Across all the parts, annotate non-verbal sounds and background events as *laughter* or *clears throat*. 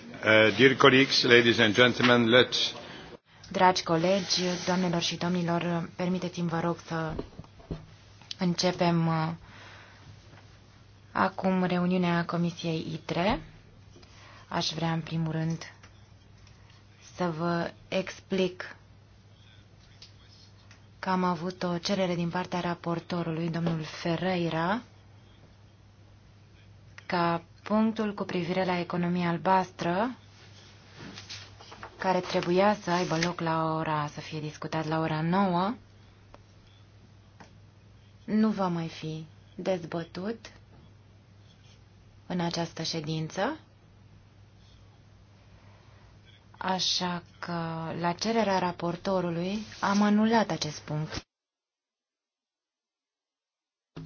Uh, Dragi colegi, doamnelor și domnilor, permiteți-mi, vă rog, să începem uh, acum reuniunea Comisiei ITRE. Aș vrea, în primul rând, să vă explic că am avut o cerere din partea raportorului, domnul Ferreira, ca Punctul cu privire la economia albastră, care trebuia să aibă loc la ora, să fie discutat la ora 9, nu va mai fi dezbătut în această ședință. Așa că, la cererea raportorului, am anulat acest punct.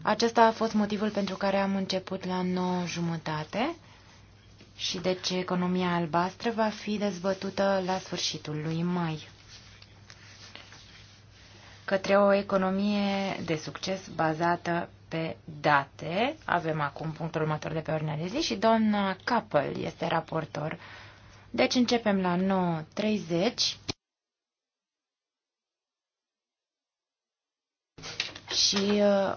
Acesta a fost motivul pentru care am început la 9 jumătate și de deci ce economia albastră va fi dezbătută la sfârșitul lui mai către o economie de succes bazată pe date. Avem acum punctul următor de pe ordinea de zi și doamna Capel este raportor. Deci începem la 9.30 și uh,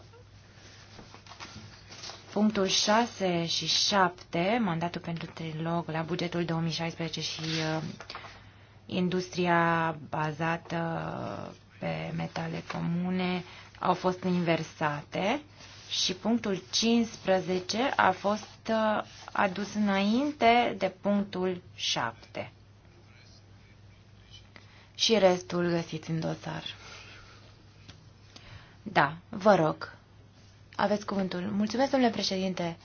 Punctul 6 și 7, mandatul pentru trilog la bugetul 2016 și uh, industria bazată uh, pe metale comune au fost inversate și punctul 15 a fost uh, adus înainte de punctul 7. Și restul găsiți în dosar. Da, vă rog. Aveți cuvântul. Mulțumesc, domnule președinte.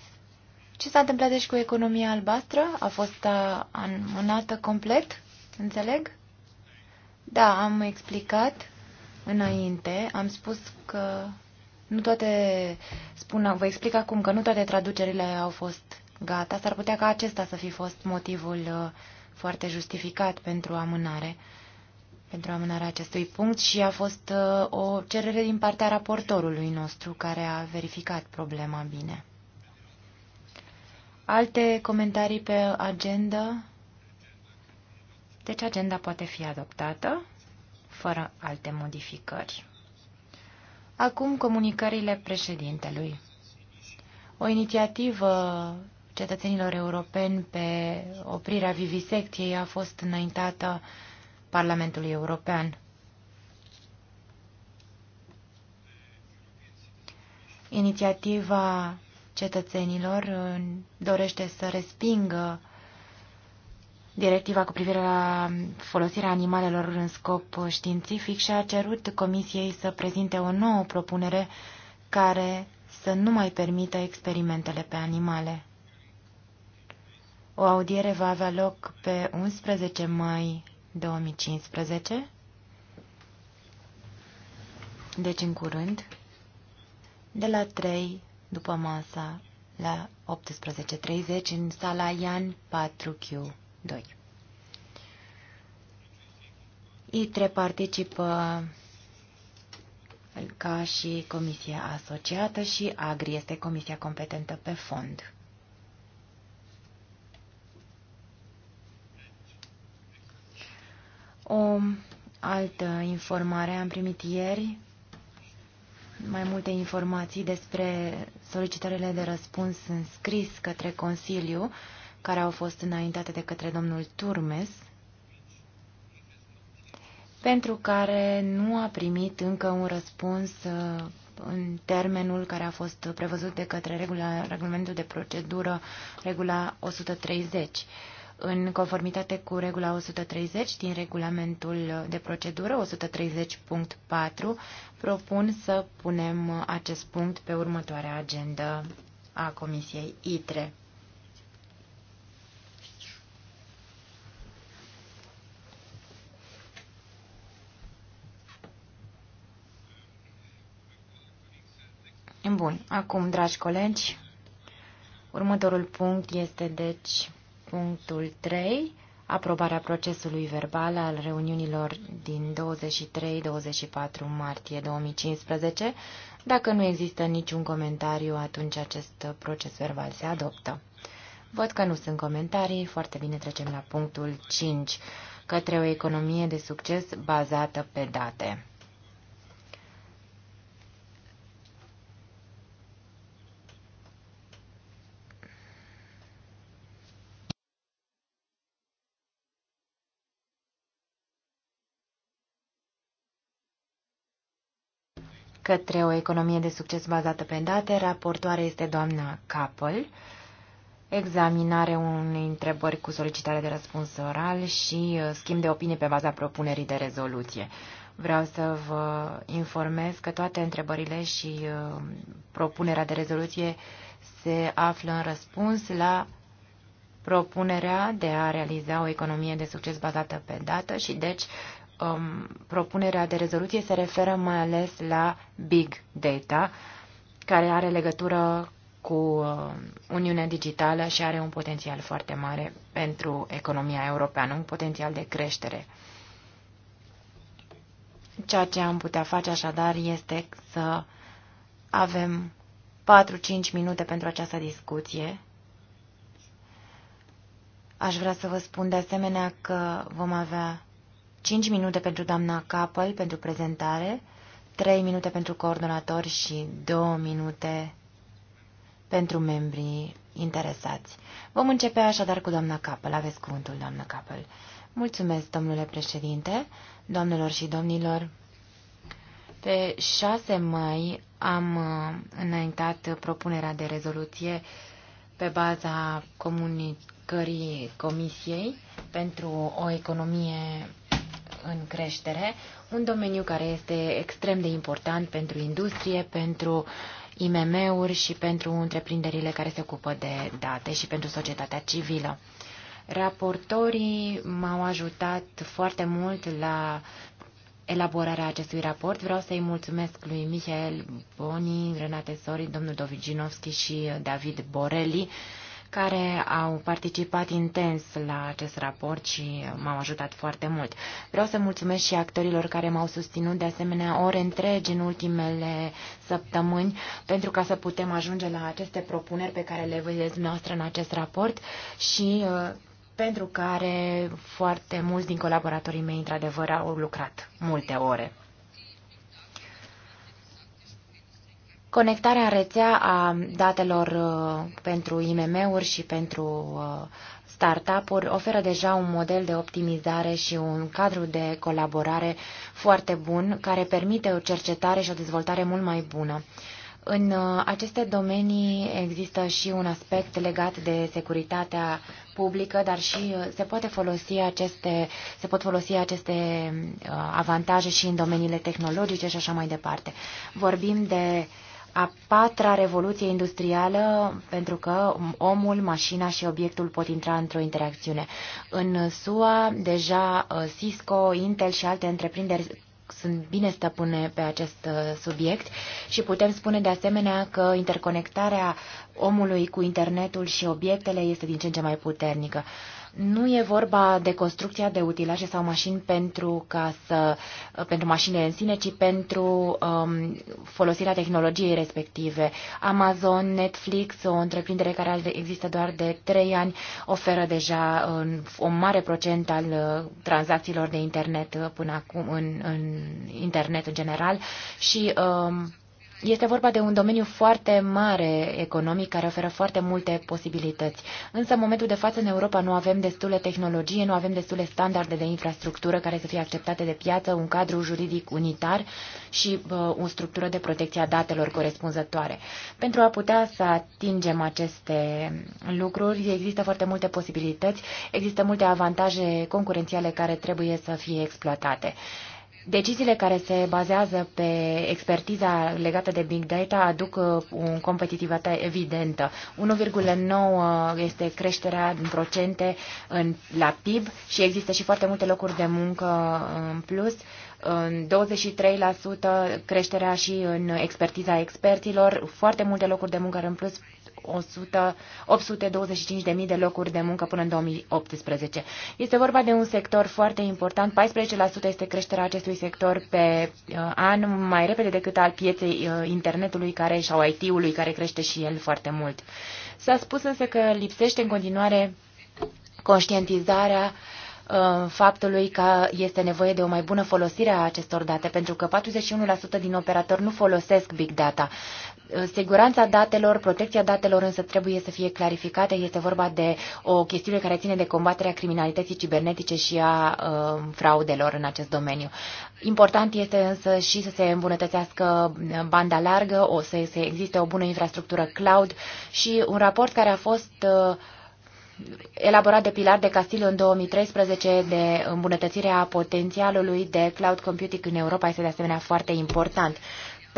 Ce s-a întâmplat deci cu economia albastră? A fost amânată complet? Înțeleg? Da, am explicat înainte. Am spus că nu toate, spun, vă explic acum că nu toate traducerile au fost gata. S-ar putea ca acesta să fi fost motivul uh, foarte justificat pentru amânare pentru amânarea acestui punct și a fost uh, o cerere din partea raportorului nostru care a verificat problema bine. Alte comentarii pe agenda? Deci agenda poate fi adoptată fără alte modificări. Acum comunicările președintelui. O inițiativă cetățenilor europeni pe oprirea vivisecției a fost înaintată uh, Parlamentului European. Inițiativa cetățenilor uh, dorește să respingă directiva cu privire la folosirea animalelor în scop științific și a cerut Comisiei să prezinte o nouă propunere care să nu mai permită experimentele pe animale. O audiere va avea loc pe 11 mai 2015, deci în curând, de la 3 după masa la 18.30 în sala Ian 4Q2. ITRE participă ca și comisia asociată și AGRI este comisia competentă pe fond. O altă informare am primit ieri, mai multe informații despre solicitările de răspuns în scris către Consiliu, care au fost înaintate de către domnul Turmes, pentru care nu a primit încă un răspuns uh, în termenul care a fost prevăzut de către regula, regulamentul de procedură, regula 130 în conformitate cu regula 130 din regulamentul de procedură 130.4, propun să punem acest punct pe următoarea agendă a Comisiei ITRE. Bun, acum, dragi colegi, următorul punct este, deci, Punctul 3. Aprobarea procesului verbal al reuniunilor din 23-24 martie 2015. Dacă nu există niciun comentariu, atunci acest proces verbal se adoptă. Văd că nu sunt comentarii, foarte bine trecem la punctul 5, către o economie de succes bazată pe date. către o economie de succes bazată pe date. Raportoare este doamna Capel. Examinare unei întrebări cu solicitare de răspuns oral și uh, schimb de opinie pe baza propunerii de rezoluție. Vreau să vă informez că toate întrebările și uh, propunerea de rezoluție se află în răspuns la propunerea de a realiza o economie de succes bazată pe dată și deci um, propunerea de rezoluție se referă mai ales la big data, care are legătură cu uh, Uniunea Digitală și are un potențial foarte mare pentru economia europeană, un potențial de creștere. Ceea ce am putea face așadar este să avem 4-5 minute pentru această discuție. Aș vrea să vă spun de asemenea că vom avea 5 minute pentru doamna Capăl pentru prezentare, 3 minute pentru coordonatori și 2 minute pentru membrii interesați. Vom începe așadar cu doamna Capăl. Aveți cuvântul, doamna Capăl. Mulțumesc, domnule președinte, doamnelor și domnilor. Pe 6 mai am uh, înaintat propunerea de rezoluție pe baza comunicării Comisiei pentru o economie în creștere, un domeniu care este extrem de important pentru industrie, pentru IMM-uri și pentru întreprinderile care se ocupă de date și pentru societatea civilă. Raportorii m-au ajutat foarte mult la elaborarea acestui raport. Vreau să-i mulțumesc lui Michael Boni, Renate Sori, domnul Doviginovski și David Borelli, care au participat intens la acest raport și m-au ajutat foarte mult. Vreau să mulțumesc și actorilor care m-au susținut de asemenea ore întregi în ultimele săptămâni pentru ca să putem ajunge la aceste propuneri pe care le vedeți noastră în acest raport și uh, pentru care foarte mulți din colaboratorii mei, într-adevăr, au lucrat multe ore. Conectarea în rețea a datelor uh, pentru IMM-uri și pentru uh, startup-uri oferă deja un model de optimizare și un cadru de colaborare foarte bun care permite o cercetare și o dezvoltare mult mai bună. În uh, aceste domenii există și un aspect legat de securitatea publică, dar și se, poate folosi aceste, se pot folosi aceste avantaje și în domeniile tehnologice și așa mai departe. Vorbim de a patra revoluție industrială, pentru că omul, mașina și obiectul pot intra într-o interacțiune. În SUA, deja uh, Cisco, Intel și alte întreprinderi sunt bine stăpâne pe acest uh, subiect și putem spune de asemenea că interconectarea omului cu internetul și obiectele este din ce în ce mai puternică. Nu e vorba de construcția de utilaje sau mașini pentru, ca să, pentru mașinile în sine, ci pentru um, folosirea tehnologiei respective. Amazon, Netflix, o întreprindere care există doar de trei ani, oferă deja um, un mare procent al uh, tranzacțiilor de internet uh, până acum, în, în internet în general și um, este vorba de un domeniu foarte mare economic care oferă foarte multe posibilități. Însă, în momentul de față, în Europa nu avem destule tehnologie, nu avem destule standarde de infrastructură care să fie acceptate de piață, un cadru juridic unitar și uh, o structură de protecție a datelor corespunzătoare. Pentru a putea să atingem aceste lucruri, există foarte multe posibilități, există multe avantaje concurențiale care trebuie să fie exploatate. Deciziile care se bazează pe expertiza legată de big data aduc uh, o competitivitate evidentă. 1,9 este creșterea în procente în, la PIB și există și foarte multe locuri de muncă în plus. 23% creșterea și în expertiza experților, foarte multe locuri de muncă în plus, 100, 825.000 de locuri de muncă până în 2018. Este vorba de un sector foarte important. 14% este creșterea acestui sector pe uh, an, mai repede decât al pieței uh, internetului care, sau IT-ului, care crește și el foarte mult. S-a spus însă că lipsește în continuare conștientizarea uh, faptului că este nevoie de o mai bună folosire a acestor date, pentru că 41% din operatori nu folosesc big data. Uh, siguranța datelor, protecția datelor însă trebuie să fie clarificată. Este vorba de o chestiune care ține de combaterea criminalității cibernetice și a uh, fraudelor în acest domeniu. Important este însă și să se îmbunătățească uh, banda largă, o să, să existe o bună infrastructură cloud și un raport care a fost uh, elaborat de Pilar de Castillo în 2013 de îmbunătățirea potențialului de cloud computing în Europa este de asemenea foarte important.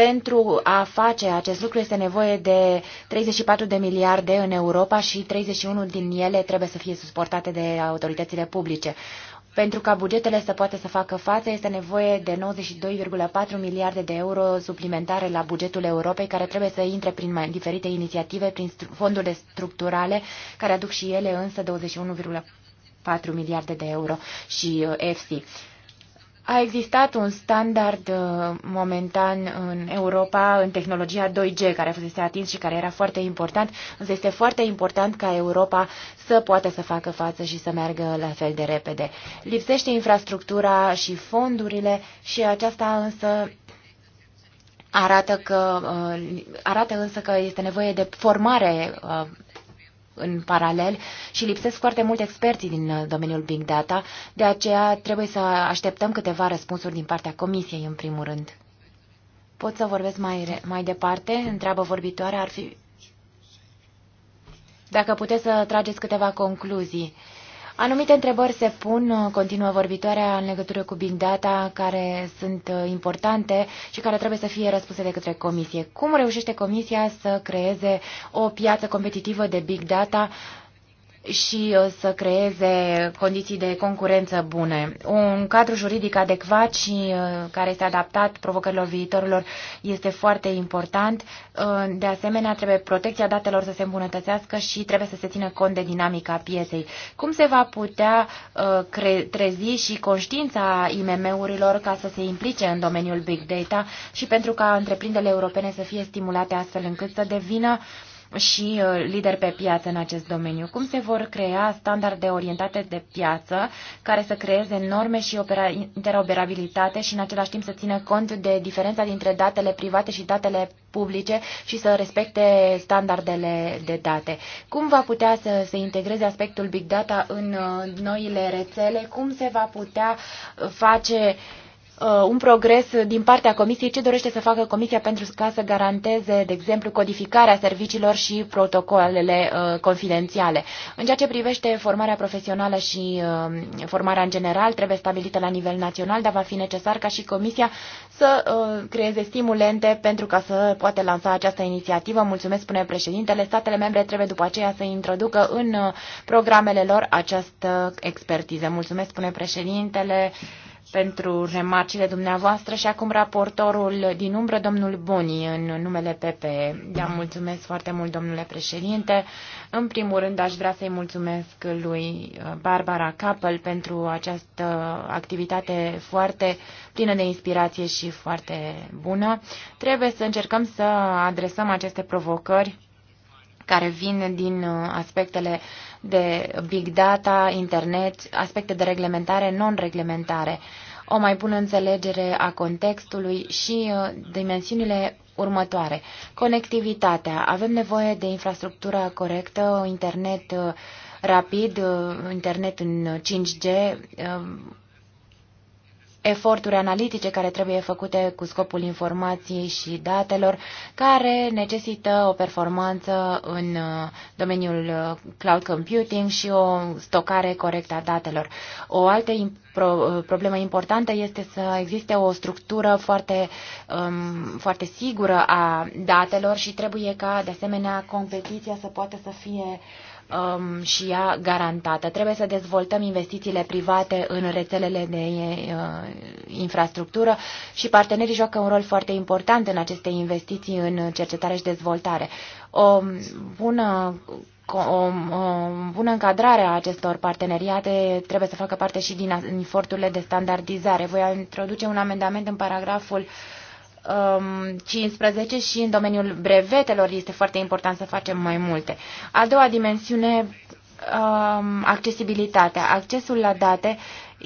Pentru a face acest lucru este nevoie de 34 de miliarde în Europa și 31 din ele trebuie să fie suportate de autoritățile publice. Pentru ca bugetele să poată să facă față, este nevoie de 92,4 miliarde de euro suplimentare la bugetul Europei, care trebuie să intre prin diferite inițiative, prin fondurile structurale, care aduc și ele însă 21,4 miliarde de euro și EFSI. Uh, a existat un standard uh, momentan în Europa în tehnologia 2G care a este atins și care era foarte important, însă este foarte important ca Europa să poată să facă față și să meargă la fel de repede. Lipsește infrastructura și fondurile și aceasta însă arată, că, uh, arată însă că este nevoie de formare uh, în paralel și lipsesc foarte mult experții din uh, domeniul Big Data, de aceea trebuie să așteptăm câteva răspunsuri din partea Comisiei, în primul rând. Pot să vorbesc mai, mai departe? Întreabă vorbitoarea ar fi... Dacă puteți să trageți câteva concluzii. Uh, Anumite întrebări se pun, uh, continuă vorbitoarea, în legătură cu Big Data, care sunt uh, importante și care trebuie să fie răspuse de către Comisie. Cum reușește Comisia să creeze o piață competitivă de Big Data și uh, să creeze condiții de concurență bune. Un cadru juridic adecvat și uh, care este adaptat provocărilor viitorilor este foarte important. Uh, de asemenea, trebuie protecția datelor să se îmbunătățească și trebuie să se țină cont de dinamica pieței. Cum se va putea trezi și conștiința IMM-urilor ca să se implice în domeniul big data și pentru ca întreprinderile europene să fie stimulate astfel încât să devină uh, și uh, lideri pe piață în acest domeniu. Cum se vor crea standarde orientate de piață care să creeze norme și interoperabilitate și în același timp să țină cont de diferența dintre datele private și datele publice și să respecte standardele de date. Cum va putea să se integreze aspectul Big Data în uh, noile rețele? Cum se va putea uh, face uh, Uh, un progres din partea Comisiei, ce dorește să facă Comisia pentru ca să garanteze, de exemplu, codificarea serviciilor și protocolele uh, confidențiale. În ceea ce privește formarea profesională și uh, formarea în general, trebuie stabilită la nivel național, dar va fi necesar ca și Comisia să uh, creeze stimulente pentru ca să poate lansa această inițiativă. Mulțumesc, spune președintele. Statele membre trebuie după aceea să introducă în uh, programele lor această expertiză. Mulțumesc, spune președintele pentru remarcile dumneavoastră și acum raportorul din umbră, domnul Boni, în numele PPE. Da, mulțumesc foarte mult, domnule președinte. În primul rând, aș vrea să-i mulțumesc lui uh, Barbara Capel pentru această activitate foarte plină de inspirație și foarte bună. Trebuie să încercăm să adresăm aceste provocări care vin din uh, aspectele uh, de big data, internet, aspecte de reglementare, non-reglementare, o mai bună înțelegere a contextului și uh, dimensiunile următoare. Conectivitatea. Avem nevoie de infrastructură corectă, internet uh, rapid, uh, internet în 5G, eforturi analitice care trebuie făcute cu scopul informației și datelor, care necesită o performanță în uh, domeniul uh, cloud computing și o stocare corectă a datelor. O altă uh, problemă importantă este să existe o structură foarte, um, foarte sigură a datelor și trebuie ca, de asemenea, competiția să poată să fie uh, um, și ea garantată. Trebuie să dezvoltăm investițiile private în rețelele de uh, infrastructură și partenerii joacă un rol foarte important în aceste investiții în cercetare și dezvoltare. O bună o, o bună încadrare a acestor parteneriate trebuie să facă parte și din eforturile de standardizare. Voi introduce un amendament în paragraful uh, 15 um, și în domeniul brevetelor este foarte important să facem mai multe. A doua dimensiune, um, accesibilitatea. Accesul la date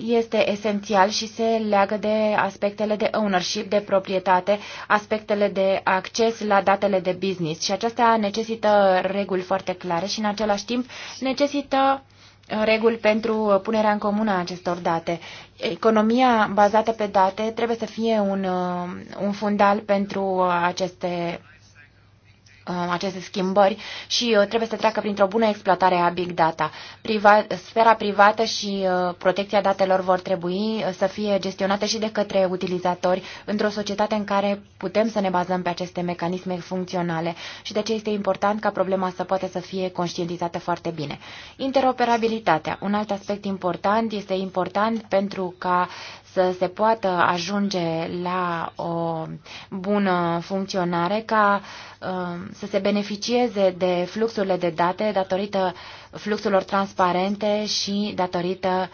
este esențial și se leagă de aspectele de ownership, de proprietate, aspectele de acces la datele de business și aceasta necesită reguli foarte clare și în același timp necesită reguli pentru punerea în comună a acestor date. Economia bazată pe date trebuie să fie un, un fundal pentru aceste Um, aceste schimbări și uh, trebuie să treacă printr-o bună exploatare a big data. Priva, sfera privată și uh, protecția datelor vor trebui uh, să fie gestionate și de către utilizatori într-o societate în care putem să ne bazăm pe aceste mecanisme funcționale și de ce este important ca problema să poată să fie conștientizată foarte bine. Interoperabilitatea, un alt aspect important, este important pentru ca să se poată ajunge la o bună funcționare, ca um, să se beneficieze de fluxurile de date datorită fluxurilor transparente și datorită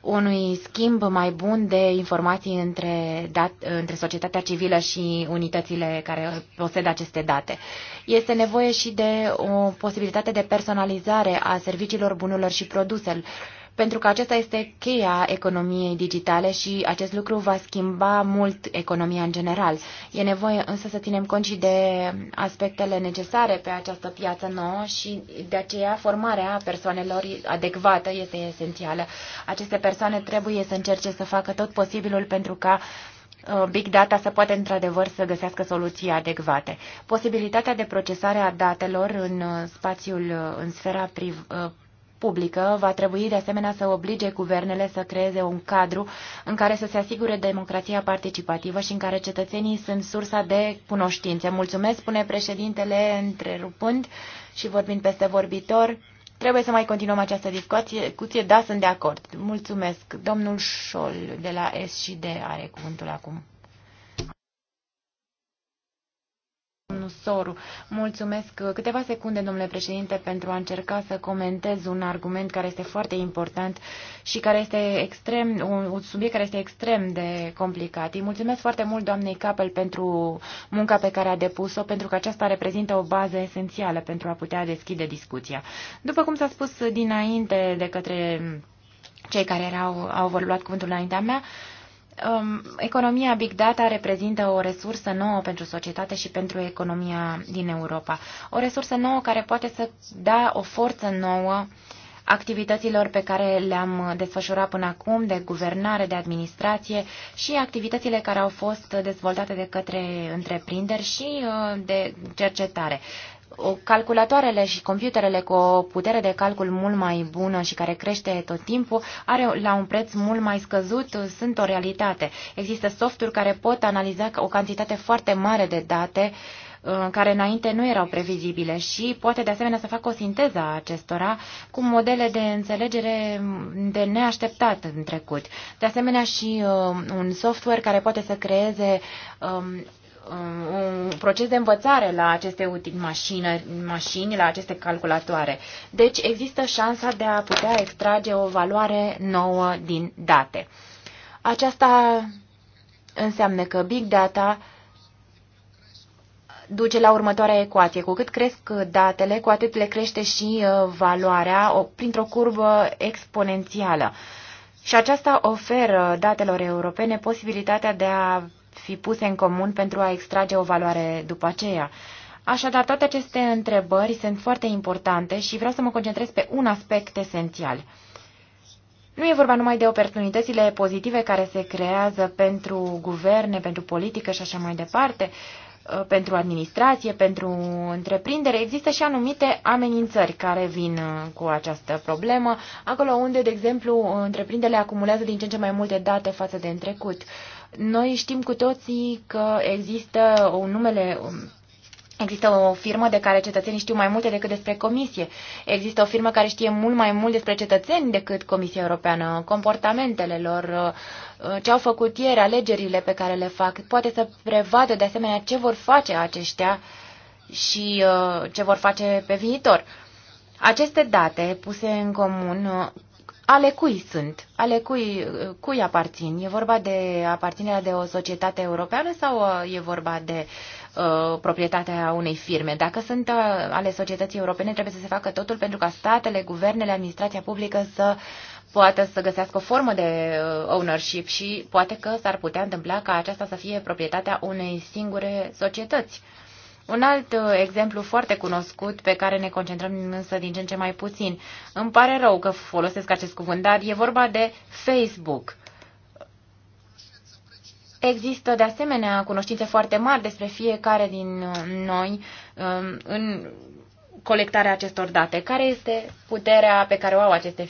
unui schimb mai bun de informații între, dat, între societatea civilă și unitățile care posedă aceste date. Este nevoie și de o posibilitate de personalizare a serviciilor, bunurilor și produselor pentru că acesta este cheia economiei digitale și acest lucru va schimba mult economia în general. E nevoie însă să ținem cont și de aspectele necesare pe această piață nouă și de aceea formarea persoanelor adecvată este esențială. Aceste persoane trebuie să încerce să facă tot posibilul pentru ca uh, Big Data să poate într-adevăr să găsească soluții adecvate. Posibilitatea de procesare a datelor în uh, spațiul, uh, în sfera publică va trebui de asemenea să oblige guvernele să creeze un cadru în care să se asigure democrația participativă și în care cetățenii sunt sursa de cunoștințe. Mulțumesc, spune președintele, întrerupând și vorbind peste vorbitor. Trebuie să mai continuăm această discuție, da, sunt de acord. Mulțumesc. Domnul Șol de la S și D are cuvântul acum. Soru. Mulțumesc câteva secunde, domnule președinte, pentru a încerca să comentez un argument care este foarte important și care este extrem, un subiect care este extrem de complicat. Îi mulțumesc foarte mult doamnei Capel pentru munca pe care a depus-o, pentru că aceasta reprezintă o bază esențială pentru a putea deschide discuția. După cum s-a spus dinainte de către cei care erau, au luat cuvântul înaintea mea, uh, Um, economia Big Data reprezintă o resursă nouă pentru societate și pentru economia din Europa. O resursă nouă care poate să da o forță nouă activităților pe care le-am desfășurat până acum, de guvernare, de administrație și activitățile care au fost dezvoltate de către întreprinderi și uh, de cercetare calculatoarele și computerele cu o putere de calcul mult mai bună și care crește tot timpul are la un preț mult mai scăzut sunt o realitate. Există softuri care pot analiza o cantitate foarte mare de date uh, care înainte nu erau previzibile și poate de asemenea să facă o sinteză a acestora cu modele de înțelegere mm, de neașteptat în trecut. De asemenea și uh, un software care poate să creeze um, Uh, un proces de învățare la aceste mașini, mașini, la aceste calculatoare. Deci există șansa de a putea extrage o valoare nouă din date. Aceasta înseamnă că big data duce la următoarea ecuație. Cu cât cresc datele, cu atât le crește și uh, valoarea printr-o curbă exponențială. Și aceasta oferă datelor europene posibilitatea de a fi puse în comun pentru a extrage o valoare după aceea. Așadar, toate aceste întrebări sunt foarte importante și vreau să mă concentrez pe un aspect esențial. Nu e vorba numai de oportunitățile pozitive care se creează pentru guverne, pentru politică și așa mai departe, uh, pentru administrație, pentru întreprindere, există și anumite amenințări care vin uh, cu această problemă, acolo unde, de exemplu, întreprinderile acumulează din ce în ce mai multe date față de în trecut. Noi știm cu toții că există o numele Există o firmă de care cetățenii știu mai multe decât despre comisie. Există o firmă care știe mult mai mult despre cetățeni decât Comisia Europeană, comportamentele lor, uh, ce au făcut ieri, alegerile pe care le fac. Poate să prevadă de asemenea ce vor face aceștia și uh, ce vor face pe viitor. Aceste date puse în comun uh, ale cui sunt, ale cui, cui aparțin. E vorba de aparținerea de o societate europeană sau uh, e vorba de uh, proprietatea unei firme. Dacă sunt uh, ale societății europene, trebuie să se facă totul pentru ca statele, guvernele, administrația publică să poată să găsească o formă de uh, ownership și poate că s-ar putea întâmpla ca aceasta să fie proprietatea unei singure societăți. Un alt uh, exemplu foarte cunoscut, pe care ne concentrăm însă din ce în ce mai puțin, îmi pare rău că folosesc acest cuvânt, dar e vorba de Facebook. Există de asemenea cunoștințe foarte mari despre fiecare din uh, noi um, în colectarea acestor date. Care este puterea pe care o au aceste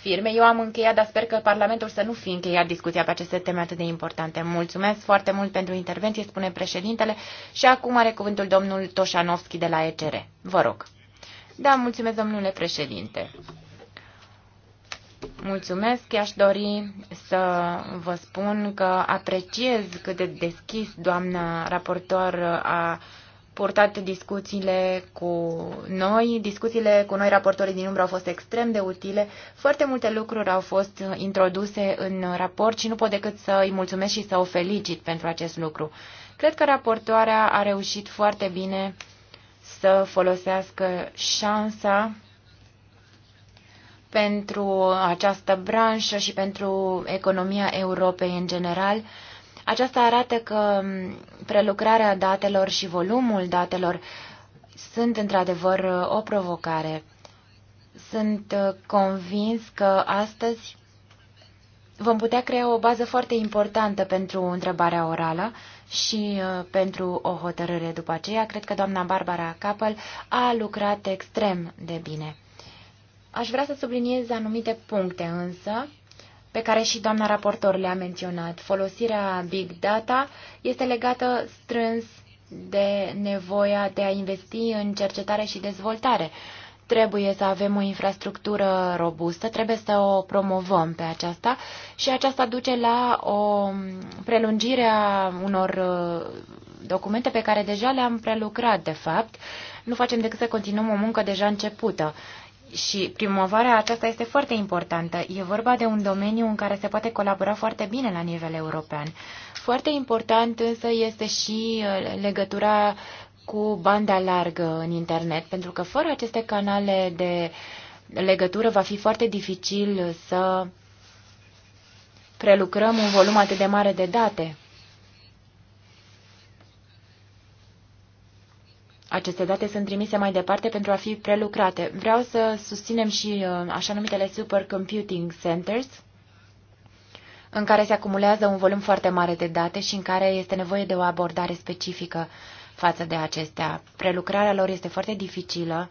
firme. Eu am încheiat, dar sper că Parlamentul să nu fi încheiat discuția pe aceste teme atât de importante. Mulțumesc foarte mult pentru intervenție, spune președintele. Și acum are cuvântul domnul Toșanovski de la ECR. Vă rog. Da, mulțumesc, domnule președinte. Mulțumesc, aș dori să vă spun că apreciez cât de deschis doamna raportor a purtat discuțiile cu noi. Discuțiile cu noi, raportorii din umbră, au fost extrem de utile. Foarte multe lucruri au fost introduse în raport și nu pot decât să îi mulțumesc și să o felicit pentru acest lucru. Cred că raportoarea a reușit foarte bine să folosească șansa pentru această branșă și pentru economia Europei în general aceasta arată că prelucrarea datelor și volumul datelor sunt într-adevăr o provocare. Sunt uh, convins că astăzi vom putea crea o bază foarte importantă pentru întrebarea orală și uh, pentru o hotărâre după aceea. Cred că doamna Barbara Capel a lucrat extrem de bine. Aș vrea să subliniez anumite puncte însă pe care și doamna raportor le-a menționat. Folosirea Big Data este legată strâns de nevoia de a investi în cercetare și dezvoltare. Trebuie să avem o infrastructură robustă, trebuie să o promovăm pe aceasta și aceasta duce la o prelungire a unor uh, documente pe care deja le-am prelucrat, de fapt. Nu facem decât să continuăm o muncă deja începută și primăvara aceasta este foarte importantă. E vorba de un domeniu în care se poate colabora foarte bine la nivel european. Foarte important însă este și uh, legătura cu banda largă în internet, pentru că fără aceste canale de legătură va fi foarte dificil să prelucrăm un volum atât de mare de date. aceste date sunt trimise mai departe pentru a fi prelucrate. Vreau să susținem și uh, așa numitele supercomputing centers, în care se acumulează un volum foarte mare de date și în care este nevoie de o abordare specifică față de acestea. Prelucrarea lor este foarte dificilă,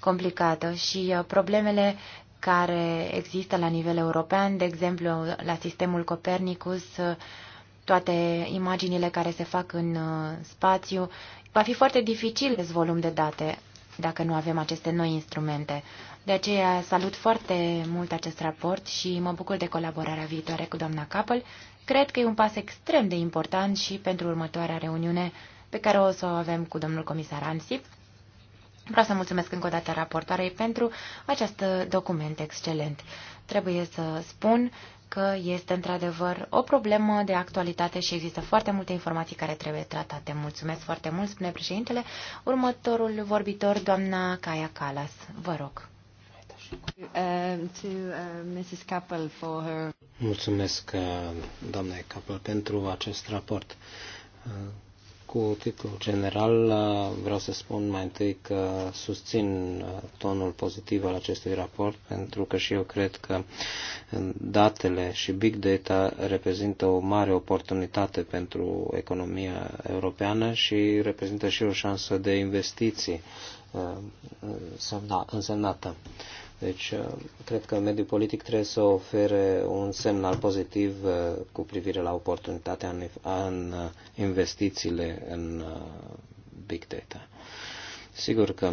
complicată și uh, problemele care există la nivel european, de exemplu la sistemul Copernicus, uh, toate imaginile care se fac în spațiu, Va fi foarte dificil acest volum de date dacă nu avem aceste noi instrumente. De aceea salut foarte mult acest raport și mă bucur de colaborarea viitoare cu doamna Capel. Cred că e un pas extrem de important și pentru următoarea reuniune pe care o să o avem cu domnul comisar Ansip. Vreau să mulțumesc încă o dată raportoarei pentru acest document excelent. Trebuie să spun că este într-adevăr o problemă de actualitate și există foarte multe informații care trebuie tratate. Mulțumesc foarte mult, spune președintele. Următorul vorbitor, doamna Caia Calas. Vă rog. Uh, uh, Mulțumesc, uh, doamne Capel, pentru acest raport. Cu titlul general uh, vreau să spun mai întâi că susțin uh, tonul pozitiv al acestui raport, pentru că și eu cred că datele și big data reprezintă o mare oportunitate pentru economia europeană și reprezintă și o șansă de investiții uh, însemnată. Deci, uh, cred că mediul politic trebuie să ofere un semnal pozitiv uh, cu privire la oportunitatea în uh, investițiile în big data. Sigur că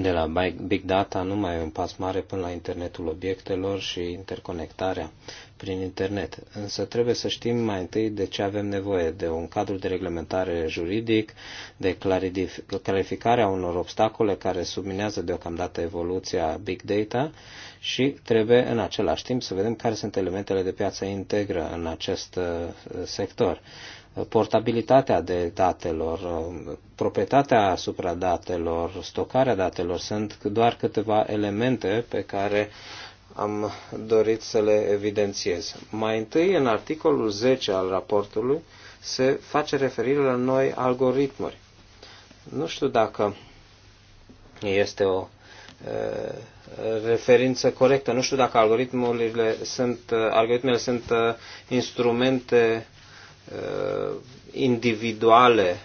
de la big data nu mai e un pas mare până la internetul obiectelor și interconectarea prin internet. Însă trebuie să știm mai întâi de ce avem nevoie, de un cadru de reglementare juridic, de clarificarea unor obstacole care subminează deocamdată evoluția big data și trebuie în același timp să vedem care sunt elementele de piață integră în acest uh, sector. Portabilitatea de datelor, proprietatea asupra datelor, stocarea datelor sunt doar câteva elemente pe care uh, am dorit să le evidențiez. Mai întâi, în articolul 10 al raportului, se face referire la noi algoritmuri. Nu știu dacă este o referință corectă. Nu știu dacă algoritmurile sunt, algoritmele sunt instrumente individuale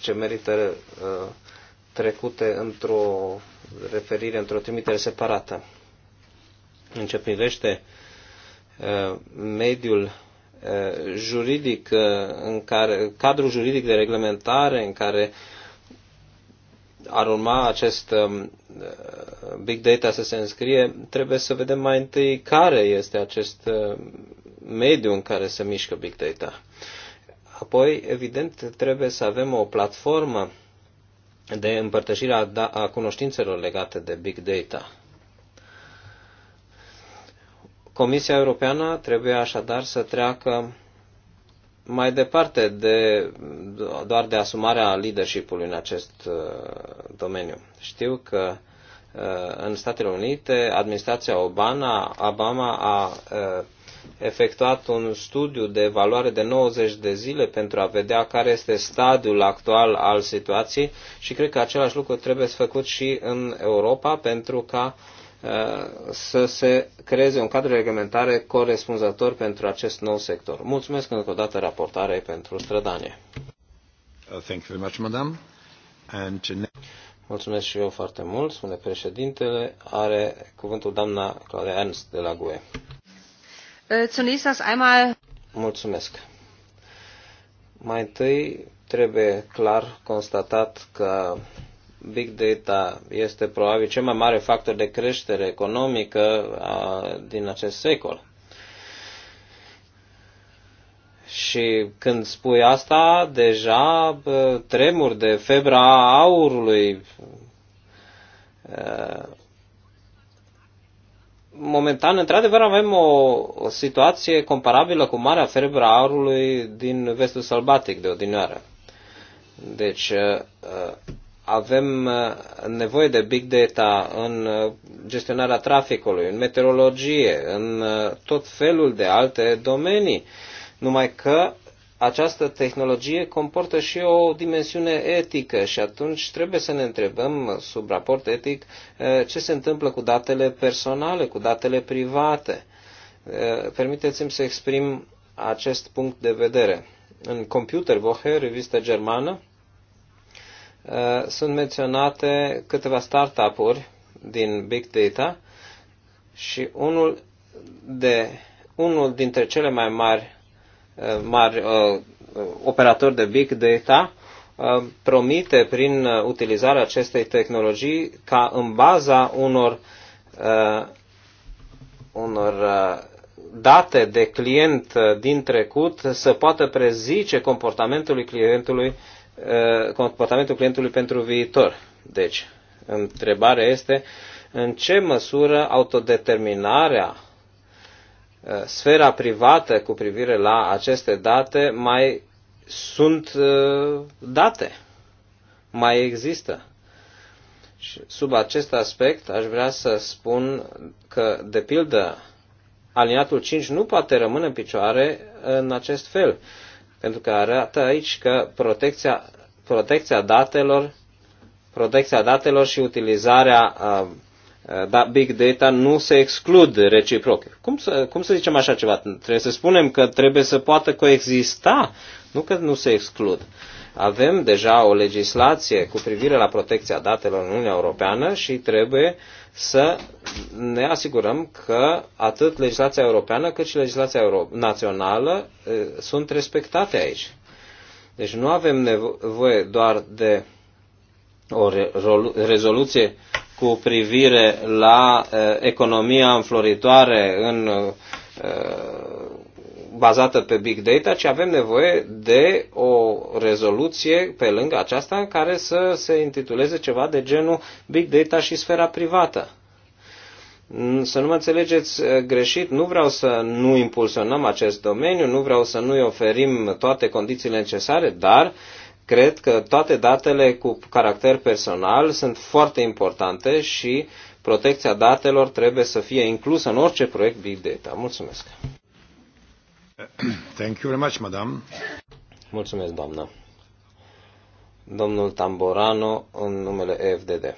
ce merită trecute într-o referire, într-o trimitere separată în ce privește uh, mediul uh, juridic, uh, în care, cadrul juridic de reglementare în care ar urma acest um, big data să se înscrie, trebuie să vedem mai întâi care este acest mediu în care se mișcă big data. Apoi, evident, trebuie să avem o platformă de împărtășire a, da- a cunoștințelor legate de big data. Comisia Europeană trebuie așadar să treacă mai departe de, doar de asumarea leadership-ului în acest uh, domeniu. Știu că uh, în Statele Unite, administrația Obama, Obama a uh, efectuat un studiu de evaluare de 90 de zile pentru a vedea care este stadiul actual al situației și cred că același lucru trebuie să făcut și în Europa pentru ca uh, Uh, să se creeze un cadru reglementare corespunzător pentru acest nou sector. Mulțumesc încă o dată raportare pentru strădanie. Uh, thank you very much, madam. And... Mulțumesc și eu foarte mult, spune președintele. Are cuvântul doamna Claudia Ernst de la GUE. Äh, zunächst einmal. Mulțumesc. Mai întâi trebuie clar constatat că Big data este probabil cel mai mare factor de creștere economică a, din acest secol. Și când spui asta, deja tremur de febra aurului. Momentan, într-adevăr, avem o, o situație comparabilă cu marea febra aurului din vestul sălbatic de odinioară. Deci, avem uh, nevoie de big data în uh, gestionarea traficului, în meteorologie, în uh, tot felul de alte domenii. Numai că această tehnologie comportă și o dimensiune etică și atunci trebuie să ne întrebăm sub raport etic ce se întâmplă cu datele personale, cu datele private. Permiteți-mi să exprim acest punct de vedere. În Computer Woche, revistă germană, Uh, sunt menționate câteva startup-uri din Big Data și unul, de, unul dintre cele mai mari, uh, mari uh, operatori de Big Data promite prin utilizarea acestei tehnologii ca în baza unor, unor date de client din trecut să poată prezice comportamentului clientului uh, Uh, comportamentul clientului pentru viitor. Deci, întrebarea este în ce măsură autodeterminarea uh, sfera privată cu privire la aceste date mai sunt uh, date, mai există. Și sub acest aspect aș vrea să spun că, de pildă, aliniatul 5 nu poate rămâne în picioare în acest fel pentru că arată aici că protecția, protecția datelor protecția datelor și utilizarea uh, uh, da, big data nu se exclud reciproc. Cum să, cum să zicem așa ceva? Trebuie să spunem că trebuie să poată coexista, nu că nu se exclud. Uh, avem deja o legislație cu privire la protecția datelor în Uniunea Europeană și trebuie să ne asigurăm că atât legislația europeană cât și legislația națională sunt respectate aici. Deci nu avem nevoie doar de o rezoluție cu privire la economia înfloritoare în bazată pe big data, ci avem nevoie de o rezoluție pe lângă aceasta în care să se intituleze ceva de genul big data și sfera privată. Să nu mă înțelegeți uh, greșit, nu vreau să nu impulsionăm acest domeniu, nu vreau să nu-i oferim toate condițiile necesare, dar cred că toate datele cu caracter personal sunt foarte importante și protecția datelor trebuie să fie inclusă în orice proiect Big Data. Mulțumesc! Thank you very much, madam. Mulțumesc, doamnă. Domnul Tamborano, în numele EFDD.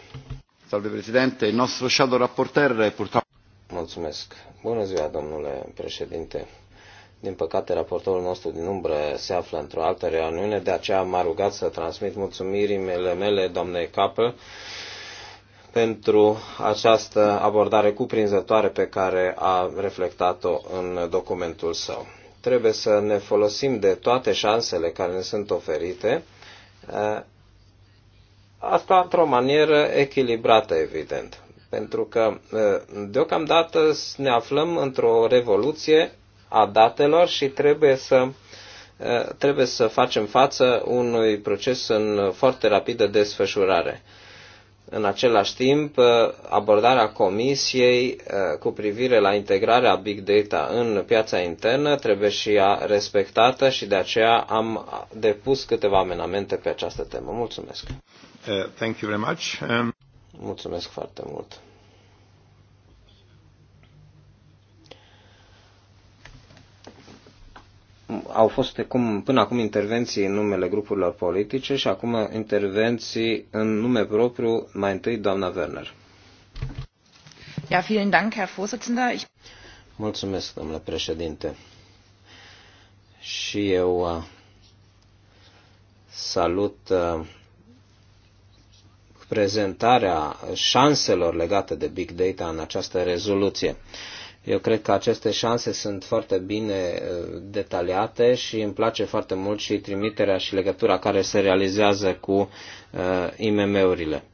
Salve, președinte. nostro shadow raporter purtroppo... Mulțumesc. Bună ziua, domnule președinte. Din păcate, raportorul nostru din umbră se află într-o altă reuniune, de aceea m-a rugat să transmit mulțumirii mele, mele doamnei Capel, pentru această abordare cuprinzătoare pe care a reflectat-o în documentul său. Trebuie să ne folosim de toate șansele care ne sunt oferite, eh, asta într-o manieră echilibrată, evident. Pentru că, eh, deocamdată, ne aflăm într-o revoluție a datelor și trebuie să, eh, trebuie să facem față unui proces în foarte rapidă desfășurare în același timp uh, abordarea Comisiei uh, cu privire la integrarea Big Data în piața internă trebuie și ea respectată și de aceea am depus câteva amenamente pe această temă. Mulțumesc! Uh, thank you very much. Um... Mulțumesc foarte mult! au fost cum, până acum intervenții în numele grupurilor politice și acum intervenții în nume propriu, mai întâi doamna Werner. Ja, vielen Dank, Herr Vorsitzender. Ich... Mulțumesc, domnule președinte. Și eu uh, salut uh, prezentarea șanselor legate de big data în această rezoluție. Eu cred că aceste șanse sunt foarte bine uh, detaliate și îmi place foarte mult și trimiterea și legătura care se realizează cu uh, IMM-urile.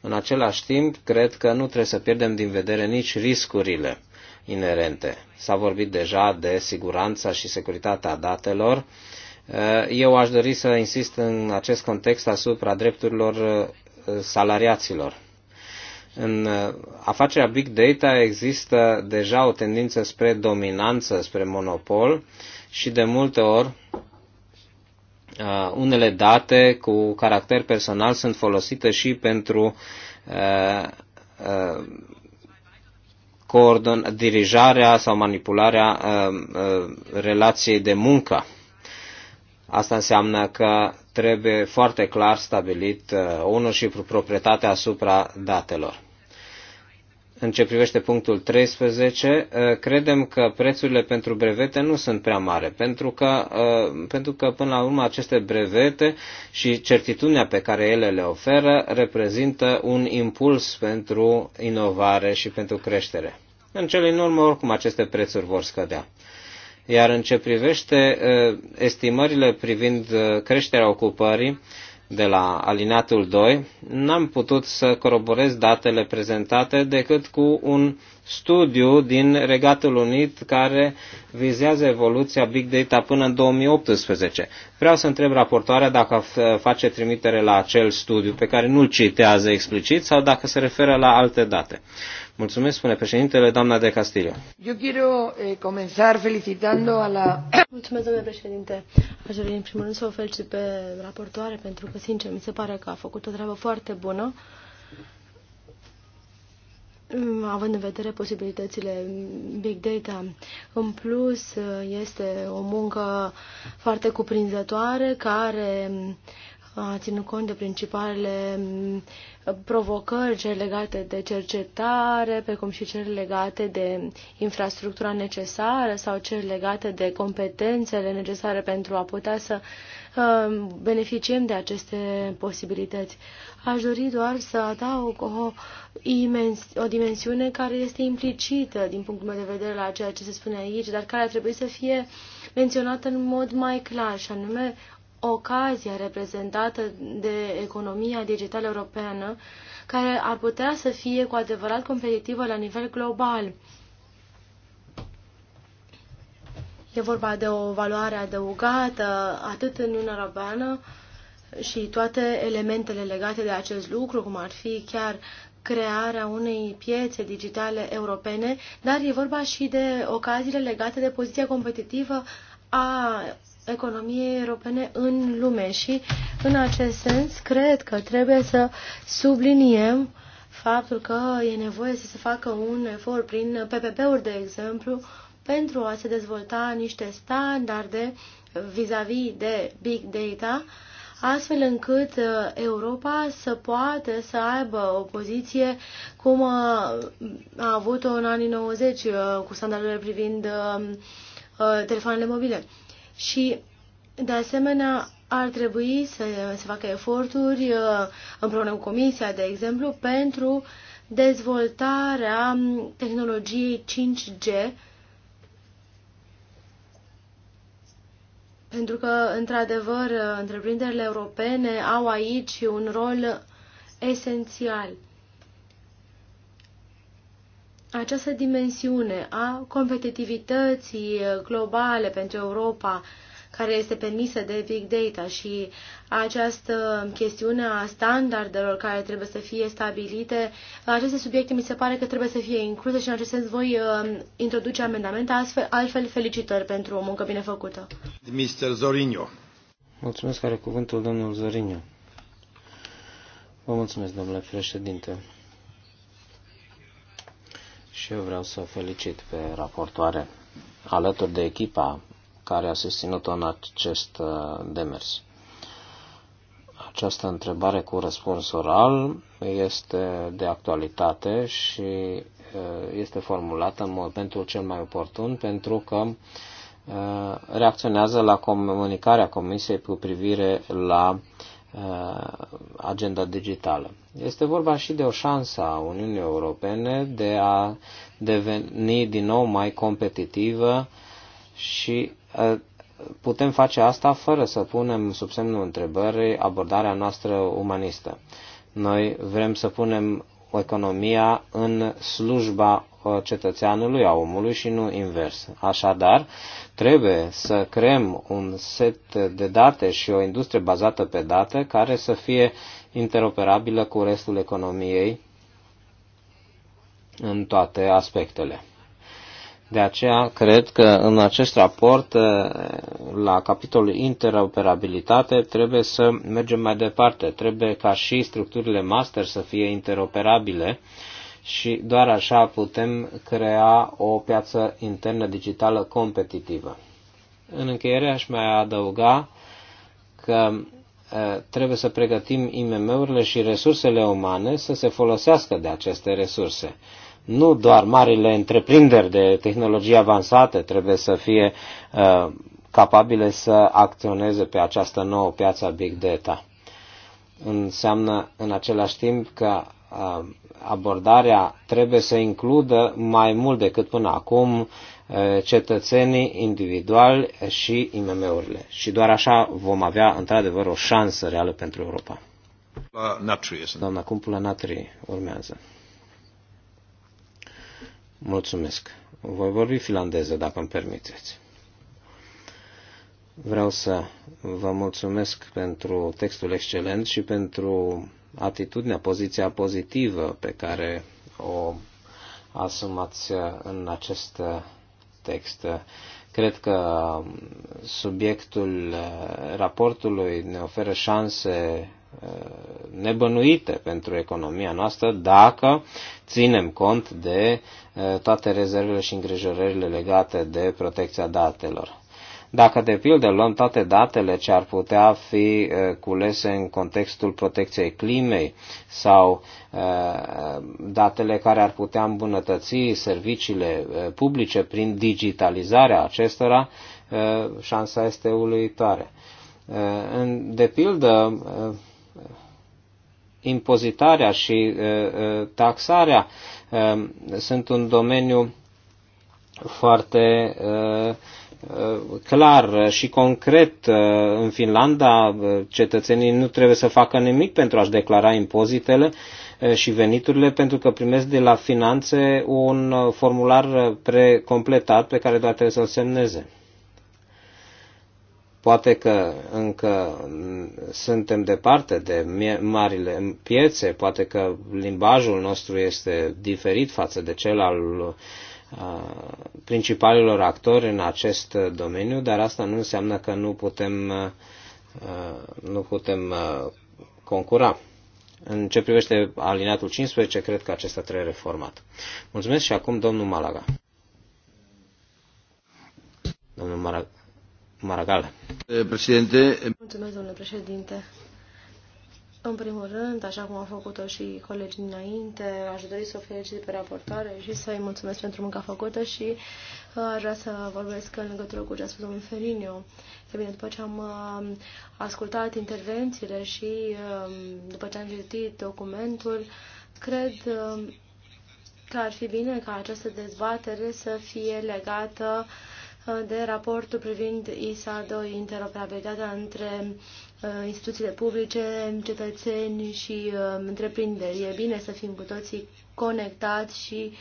În același timp, cred că nu trebuie să pierdem din vedere nici riscurile inerente. S-a vorbit deja de siguranța și securitatea datelor. Uh, eu aș dori să insist în acest context asupra drepturilor salariaților în uh, afacerea big data există deja o tendință spre dominanță, spre monopol și de multe ori uh, unele date cu caracter personal sunt folosite și pentru uh, coordon, dirijarea sau manipularea uh, uh, relației de muncă. Asta înseamnă că trebuie foarte clar stabilit uh, și proprietatea asupra datelor. În ce privește punctul 13, uh, credem că prețurile pentru brevete nu sunt prea mari, pentru că, uh, pentru că până la urmă aceste brevete și certitudinea pe care ele le oferă reprezintă un impuls pentru inovare și pentru creștere. În cele în urmă, oricum, aceste prețuri vor scădea. Iar în ce privește estimările privind creșterea ocupării de la alineatul 2, n-am putut să coroborez datele prezentate decât cu un studiu din Regatul Unit care vizează evoluția Big Data până în 2018. Vreau să întreb raportoarea dacă face trimitere la acel studiu pe care nu-l citează explicit sau dacă se referă la alte date. Mulțumesc, spune președintele, doamna de Castillo. Eu quiero eh, comenzar felicitando a la... Mulțumesc, domnule președinte. Aș dori în primul rând să o felicit pe raportoare, pentru că, sincer, mi se pare că a făcut o treabă foarte bună, mm, având în vedere posibilitățile big data. În plus, este o muncă foarte cuprinzătoare, care uh, ținând cont de principalele mm, provocări, cele legate de cercetare, precum și cele legate de infrastructura necesară sau cele legate de competențele necesare pentru a putea să um, beneficiem de aceste posibilități. Aș dori doar să adaug o, imens, o dimensiune care este implicită din punctul meu de vedere la ceea ce se spune aici, dar care ar trebui să fie menționată în mod mai clar, și anume ocazia reprezentată de economia digitală europeană, care ar putea să fie cu adevărat competitivă la nivel global. E vorba de o valoare adăugată atât în Uniunea Europeană și toate elementele legate de acest lucru, cum ar fi chiar crearea unei piețe digitale europene, dar e vorba și de ocaziile legate de poziția competitivă a economiei europene în lume și în acest sens cred că trebuie să subliniem faptul că e nevoie să se facă un efort prin PPP-uri, de exemplu, pentru a se dezvolta niște standarde vis-a-vis -vis de big data, astfel încât uh, Europa să poată să aibă o poziție cum uh, a avut-o în anii 90 uh, cu standardele privind telefoanele mobile și, de asemenea, ar trebui să se facă eforturi uh, împreună cu Comisia, de exemplu, pentru dezvoltarea tehnologiei 5G, pentru că, într-adevăr, întreprinderile europene au aici un rol esențial această dimensiune a competitivității globale pentru Europa, care este permisă de Big Data și această chestiune a standardelor care trebuie să fie stabilite, aceste subiecte mi se pare că trebuie să fie incluse și în acest sens voi um, introduce amendamente, astfel, altfel felicitări pentru o muncă bine făcută. Mr. Zorinio. Mulțumesc, are cuvântul domnul Zorinio. Vă mulțumesc, domnule președinte. Și eu vreau să o felicit pe raportoare alături de echipa care a susținut-o în acest uh, demers. Această întrebare cu răspuns oral este de actualitate și uh, este formulată în momentul cel mai oportun pentru că uh, reacționează la comunicarea Comisiei cu privire la Uh, agenda digitală. Este vorba și de o șansă a Uniunii Europene de a deveni din nou mai competitivă și uh, putem face asta fără să punem sub semnul întrebării abordarea noastră umanistă. Noi vrem să punem economia în slujba Uh, cetățeanului, a omului și nu invers. Așadar, trebuie să creăm un set de date și o industrie bazată pe date care să fie interoperabilă cu restul economiei în toate aspectele. De aceea, cred că în acest raport, uh, la capitolul interoperabilitate, trebuie să mergem mai departe. Trebuie ca și structurile master să fie interoperabile și doar așa putem crea o piață internă digitală competitivă. În încheiere aș mai adăuga că trebuie să pregătim IMM-urile și resursele umane să se folosească de aceste resurse. Nu doar marile întreprinderi de tehnologie avansate trebuie să fie uh, capabile să acționeze pe această nouă piață Big Data. Înseamnă în același timp că uh, abordarea trebuie să includă mai mult decât până acum eh, cetățenii individuali și IMM-urile. Și doar așa vom avea într-adevăr o șansă reală pentru Europa. Natri, Doamna Cumpula Natri urmează. Mulțumesc. Voi vorbi finlandeză, dacă îmi permiteți. Vreau să vă mulțumesc pentru textul excelent și pentru atitudinea, poziția pozitivă pe care o asumați în acest text. Cred că subiectul raportului ne oferă șanse eh, nebănuite pentru economia noastră dacă ținem cont de eh, toate rezervele și îngrijorările legate de protecția datelor. Dacă, de pildă, luăm toate datele ce ar putea fi eh, culese în contextul protecției climei sau eh, datele care ar putea îmbunătăți serviciile eh, publice prin digitalizarea acestora, șansa este uluitoare. De pildă, impozitarea și taxarea sunt un domeniu foarte uh, Uh, clar și concret uh, în Finlanda uh, cetățenii nu trebuie să facă nimic pentru a-și declara impozitele și veniturile pentru că primesc de la finanțe un formular precompletat pe care doar trebuie să-l semneze. Poate că încă mm, suntem departe de marile piețe, poate că limbajul nostru este diferit față de cel al principalilor actori în acest domeniu, dar asta nu înseamnă că nu putem, nu putem concura. În ce privește alineatul 15, cred că acesta trebuie reformat. Mulțumesc și acum domnul Malaga. Domnul Maragal. Președinte. Mulțumesc, domnule președinte. În primul rând, așa cum au făcut-o și colegii dinainte, aș dori să o felicit pe raportoare și să-i mulțumesc pentru munca făcută și uh, aș vrea să vorbesc în legătură cu ce a spus domnul Feriniu. E bine, după ce am uh, ascultat intervențiile și um, după ce am citit documentul, cred um, că ar fi bine ca această dezbatere să fie legată uh, de raportul privind ISA 2, interoperabilitatea între Uh, instituțiile publice, cetățeni și uh, întreprinderi. E bine să fim cu toții conectați și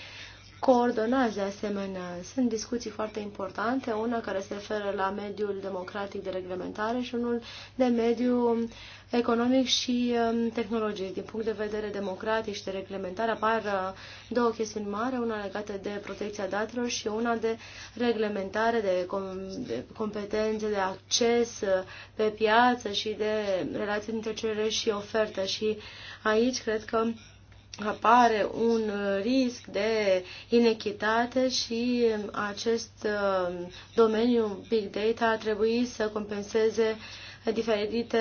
coordonează asemenea. Sunt discuții foarte importante, una care se referă la mediul democratic de reglementare și unul de mediul um, economic și um, tehnologic. Din punct de vedere democratic și de reglementare apar uh, două chestiuni mari, una legată de protecția datelor și una de reglementare, de, de competențe, de acces uh, pe piață și de relații dintre cerere și ofertă. Și aici cred că apare un uh, risc de inechitate și um, acest um, domeniu big data ar trebui să compenseze diferite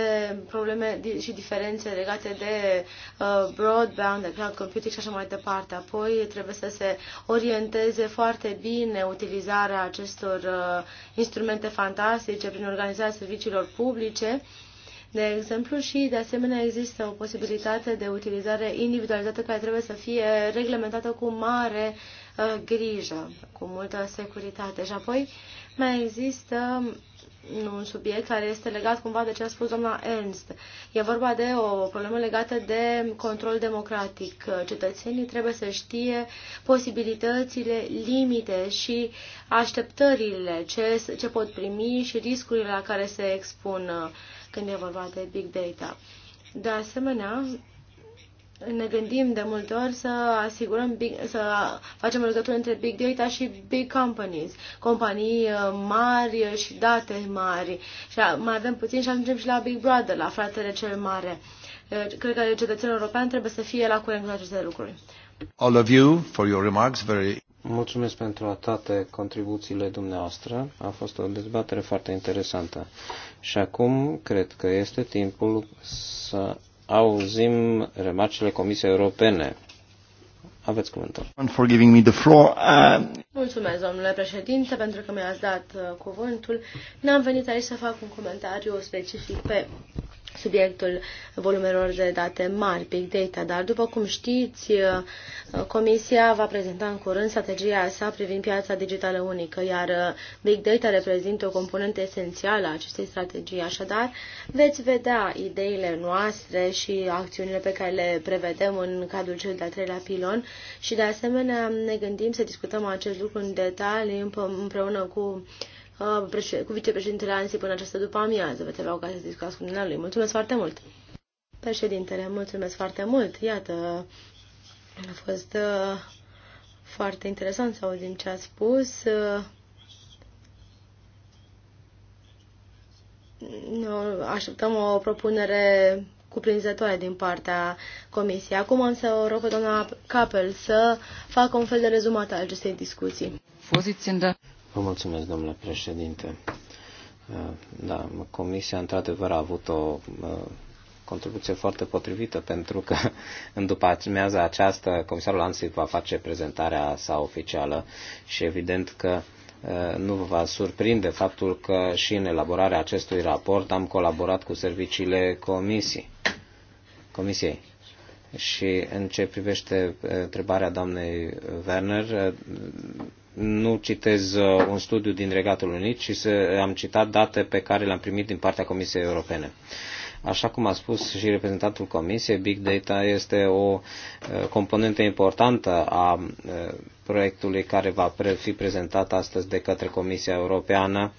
probleme și diferențe legate de uh, broadband, de cloud computing și așa mai departe. Apoi trebuie să se orienteze foarte bine utilizarea acestor uh, instrumente fantastice prin organizarea serviciilor publice de exemplu, și de asemenea există o posibilitate de utilizare individualizată care trebuie să fie reglementată cu mare uh, grijă, cu multă securitate. Și apoi mai există un subiect care este legat cumva de ce a spus doamna Ernst. E vorba de o problemă legată de control democratic. Cetățenii trebuie să știe posibilitățile, limite și așteptările, ce, ce pot primi și riscurile la care se expun când e vorba de big data. De asemenea, ne gândim de multe ori să asigurăm, big, să facem legătură între big data și big companies, companii uh, mari și date mari. Și mai avem puțin și ajungem și la Big Brother, la fratele cel mare. Uh, cred că cetățenul european trebuie să fie la curent cu aceste lucruri. All of you for your remarks very Mulțumesc pentru toate contribuțiile dumneavoastră. A fost o dezbatere foarte interesantă. Și acum cred că este timpul să auzim remarcile Comisiei Europene. Aveți cuvântul. Uh... Mulțumesc, domnule președinte, pentru că mi-ați dat uh, cuvântul. N-am venit aici să fac un comentariu specific pe subiectul volumelor de date mari, big data, dar după cum știți, uh, Comisia va prezenta în curând strategia sa privind piața digitală unică, iar uh, big data reprezintă o componentă esențială a acestei strategii, așadar veți vedea ideile noastre și acțiunile pe care le prevedem în cadrul cel de-al treilea pilon și de asemenea ne gândim să discutăm acest lucru în detalii împreună cu uh, Uh, cu vicepreședintele ANSI până această după amiază. Veți avea ocazia să discutați cu lui. Mulțumesc foarte mult! Președintele, mulțumesc foarte mult! Iată, a fost uh, foarte interesant să auzim ce a spus. Uh, așteptăm o propunere cuprinzătoare din partea comisiei. Acum însă o rog pe doamna Capel să facă un fel de rezumat al acestei discuții. Vă mulțumesc, domnule președinte. Uh, da, comisia într-adevăr a avut o uh, contribuție foarte potrivită pentru că în *laughs* după amiaza aceasta comisarul Ansip va face prezentarea sa oficială și evident că uh, nu vă va surprinde faptul că și în elaborarea acestui raport am colaborat cu serviciile comisii, comisiei. Și în ce privește întrebarea doamnei Werner, nu citez uh, un studiu din Regatul Unit, ci am citat date pe care le-am primit din partea Comisiei Europene. Așa cum a spus și reprezentantul Comisiei, Big Data este o uh, componentă importantă a uh, proiectului care va fi prezentat astăzi de către Comisia Europeană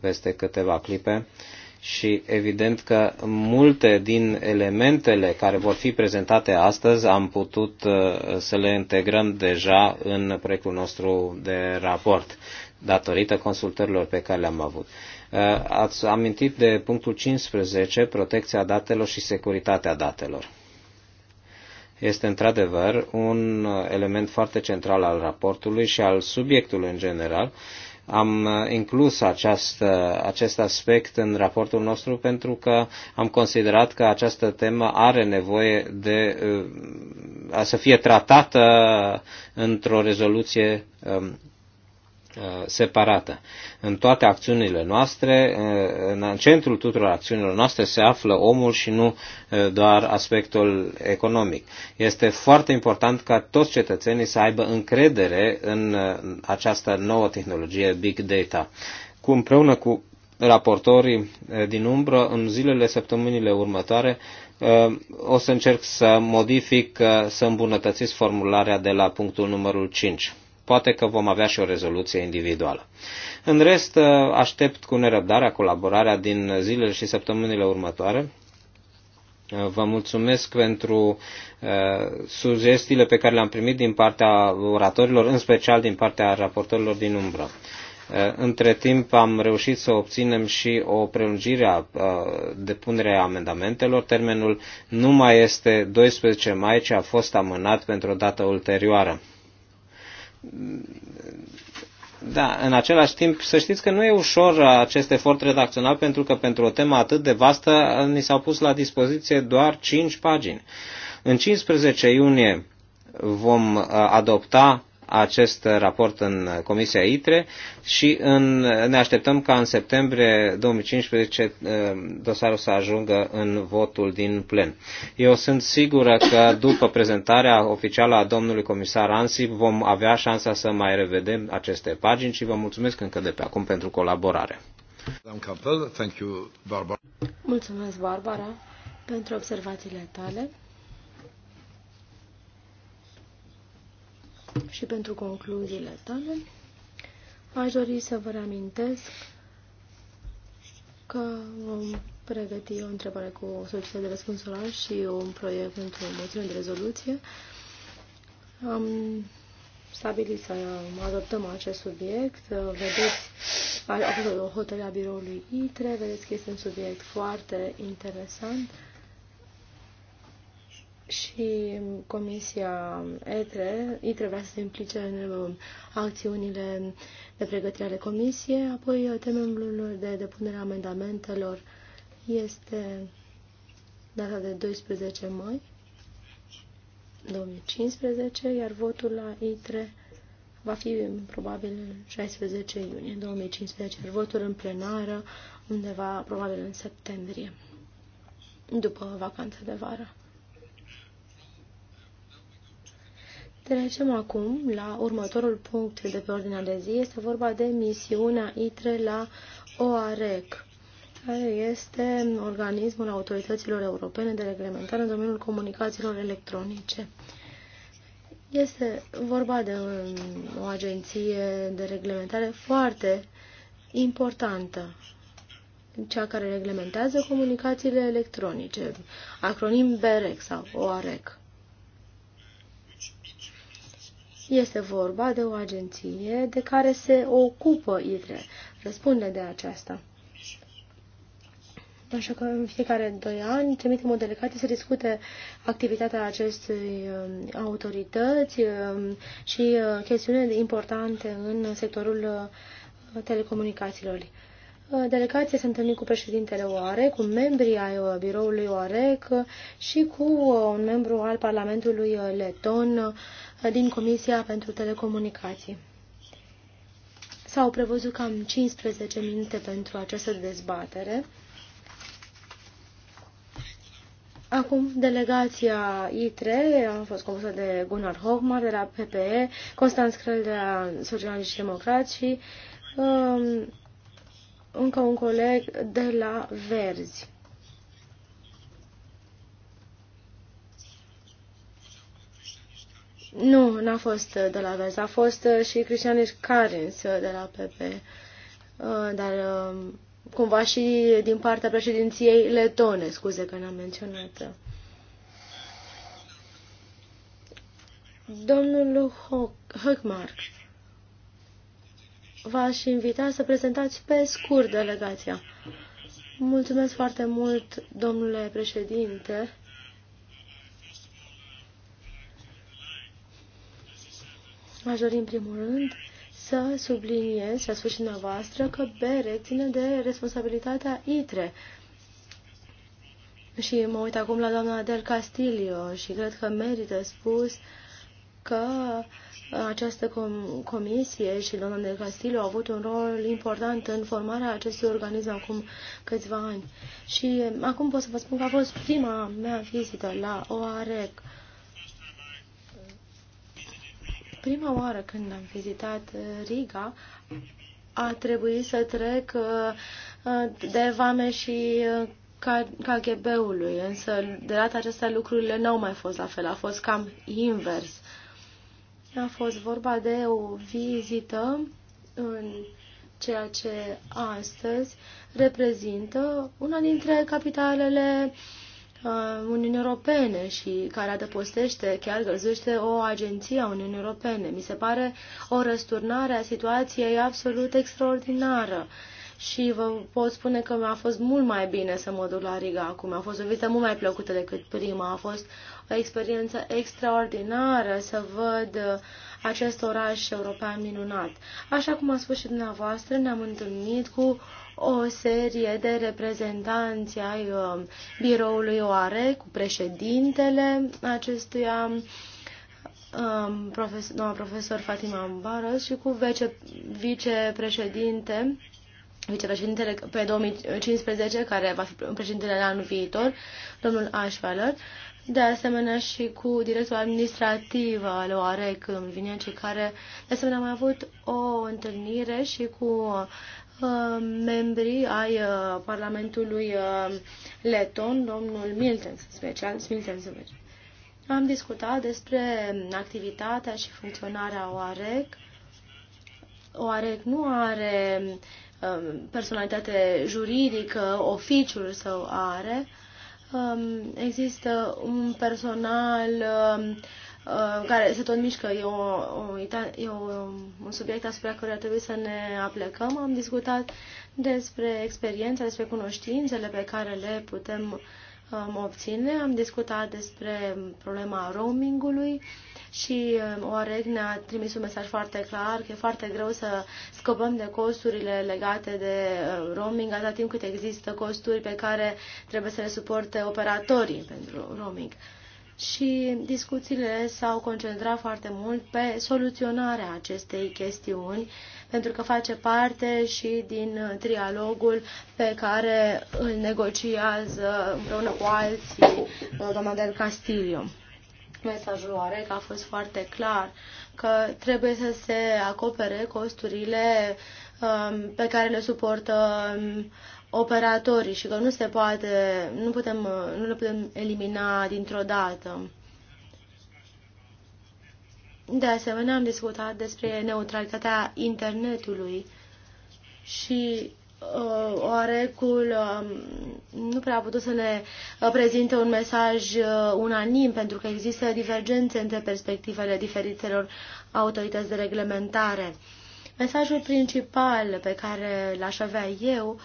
peste câteva clipe și evident că multe din elementele care vor fi prezentate astăzi am putut uh, să le integrăm deja în proiectul nostru de raport datorită consultărilor pe care le-am avut. Uh, ați amintit de punctul 15, protecția datelor și securitatea datelor. Este într-adevăr un element foarte central al raportului și al subiectului în general am uh, inclus acest acest aspect în raportul nostru pentru că am considerat că această temă are nevoie de uh, a să fie tratată într-o rezoluție um, Uh, separată. În toate acțiunile noastre, uh, în centrul tuturor acțiunilor noastre se află omul și nu uh, doar aspectul economic. Este foarte important ca toți cetățenii să aibă încredere în această nouă tehnologie Big Data. Cu împreună cu raportorii din umbră, în zilele, săptămânile următoare, o să încerc să modific, să îmbunătățesc formularea de la punctul numărul 5 poate că vom avea și o rezoluție individuală. În rest, uh, aștept cu nerăbdarea colaborarea din zilele și săptămânile următoare. Uh, vă mulțumesc pentru uh, sugestiile pe care le-am primit din partea oratorilor, în special din partea raportorilor din umbră. Între timp am reușit să obținem și o prelungire a depunerea amendamentelor. Termenul nu mai este 12 mai, ci a fost amânat pentru o dată ulterioară da, în același timp, să știți că nu e ușor acest efort redacțional, pentru că pentru o temă atât de vastă ni s-au pus la dispoziție doar 5 pagini. În 15 iunie vom uh, adopta acest raport în Comisia ITRE și în, ne așteptăm ca în septembrie 2015 eh, dosarul să ajungă în votul din plen. Eu sunt sigură că după prezentarea oficială a domnului comisar Ansip vom avea șansa să mai revedem aceste pagini și vă mulțumesc încă de pe acum pentru colaborare. Mulțumesc, Barbara, pentru observațiile tale. și pentru concluziile tale. Aș dori să vă reamintesc că vom pregăti o întrebare cu o solicitare de răspuns oral și un proiect pentru o moțiune de rezoluție. Am stabilit să adoptăm acest subiect. Vedeți, a fost o hotărâre a biroului ITRE, vedeți că este un subiect foarte interesant și Comisia ETRE, ITRE vrea să se implice în uh, acțiunile de pregătire ale Comisiei, apoi uh, termenul de depunere a amendamentelor este data de 12 mai 2015, iar votul la ITRE va fi um, probabil 16 iunie 2015, iar votul în plenară undeva probabil în septembrie, după vacanța de vară. Trecem acum la următorul punct de pe ordinea de zi. Este vorba de misiunea ITRE la OAREC, care este organismul autorităților europene de reglementare în domeniul comunicațiilor electronice. Este vorba de o agenție de reglementare foarte importantă, cea care reglementează comunicațiile electronice, acronim BEREC sau OAREC. Este vorba de o agenție de care se ocupă ITRE, răspunde de aceasta. Așa că în fiecare doi ani trimitem o delegație să discute activitatea acestei um, autorități um, și uh, chestiuni importante în sectorul uh, telecomunicațiilor. Uh, delegația se întâlnit cu președintele OAREC, cu membrii ai biroului OAREC și cu un membru al Parlamentului Leton din Comisia pentru Telecomunicații. S-au prevăzut cam 15 minute pentru această dezbatere. Acum, delegația I3 a fost compusă de Gunnar Hochmar de la PPE, Constanț Crăl de la Socialiști Democrați și um, încă un coleg de la Verzi. Nu, n-a fost uh, de la Vers, a fost uh, și Cristian Carins uh, de la PP, dar um, cumva și din partea președinției letone, scuze că n-am menționat. Domnul Höckmark, v-aș invita să prezentați pe scurt delegația. Mulțumesc foarte mult, domnule președinte. Aș dori în primul rând să subliniez și a spus și dumneavoastră că BERE ține de responsabilitatea ITRE. Și mă uit acum la doamna Del Castillo și cred că merită spus că această com comisie și doamna Del Castillo au avut un rol important în formarea acestui organism acum câțiva ani. Și acum pot să vă spun că a fost prima mea vizită la OAREC Prima oară când am vizitat uh, Riga, a trebuit să trec uh, uh, de vame și KGB-ului, însă de data acestea lucrurile n-au mai fost la fel, a fost cam invers. A fost vorba de o vizită în ceea ce astăzi reprezintă una dintre capitalele uh, Uh, Uniunii Europene și care adăpostește, chiar găzduște o agenție a Uniunii Europene. Mi se pare o răsturnare a situației absolut extraordinară și vă pot spune că mi-a fost mult mai bine să mă duc la Riga acum. A fost o vizită mult mai plăcută decât prima. A fost o experiență extraordinară să văd uh, acest oraș european minunat. Așa cum a spus și dumneavoastră, ne-am întâlnit cu o serie de reprezentanți ai uh, biroului OARE cu președintele acestuia, um, profesor, doamna profesor Fatima Baros și cu vice, vicepreședinte vicepreședintele pe 2015, care va fi președintele la anul viitor, domnul Ashvaler, de asemenea și cu directorul administrativ al OAREC în Vinea, care de asemenea am mai avut o întâlnire și cu Uh, membrii ai uh, Parlamentului uh, Leton, domnul Miltens, special, Miltens, am discutat despre activitatea și funcționarea OAREC. OAREC nu are um, personalitate juridică, oficiul său are. Um, există un personal um, Uh, care se tot mișcă. E, o, o, e o, un subiect asupra căruia trebuie să ne aplecăm. Am discutat despre experiența, despre cunoștințele pe care le putem um, obține. Am discutat despre problema roamingului și um, OAREC ne-a trimis un mesaj foarte clar că e foarte greu să scăpăm de costurile legate de uh, roaming atâta timp cât există costuri pe care trebuie să le suporte operatorii pentru roaming. Uh, și discuțiile s-au concentrat foarte mult pe soluționarea acestei chestiuni, pentru că face parte și din trialogul pe care îl negociază împreună cu alții uh, doamna del Castillo. Mesajul că a fost foarte clar că trebuie să se acopere costurile um, pe care le suportă um, operatorii și că nu se poate, nu, putem, nu le putem elimina dintr-o dată. De asemenea, am discutat despre neutralitatea internetului și uh, oarecul uh, nu prea a putut să ne uh, prezinte un mesaj uh, unanim, pentru că există divergențe între perspectivele diferitelor autorități de reglementare. Mesajul principal pe care l-aș avea eu uh,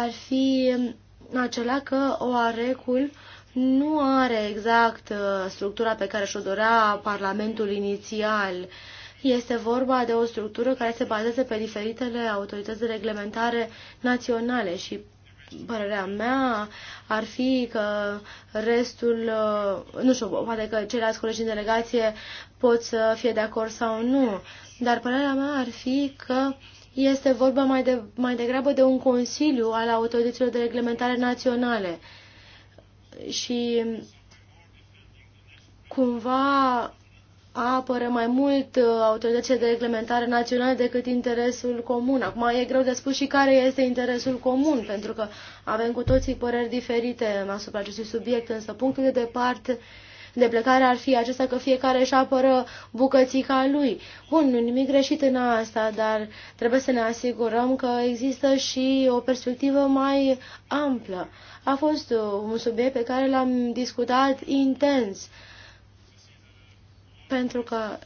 ar fi um, acela că o arecul nu are exact uh, structura pe care și-o dorea Parlamentul inițial. Este vorba de o structură care se bazează pe diferitele autorități de reglementare naționale și părerea mea ar fi că restul, uh, nu știu, poate că ceilalți colegi în delegație pot să fie de acord sau nu, dar părerea mea ar fi că uh, este vorba mai, de, mai degrabă de un consiliu al autorităților de reglementare naționale. Și cumva apără mai mult uh, autoritățile de reglementare naționale decât interesul comun. Acum e greu de spus și care este interesul comun, pentru că avem cu toții păreri diferite asupra acestui subiect, însă punctul de departe uh, de plecare ar fi acesta că fiecare își apără bucățica lui. Bun, nu nimic greșit în asta, dar trebuie să ne asigurăm că există și o perspectivă mai amplă. A fost uh, un subiect pe care l-am discutat intens, pentru că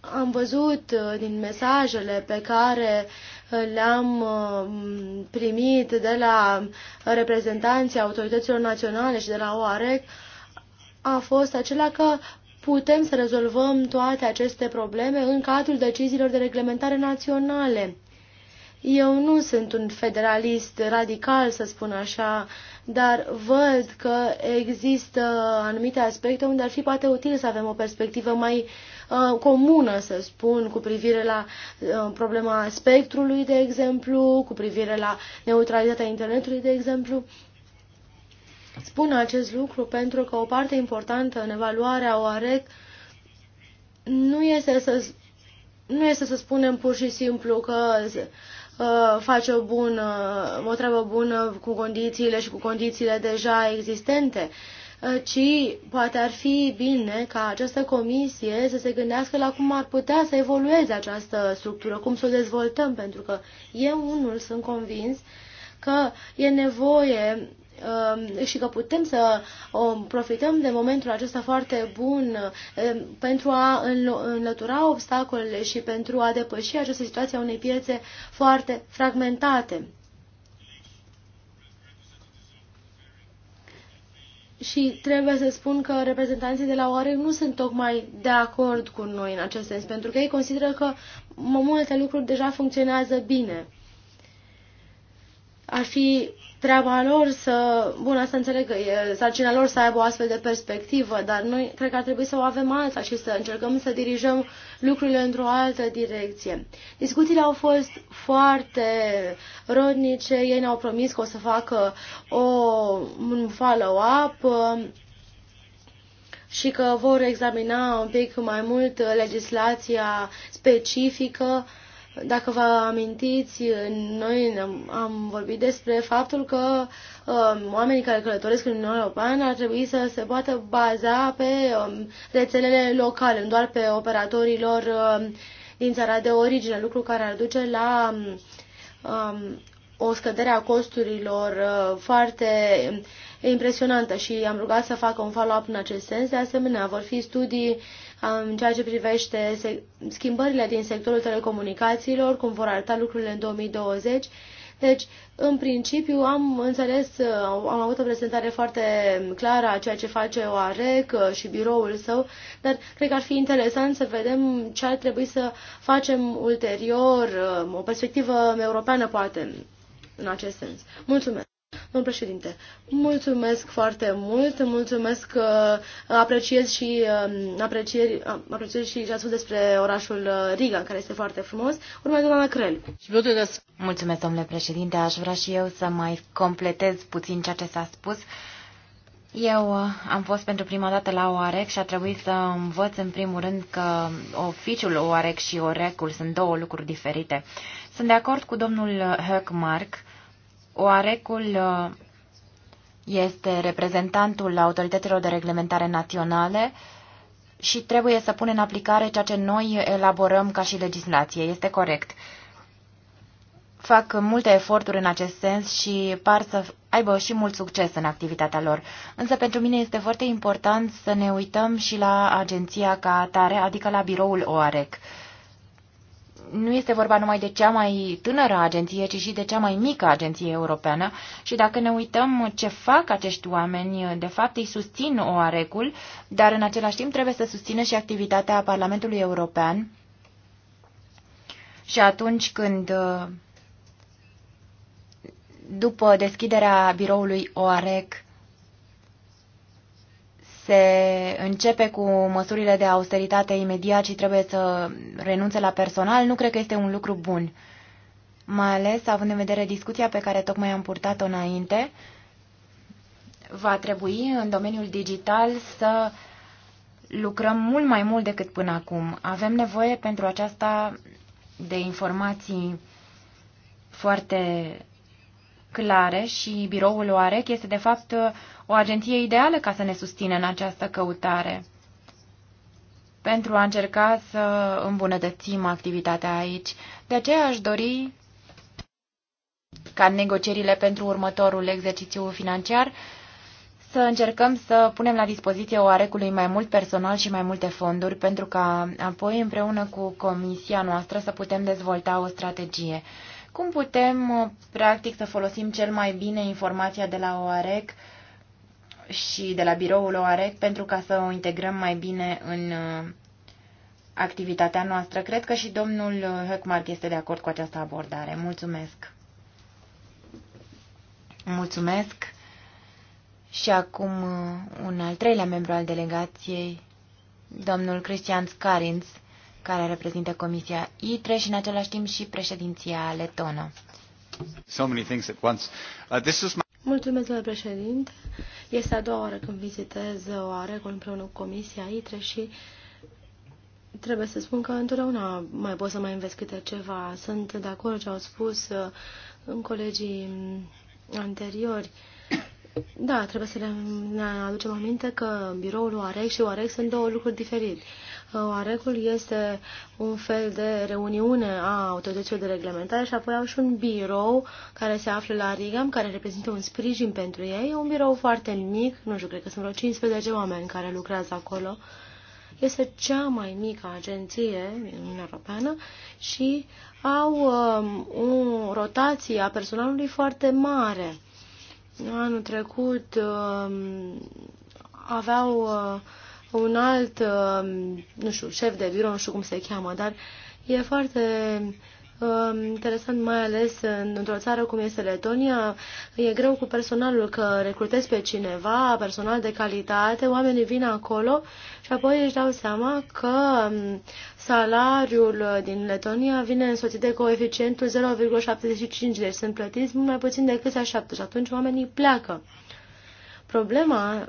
am văzut uh, din mesajele pe care uh, le-am primit de la reprezentanții autorităților naționale și de la OAREC a fost acela că putem să rezolvăm toate aceste probleme în cadrul deciziilor de reglementare naționale. Eu nu sunt un federalist radical, să spun așa, dar văd că există anumite aspecte unde ar fi poate util să avem o perspectivă mai uh, comună, să spun, cu privire la uh, problema spectrului, de exemplu, cu privire la neutralitatea internetului, de exemplu. Uh, Spun acest lucru pentru că o parte importantă în evaluarea OAREC nu este să, nu este să spunem pur și simplu că uh, face o, bună, o treabă bună cu condițiile și cu condițiile deja existente, uh, ci poate ar fi bine ca această comisie să se gândească la cum ar putea să evolueze această structură, cum să o dezvoltăm, pentru că eu unul sunt convins că e nevoie Um, și că putem să um, profităm de momentul acesta foarte bun um, pentru a înlătura obstacolele și pentru a depăși această situație a unei piețe foarte fragmentate. Și trebuie să spun că reprezentanții de la OARE nu sunt tocmai de acord cu noi în acest sens, pentru că ei consideră că multe lucruri deja funcționează bine. Ar fi treaba lor să, bun, asta înțeleg că e sarcina lor să aibă o astfel de perspectivă, dar noi cred că ar trebui să o avem alta și să încercăm să dirijăm lucrurile într-o altă direcție. Discuțiile au fost foarte rodnice, ei ne-au promis că o să facă o, un follow-up uh, și că vor examina un pic mai mult legislația specifică dacă vă amintiți, noi am, am vorbit despre faptul că um, oamenii care călătoresc în Uniunea Europeană ar trebui să se poată baza pe um, rețelele locale, nu doar pe operatorii lor um, din țara de origine, lucru care ar duce la um, o scădere a costurilor uh, foarte impresionantă și am rugat să facă un follow-up în acest sens. De asemenea, vor fi studii uh, în ceea ce privește schimbările din sectorul telecomunicațiilor, cum vor arăta lucrurile în 2020. Deci, în principiu, am înțeles, uh, am avut o prezentare foarte clară a ceea ce face OAREC uh, și biroul său, dar cred că ar fi interesant să vedem ce ar trebui să facem ulterior, uh, o perspectivă europeană, poate, în acest sens. Mulțumesc! Domnul președinte, mulțumesc foarte mult, mulțumesc că uh, apreciez și, um, apreciez, apreciez și ce a spus despre orașul uh, Riga, care este foarte frumos. Urmează doamna Crel. Mulțumesc, domnule președinte, aș vrea și eu să mai completez puțin ceea ce s-a spus. Eu uh, am fost pentru prima dată la OAREC și a trebuit să învăț în primul rând că oficiul OAREC și OREC-ul sunt două lucruri diferite. Sunt de acord cu domnul Höckmark Oarecul uh, este reprezentantul autorităților de reglementare naționale și trebuie să pune în aplicare ceea ce noi elaborăm ca și legislație. Este corect. Fac multe eforturi în acest sens și par să aibă și mult succes în activitatea lor. Însă pentru mine este foarte important să ne uităm și la agenția ca atare, adică la biroul OAREC nu este vorba numai de cea mai tânără agenție, ci și de cea mai mică agenție europeană și dacă ne uităm ce fac acești oameni, de fapt îi susțin OARECUL, dar în același timp trebuie să susțină și activitatea Parlamentului European și atunci când după deschiderea biroului OAREC se începe cu măsurile de austeritate imediat și trebuie să renunțe la personal, nu cred că este un lucru bun. Mai ales având în vedere discuția pe care tocmai am purtat-o înainte, va trebui în domeniul digital să lucrăm mult mai mult decât până acum. Avem nevoie pentru aceasta de informații foarte clare și biroul OAREC este de fapt o agenție ideală ca să ne susțină în această căutare pentru a încerca să îmbunătățim activitatea aici. De aceea aș dori ca negocierile pentru următorul exercițiu financiar să încercăm să punem la dispoziție oarecului mai mult personal și mai multe fonduri pentru ca apoi împreună cu comisia noastră să putem dezvolta o strategie. Cum putem, uh, practic, să folosim cel mai bine informația de la OAREC și de la biroul OAREC pentru ca să o integrăm mai bine în uh, activitatea noastră? Cred că și domnul uh, Höckmark este de acord cu această abordare. Mulțumesc! Mulțumesc! Și acum un al treilea membru al delegației, domnul Cristian Scarins, care reprezintă Comisia ITRE și în același timp și președinția letonă. So many things at once. Uh, this is my... Mulțumesc, domnule președinte. Este a doua oară când vizitez Oarecul împreună cu Comisia ITRE și trebuie să spun că întotdeauna mai pot să mai înveți câte ceva. Sunt de acord ce au spus uh, în colegii mm, anteriori. Da, trebuie să ne aducem aminte că biroul OAREC și OAREC sunt două lucruri diferite. Oarecul este un fel de reuniune a autorităților de reglementare și apoi au și un birou care se află la Rigam, care reprezintă un sprijin pentru ei. E un birou foarte mic, nu știu, cred că sunt vreo 15 oameni care lucrează acolo. Este cea mai mică agenție în Europeană și au um, o rotație a personalului foarte mare. Anul trecut um, aveau... Uh, un alt, um, nu știu, șef de birou, nu știu cum se cheamă, dar e foarte um, interesant, mai ales într-o țară cum este Letonia, e greu cu personalul că recrutezi pe cineva, personal de calitate, oamenii vin acolo și apoi își dau seama că um, salariul din Letonia vine însoțit de coeficientul 0,75, deci sunt plătiți mult mai puțin decât așteaptă și atunci oamenii pleacă. Problema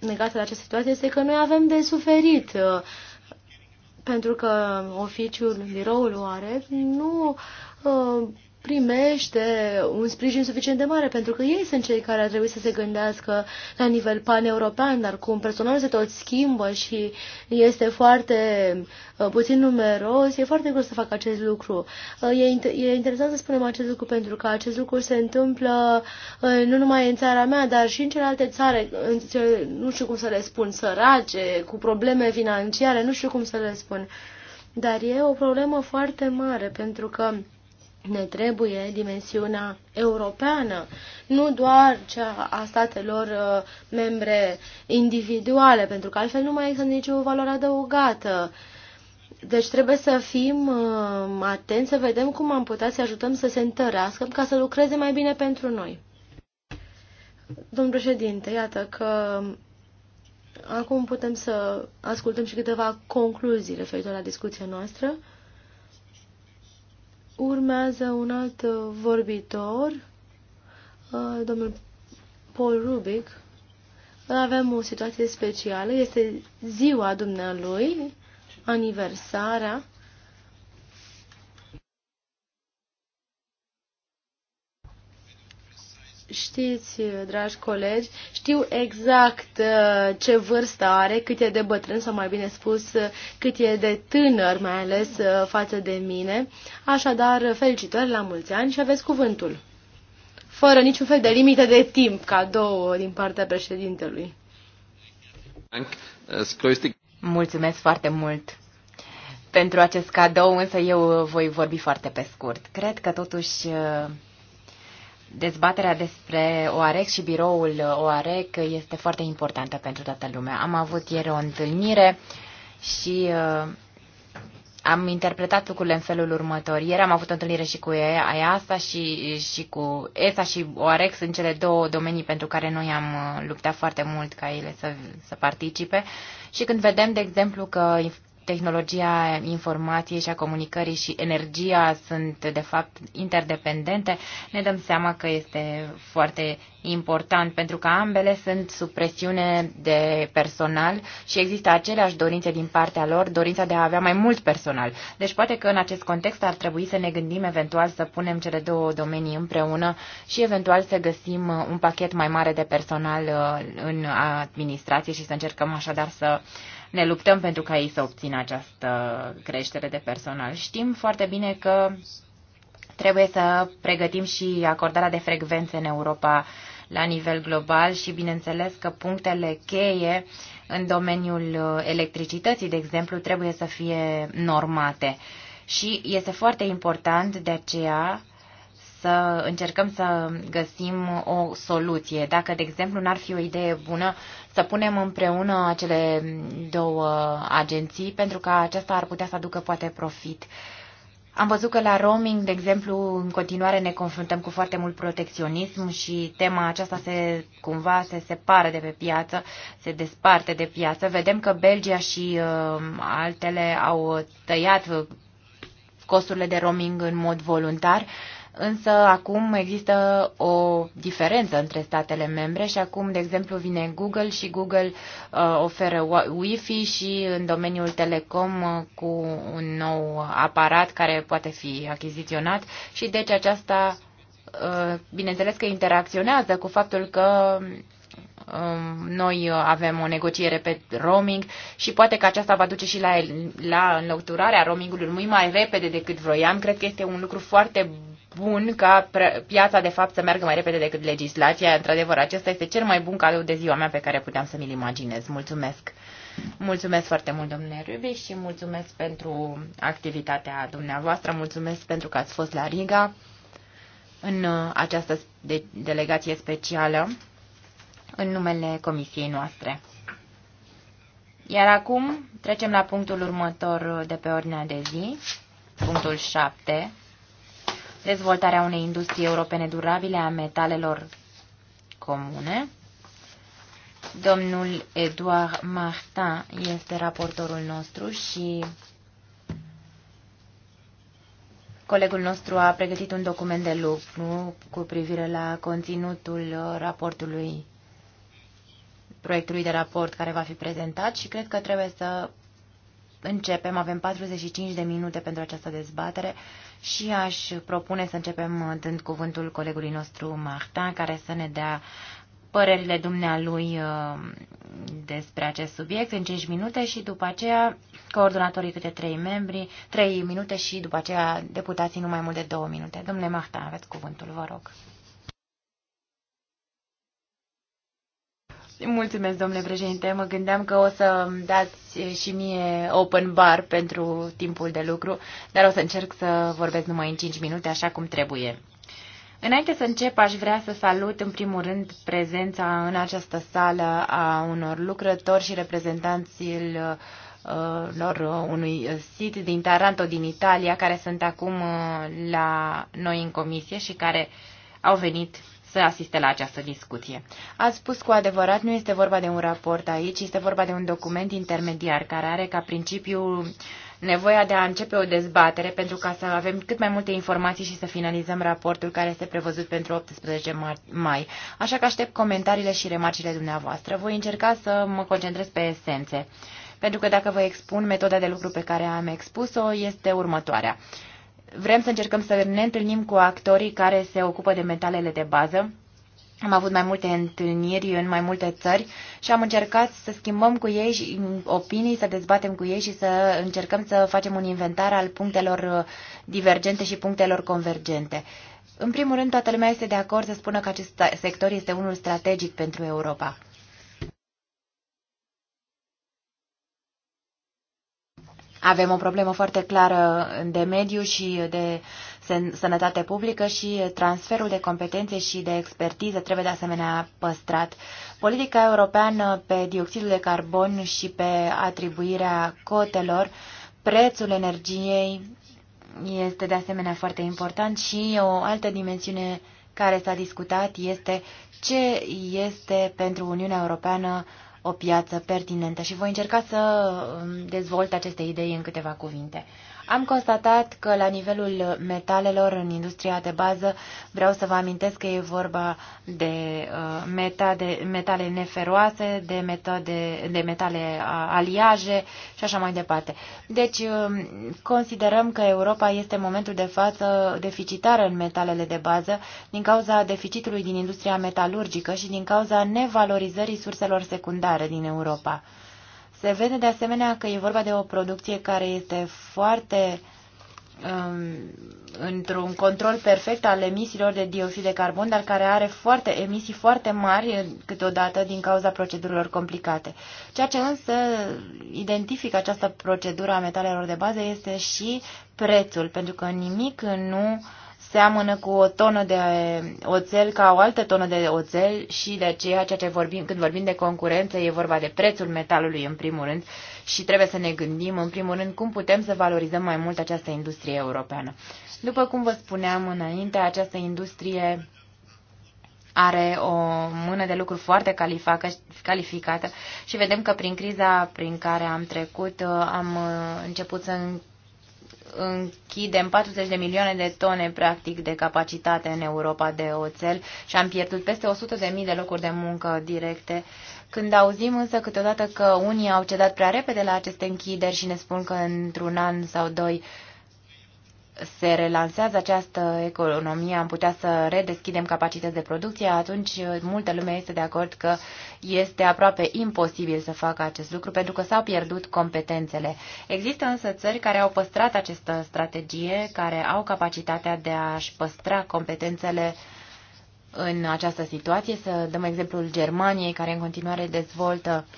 negată de această situație este că noi avem de suferit, uh, pentru că oficiul, biroul oare, nu uh, primește un sprijin suficient de mare, pentru că ei sunt cei care ar trebui să se gândească la nivel pan-european, dar cum personalul se tot schimbă și este foarte uh, puțin numeros, e foarte greu să facă acest lucru. Uh, e, e interesant să spunem acest lucru, pentru că acest lucru se întâmplă uh, nu numai în țara mea, dar și în celelalte țare, în ce, nu știu cum să le spun, sărace, cu probleme financiare, nu știu cum să le spun. Dar e o problemă foarte mare, pentru că ne trebuie dimensiunea europeană, nu doar cea a statelor uh, membre individuale, pentru că altfel nu mai există nicio valoare adăugată. Deci trebuie să fim uh, atenți, să vedem cum am putea să ajutăm să se întărească ca să lucreze mai bine pentru noi. Domnul președinte, iată că acum putem să ascultăm și câteva concluzii referitor la discuția noastră. Urmează un alt uh, vorbitor, uh, domnul Paul Rubic. Avem o situație specială, este ziua dumnealui, aniversarea știți, dragi colegi, știu exact uh, ce vârstă are, cât e de bătrân, sau mai bine spus, uh, cât e de tânăr, mai ales uh, față de mine. Așadar, felicitări la mulți ani și aveți cuvântul. Fără niciun fel de limite de timp, cadou din partea președintelui. Mulțumesc foarte mult pentru acest cadou, însă eu voi vorbi foarte pe scurt. Cred că totuși dezbaterea despre OAREC și biroul OAREC este foarte importantă pentru toată lumea. Am avut ieri o întâlnire și uh, am interpretat lucrurile în felul următor. Ieri am avut o întâlnire și cu EASA și, și cu ESA și OAREC sunt cele două domenii pentru care noi am uh, luptat foarte mult ca ele să, să participe. Și când vedem, de exemplu, că tehnologia informației și a comunicării și energia sunt, de fapt, interdependente, ne dăm seama că este foarte important, pentru că ambele sunt sub presiune de personal și există aceleași dorințe din partea lor, dorința de a avea mai mult personal. Deci poate că în acest context ar trebui să ne gândim eventual să punem cele două domenii împreună și eventual să găsim un pachet mai mare de personal uh, în administrație și să încercăm așadar să uh, ne luptăm pentru ca ei să obțină această creștere de personal. Știm foarte bine că trebuie să pregătim și acordarea de frecvențe în Europa la nivel global și bineînțeles că punctele cheie în domeniul electricității, de exemplu, trebuie să fie normate. Și este foarte important de aceea să încercăm să găsim o soluție. Dacă, de exemplu, n-ar fi o idee bună să punem împreună acele două agenții, pentru că aceasta ar putea să aducă poate profit. Am văzut că la roaming, de exemplu, în continuare ne confruntăm cu foarte mult protecționism și tema aceasta se cumva se separă de pe piață, se desparte de piață. Vedem că Belgia și uh, altele au tăiat costurile de roaming în mod voluntar. Uh, Însă acum există o diferență între statele membre și acum, de exemplu, vine Google și Google uh, oferă Wi-Fi și în domeniul telecom uh, cu un nou aparat care poate fi achiziționat și deci aceasta, uh, bineînțeles că interacționează cu faptul că um, noi avem o negociere pe roaming și poate că aceasta va duce și la, la înlăuturarea roamingului mult mai repede decât vroiam. Cred că este un lucru foarte bun ca piața de fapt să meargă mai repede decât legislația. Într-adevăr, acesta este cel mai bun cadou de ziua mea pe care puteam să mi-l imaginez. Mulțumesc! Mulțumesc foarte mult, domnule Rubi, și mulțumesc pentru activitatea dumneavoastră, mulțumesc pentru că ați fost la Riga în uh, această de delegație specială în numele comisiei noastre. Iar acum trecem la punctul următor de pe ordinea de zi, punctul 7, dezvoltarea unei industrie europene durabile a metalelor comune. Domnul Eduard Martin este raportorul nostru și Colegul nostru a pregătit un document de lucru cu privire la conținutul raportului, proiectului de raport care va fi prezentat și cred că trebuie să începem, avem 45 de minute pentru această dezbatere și aș propune să începem uh, dând cuvântul colegului nostru Martin, care să ne dea părerile dumnealui uh, despre acest subiect în 5 minute și după aceea coordonatorii câte 3 membri, 3 minute și după aceea deputații nu mai mult de 2 minute. Domnule Marta, aveți cuvântul, vă rog. Mulțumesc, domnule președinte. Mă gândeam că o să dați și mie open bar pentru timpul de lucru, dar o să încerc să vorbesc numai în 5 minute, așa cum trebuie. Înainte să încep, aș vrea să salut în primul rând prezența în această sală a unor lucrători și reprezentanții uh, lor uh, unui sit din Taranto, din Italia, care sunt acum uh, la noi în comisie și care au venit să asiste la această discuție. Ați spus cu adevărat, nu este vorba de un raport aici, este vorba de un document intermediar care are ca principiu nevoia de a începe o dezbatere pentru ca să avem cât mai multe informații și să finalizăm raportul care este prevăzut pentru 18 mai. Așa că aștept comentariile și remarcile dumneavoastră. Voi încerca să mă concentrez pe esențe. Pentru că dacă vă expun, metoda de lucru pe care am expus-o este următoarea. Uh, Vrem să încercăm să ne întâlnim cu actorii care se ocupă de metalele de bază. Am avut mai multe întâlniri în mai multe țări și am încercat să schimbăm cu ei și opinii, să dezbatem cu ei și să încercăm să facem un inventar al punctelor uh, divergente și punctelor convergente. În primul rând, toată lumea este de acord să spună că acest sector este unul strategic pentru Europa. Avem o problemă foarte clară de mediu și de sănătate publică și transferul de competențe și de expertiză trebuie de asemenea păstrat. Politica europeană pe dioxidul de carbon și pe atribuirea cotelor, prețul energiei este de asemenea foarte important și o altă dimensiune care s-a discutat este ce este pentru Uniunea Europeană o piață pertinentă și voi încerca să um, dezvolt aceste idei în câteva cuvinte. Am constatat că la nivelul metalelor în industria de bază, vreau să vă amintesc că e vorba de, uh, meta, de metale neferoase, de, metode, de metale uh, aliaje și așa mai departe. Deci uh, considerăm că Europa este în momentul de față deficitară în metalele de bază din cauza deficitului din industria metalurgică și din cauza nevalorizării surselor secundare din Europa. Se vede de asemenea că e vorba de o producție care este foarte um, într-un control perfect al emisiilor de dioxid de carbon, dar care are foarte emisii foarte mari câteodată din cauza procedurilor complicate. Ceea ce însă identifică această procedură a metalelor de bază este și prețul, pentru că nimic nu uh, seamănă cu o tonă de oțel ca o altă tonă de oțel și de aceea ceea ce vorbim, când vorbim de concurență e vorba de prețul metalului în primul rând și trebuie să ne gândim în primul rând cum putem să valorizăm mai mult această industrie europeană. După cum vă spuneam înainte, această industrie are o mână de lucru foarte calificată și vedem că prin criza prin care am trecut am început să închidem 40 de milioane de tone practic de capacitate în Europa de oțel și am pierdut peste 100 de mii de locuri de muncă directe. Când auzim însă câteodată că unii au cedat prea repede la aceste închideri și ne spun că într-un an sau doi se relansează această economie, am putea să redeschidem capacități de producție, atunci multă lume este de acord că este aproape imposibil să facă acest lucru pentru că s-au pierdut competențele. Există însă țări care au păstrat această strategie, care au capacitatea de a-și păstra competențele în această situație. Să dăm exemplul Germaniei, care în continuare dezvoltă uh,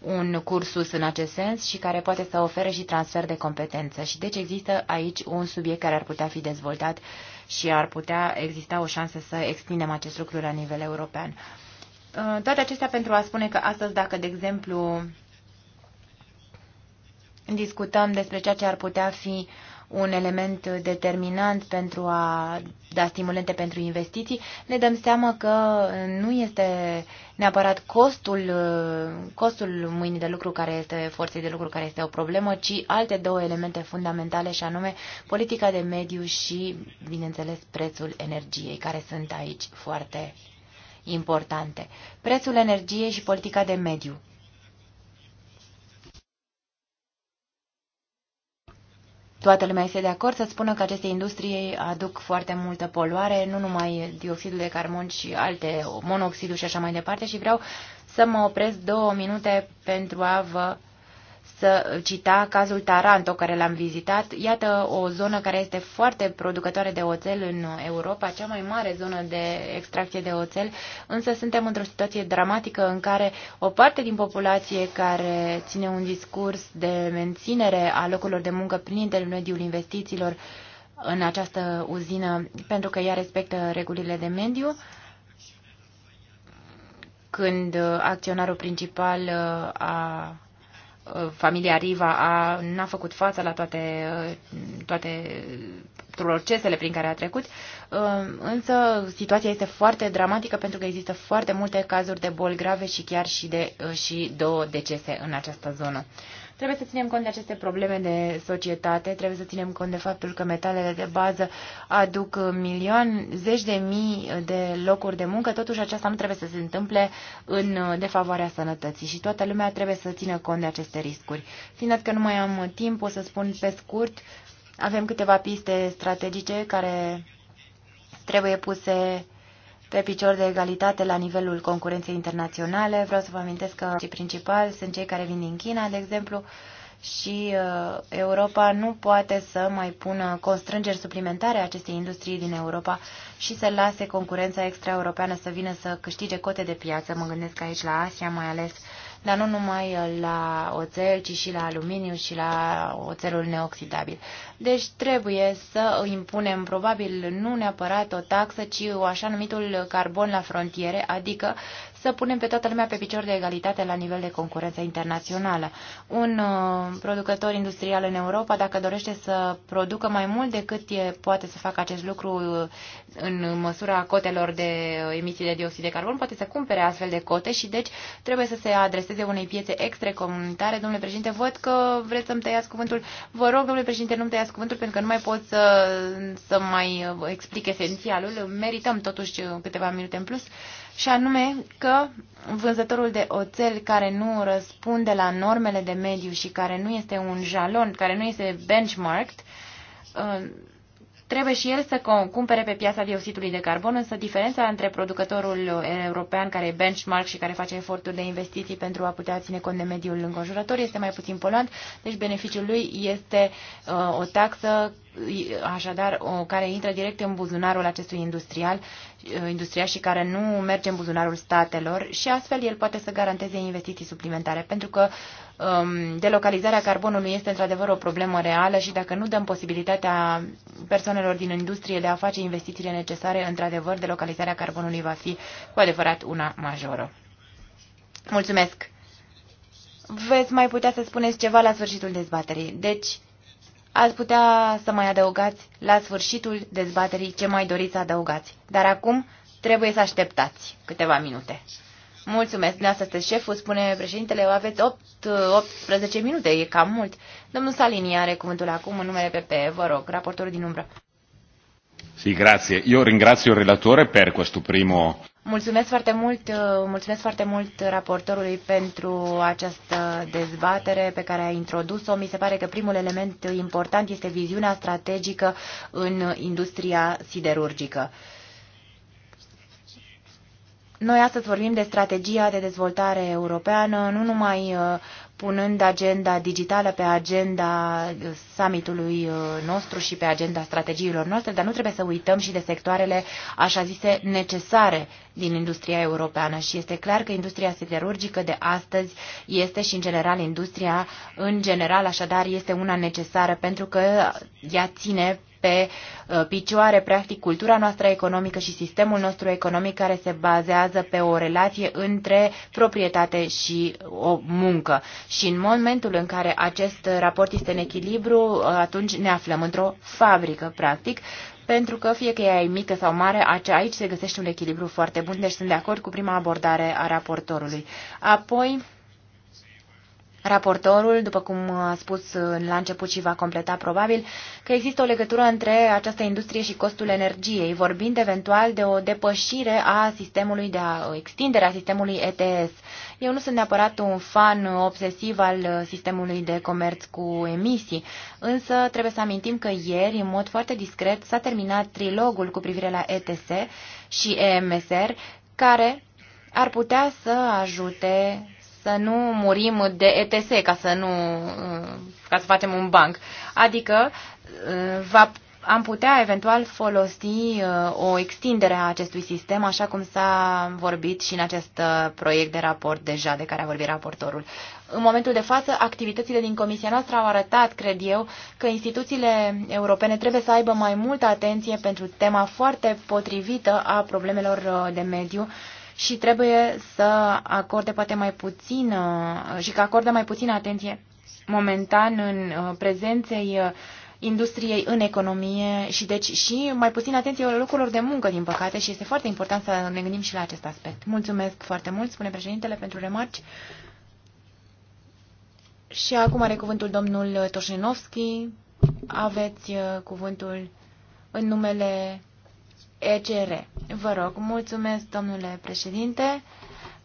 un cursus în acest sens și care poate să ofere și transfer de competență. Și deci există aici un subiect care ar putea fi dezvoltat și ar putea exista o șansă să extindem acest lucru la nivel european. Uh, toate acestea pentru a spune că astăzi, dacă, de exemplu, discutăm despre ceea ce ar putea fi uh, un element determinant pentru a da stimulente pentru investiții, ne dăm seama că nu este neapărat costul, costul mâinii de lucru care este forței de lucru care este o problemă, ci alte două elemente fundamentale și anume politica de mediu și, bineînțeles, prețul energiei, care sunt aici foarte importante. Prețul energiei și politica de mediu. Toată lumea este de acord să spună că aceste industrie aduc foarte multă poluare, nu numai dioxidul de carbon, ci alte, monoxidul și așa mai departe. Și vreau să mă opresc două minute pentru a vă să cita cazul Taranto, care l-am vizitat. Iată o zonă care este foarte producătoare de oțel în Europa, cea mai mare zonă de extracție de oțel, însă suntem într-o situație dramatică în care o parte din populație care ține un discurs de menținere a locurilor de muncă prin intermediul investițiilor în această uzină, pentru că ea respectă regulile de mediu, când acționarul principal uh, a familia Riva a, n-a făcut față la toate, toate procesele prin care a trecut, um, însă situația este foarte dramatică pentru că există foarte multe cazuri de boli grave și chiar și, de, și două decese în această zonă. Trebuie să ținem cont de aceste probleme de societate, trebuie să ținem cont de faptul că metalele de bază aduc milioane, zeci de mii de locuri de muncă, totuși aceasta nu trebuie să se întâmple în defavoarea sănătății și toată lumea trebuie să țină cont de aceste riscuri. Fiind că nu mai am timp, o să spun pe scurt, avem câteva piste strategice care trebuie puse pe picior de egalitate la nivelul concurenței internaționale. Vreau să vă amintesc că cei principali sunt cei care vin din China, de exemplu, și uh, Europa nu poate să mai pună constrângeri suplimentare acestei industrii din Europa și să lase concurența extraeuropeană să vină să câștige cote de piață. Mă gândesc aici la Asia, mai ales uh, dar nu numai la oțel, ci și la aluminiu și la oțelul neoxidabil. Deci trebuie să impunem probabil nu neapărat o taxă, ci o așa numitul carbon la frontiere, adică să punem pe toată lumea pe picior de egalitate la nivel de concurență internațională. Un uh, producător industrial în Europa, dacă dorește să producă mai mult decât e, poate să facă acest lucru uh, în măsura cotelor de uh, emisii de dioxid de carbon, poate să cumpere astfel de cote și deci trebuie să se adreseze unei piețe extracomunitare. Domnule președinte, văd că vreți să-mi tăiați cuvântul. Vă rog, domnule președinte, nu-mi tăiați cuvântul pentru că nu mai pot să, să mai uh, explic esențialul. Merităm totuși câteva minute în plus. Uh, și anume că vânzătorul de oțel care nu răspunde la normele de mediu și care nu este un jalon, care nu este benchmarked, uh, trebuie și el să cumpere pe piața dioxidului de carbon, însă diferența între producătorul european care e benchmark și care face eforturi de investiții pentru a putea ține cont de mediul înconjurător este mai puțin poluant, deci beneficiul lui este uh, o taxă așadar o, care intră direct în buzunarul acestui industrial Uh, industria și care nu merge în buzunarul statelor și astfel el poate să garanteze investiții suplimentare, pentru că um, delocalizarea carbonului este într-adevăr o problemă reală și dacă nu dăm posibilitatea persoanelor din industrie de a face investițiile necesare, într-adevăr delocalizarea carbonului va fi cu adevărat una majoră. Mulțumesc! Veți mai putea să spuneți ceva la sfârșitul dezbaterii. Deci, Ați putea să mai adăugați la sfârșitul dezbaterii ce mai doriți să adăugați. Dar acum trebuie să așteptați câteva minute. Mulțumesc, dumneavoastră sunteți șeful, spune președintele, aveți 8, 18 minute, e cam mult. Domnul Salini are cuvântul acum în numele PP, vă rog, raportorul din umbră. Sì, grazie. Io ringrazio il relatore per questo primo... Mulțumesc foarte mult, uh, mulțumesc foarte mult raportorului pentru această dezbatere pe care a introdus-o. Mi se pare că primul element important este viziunea strategică în industria siderurgică. Noi astăzi vorbim de strategia de dezvoltare europeană, nu numai uh, punând agenda digitală pe agenda summitului uh, nostru și pe agenda strategiilor noastre, dar nu trebuie să uităm și de sectoarele așa zise necesare din industria europeană și este clar că industria siderurgică de astăzi este și în general industria în general așadar este una necesară pentru că ea ține pe uh, picioare, practic, cultura noastră economică și sistemul nostru economic care se bazează pe o relație între proprietate și uh, o muncă. Și în momentul în care acest raport este în echilibru, uh, atunci ne aflăm într-o fabrică, practic, pentru că fie că ea e mică sau mare, aici se găsește un echilibru foarte bun, deci sunt de acord cu prima abordare a raportorului. Apoi, Raportorul, după cum a spus la început și va completa probabil, că există o legătură între această industrie și costul energiei, vorbind eventual de o depășire a sistemului, de a, o extindere a sistemului ETS. Eu nu sunt neapărat un fan obsesiv al sistemului de comerț cu emisii, însă trebuie să amintim că ieri, în mod foarte discret, s-a terminat trilogul cu privire la ETS și EMSR, care ar putea să ajute să nu murim de ETS ca să nu ca să facem un banc. Adică va, am putea eventual folosi o extindere a acestui sistem, așa cum s-a vorbit și în acest uh, proiect de raport deja de care a vorbit raportorul. În momentul de față, activitățile din comisia noastră au arătat, cred eu, că instituțiile europene trebuie să aibă mai multă atenție pentru tema foarte potrivită a problemelor uh, de mediu și trebuie să acorde poate mai puțin și că acordă mai puțină atenție momentan în uh, prezenței uh, industriei în economie și deci și mai puțin atenție locurilor de muncă, din păcate, și este foarte important să ne gândim și la acest aspect. Mulțumesc foarte mult, spune președintele, pentru remarci. Și acum are cuvântul domnul Toșenovski. Aveți uh, cuvântul în numele ECR. Vă rog, mulțumesc, domnule președinte,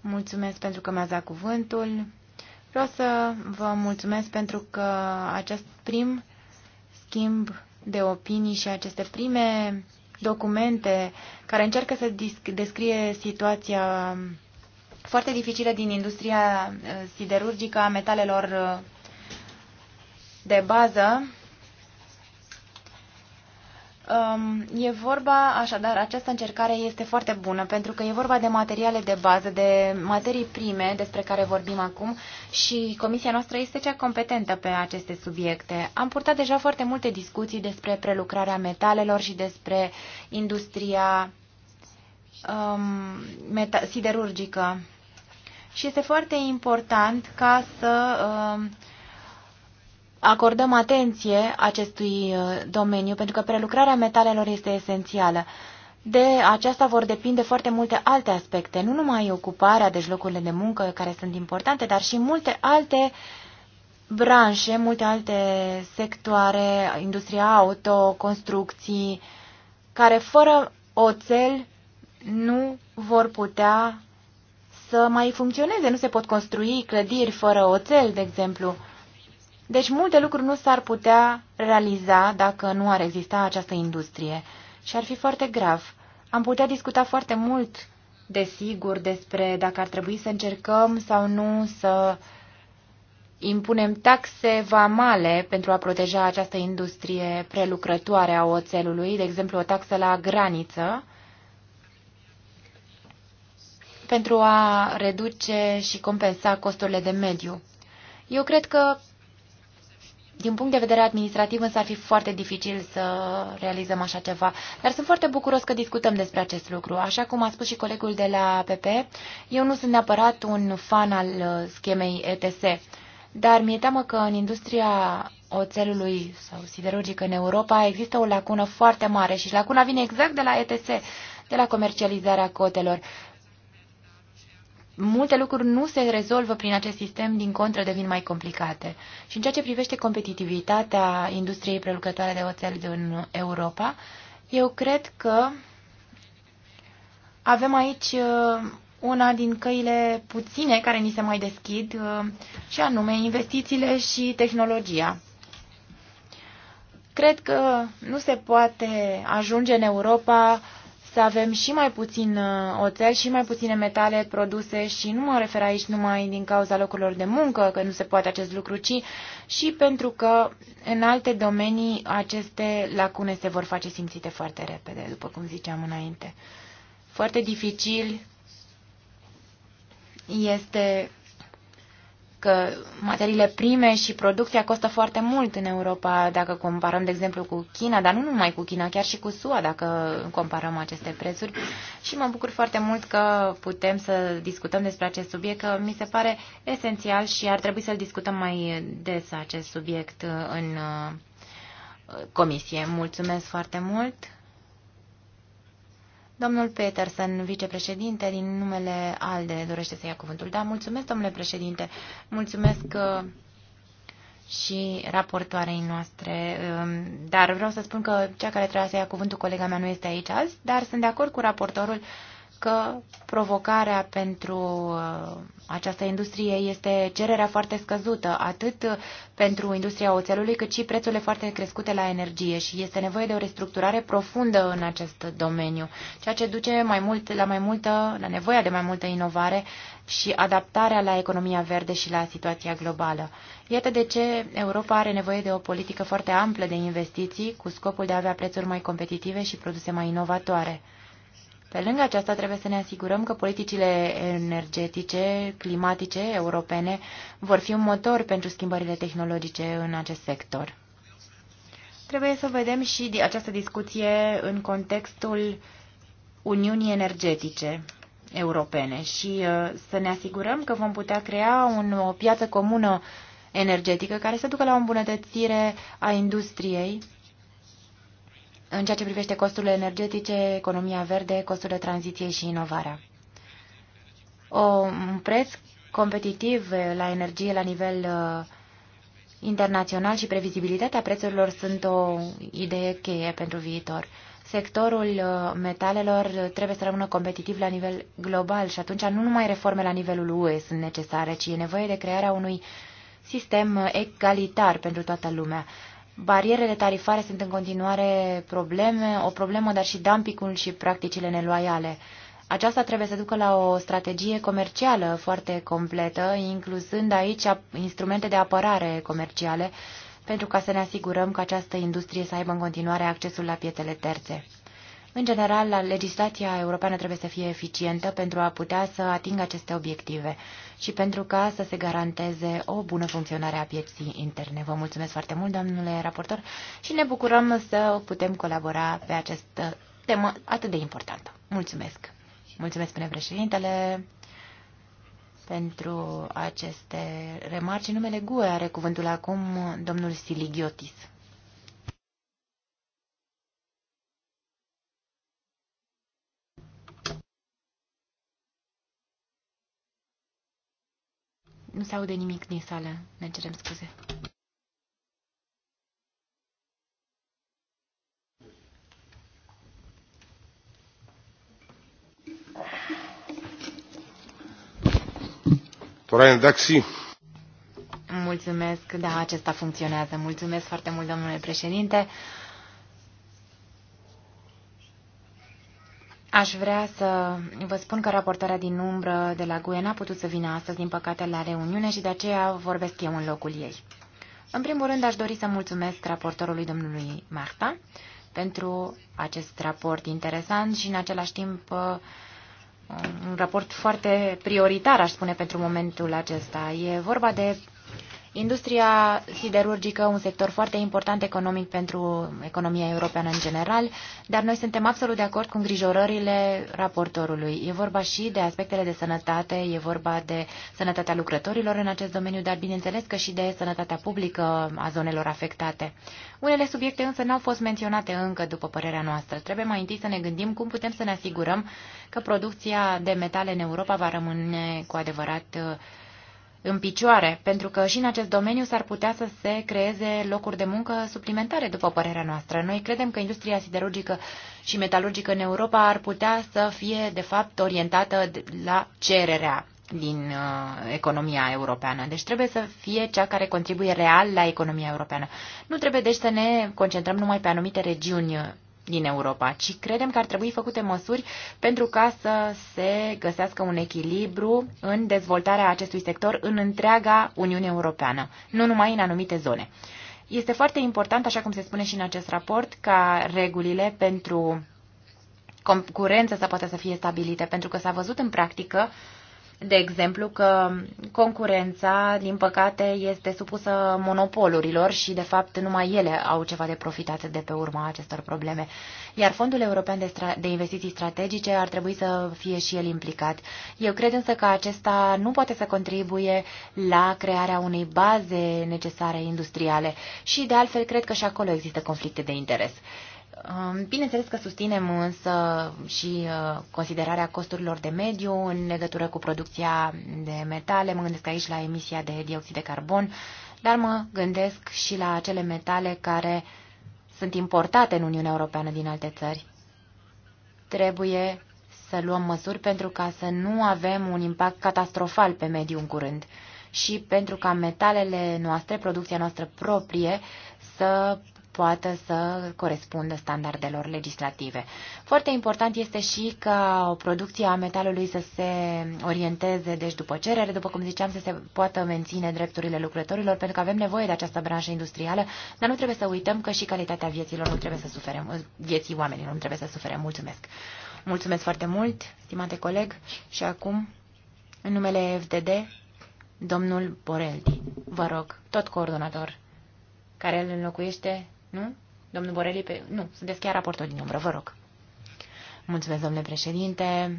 mulțumesc pentru că mi-ați dat cuvântul. Vreau să vă mulțumesc pentru că acest prim schimb de opinii și aceste prime documente care încearcă să descrie situația foarte dificilă din industria uh, siderurgică a metalelor uh, de bază Um, e vorba, așadar, această încercare este foarte bună pentru că e vorba de materiale de bază, de materii prime despre care vorbim acum și comisia noastră este cea competentă pe aceste subiecte. Am purtat deja foarte multe discuții despre prelucrarea metalelor și despre industria um, siderurgică. Și este foarte important ca să um, acordăm atenție acestui uh, domeniu, pentru că prelucrarea metalelor este esențială. De aceasta vor depinde foarte multe alte aspecte, nu numai ocuparea, deci locurile de muncă care sunt importante, dar și multe alte branșe, multe alte sectoare, industria auto, construcții, care fără oțel nu vor putea să mai funcționeze. Nu se pot construi clădiri fără oțel, de exemplu. Deci multe lucruri nu s-ar putea realiza dacă nu ar exista această industrie și ar fi foarte grav. Am putea discuta foarte mult, desigur, despre dacă ar trebui să încercăm sau nu să impunem taxe vamale pentru a proteja această industrie prelucrătoare a oțelului, de exemplu o taxă la graniță, pentru a reduce și compensa costurile de mediu. Eu cred că din punct de vedere administrativ însă ar fi foarte dificil să realizăm așa ceva, dar sunt foarte bucuros că discutăm despre acest lucru. Așa cum a spus și colegul de la PP, eu nu sunt neapărat un fan al uh, schemei ETS, dar mi-e teamă că în industria oțelului sau siderurgică în Europa există o lacună foarte mare și lacuna vine exact de la ETS, de la comercializarea cotelor multe lucruri nu se rezolvă prin acest sistem, din contră devin mai complicate. Și în ceea ce privește competitivitatea industriei prelucrătoare de oțel din Europa, eu cred că avem aici uh, una din căile puține care ni se mai deschid, uh, și anume investițiile și tehnologia. Cred că nu se poate ajunge în Europa să avem și mai puțin uh, oțel și mai puține metale produse și nu mă refer aici numai din cauza locurilor de muncă, că nu se poate acest lucru, ci și pentru că în alte domenii aceste lacune se vor face simțite foarte repede, după cum ziceam înainte. Foarte dificil este că materiile prime și producția costă foarte mult în Europa dacă comparăm, de exemplu, cu China, dar nu numai cu China, chiar și cu SUA dacă comparăm aceste prețuri. Și mă bucur foarte mult că putem să discutăm despre acest subiect, că mi se pare esențial și ar trebui să-l discutăm mai des acest subiect în uh, comisie. Mulțumesc foarte mult! Domnul Peterson, vicepreședinte, din numele ALDE, dorește să ia cuvântul. Da, mulțumesc, domnule președinte. Mulțumesc uh, și raportoarei noastre, um, dar vreau să spun că cea care trebuia să ia cuvântul, colega mea, nu este aici azi, dar sunt de acord cu raportorul că provocarea pentru uh, această industrie este cererea foarte scăzută, atât pentru industria oțelului, cât și prețurile foarte crescute la energie și este nevoie de o restructurare profundă în acest domeniu, ceea ce duce mai mult la mai multă, la nevoia de mai multă inovare și adaptarea la economia verde și la situația globală. Iată de ce Europa are nevoie de o politică foarte amplă de investiții cu scopul de a avea prețuri mai competitive și produse mai inovatoare. Pe lângă aceasta trebuie să ne asigurăm că politicile energetice, climatice, europene vor fi un motor pentru schimbările tehnologice în acest sector. Trebuie să vedem și această discuție în contextul Uniunii Energetice Europene și uh, să ne asigurăm că vom putea crea un, o piață comună energetică care să ducă la o îmbunătățire a industriei în ceea ce privește costurile energetice, economia verde, costurile tranziției și inovarea. O, un preț competitiv la energie la nivel uh, internațional și previzibilitatea prețurilor sunt o idee cheie pentru viitor. Sectorul uh, metalelor trebuie să rămână competitiv la nivel global și atunci nu numai reforme la nivelul UE sunt necesare, ci e nevoie de crearea unui sistem uh, egalitar pentru toată lumea. Barierele tarifare sunt în continuare probleme, o problemă, dar și dumpingul și practicile neloiale. Aceasta trebuie să ducă la o strategie comercială foarte completă, incluzând aici instrumente de apărare comerciale, pentru ca să ne asigurăm că această industrie să aibă în continuare accesul la pietele terțe. În general, legislația europeană trebuie să fie eficientă pentru a putea să atingă aceste obiective și pentru ca să se garanteze o bună funcționare a pieții interne. Vă mulțumesc foarte mult, domnule raportor, și ne bucurăm să putem colabora pe această temă atât de importantă. Mulțumesc! Mulțumesc, până președintele, pentru aceste remarci. Numele GUE are cuvântul acum domnul Siligiotis. Nu se aude nimic din sală. Ne cerem scuze. Torain Daxi. Mulțumesc, da, acesta funcționează. Mulțumesc foarte mult, domnule președinte. Aș vrea să vă spun că raportarea din umbră de la GUE n-a putut să vină astăzi, din păcate, la reuniune și de aceea vorbesc eu în locul ei. În primul rând, aș dori să mulțumesc raportorului domnului Marta pentru acest raport interesant și, în același timp, un raport foarte prioritar, aș spune, pentru momentul acesta. E vorba de Industria siderurgică, un sector foarte important economic pentru economia europeană în general, dar noi suntem absolut de acord cu îngrijorările raportorului. E vorba și de aspectele de sănătate, e vorba de sănătatea lucrătorilor în acest domeniu, dar bineînțeles că și de sănătatea publică a zonelor afectate. Unele subiecte însă n-au fost menționate încă, după părerea noastră. Trebuie mai întâi să ne gândim cum putem să ne asigurăm că producția de metale în Europa va rămâne cu adevărat uh, în picioare, pentru că și în acest domeniu s-ar putea să se creeze locuri de muncă suplimentare, după părerea noastră. Noi credem că industria siderurgică și metalurgică în Europa ar putea să fie, de fapt, orientată la cererea din uh, economia europeană. Deci trebuie să fie cea care contribuie real la economia europeană. Nu trebuie deci să ne concentrăm numai pe anumite regiuni din Europa, ci credem că ar trebui făcute măsuri pentru ca să se găsească un echilibru în dezvoltarea acestui sector în întreaga Uniune Europeană, nu numai în anumite zone. Este foarte important, așa cum se spune și în acest raport, ca regulile pentru concurență să poată să fie stabilite, pentru că s-a văzut în practică uh, de exemplu, că concurența, din păcate, este supusă monopolurilor și, de fapt, numai ele au ceva de profitat de pe urma acestor probleme. Iar Fondul European de, Stra- de Investiții Strategice ar trebui să fie și el implicat. Eu cred însă că acesta nu poate să contribuie la crearea unei baze necesare industriale și, de altfel, cred că și acolo există conflicte de interes. Um, bineînțeles că susținem însă și uh, considerarea costurilor de mediu în legătură cu producția de metale. Mă gândesc aici la emisia de dioxid de carbon, dar mă gândesc și la acele metale care sunt importate în Uniunea Europeană din alte țări. Trebuie să luăm măsuri pentru ca să nu avem un impact catastrofal pe mediu în curând și pentru ca metalele noastre, producția noastră proprie, să poată să corespundă standardelor legislative. Foarte important este și ca producția metalului să se orienteze, deci după cerere, după cum ziceam, să se poată menține drepturile lucrătorilor, pentru că avem nevoie de această branșă industrială, dar nu trebuie să uităm că și calitatea vieților nu trebuie să sufere, vieții oamenilor nu trebuie să sufere. Mulțumesc! Mulțumesc foarte mult, stimate coleg, și acum, în numele FDD, domnul Boreldi, vă rog, tot coordonator, care îl înlocuiește nu? Domnul Borelli, pe... nu, sunteți chiar raportor din umbră, vă rog. Mulțumesc, domnule președinte.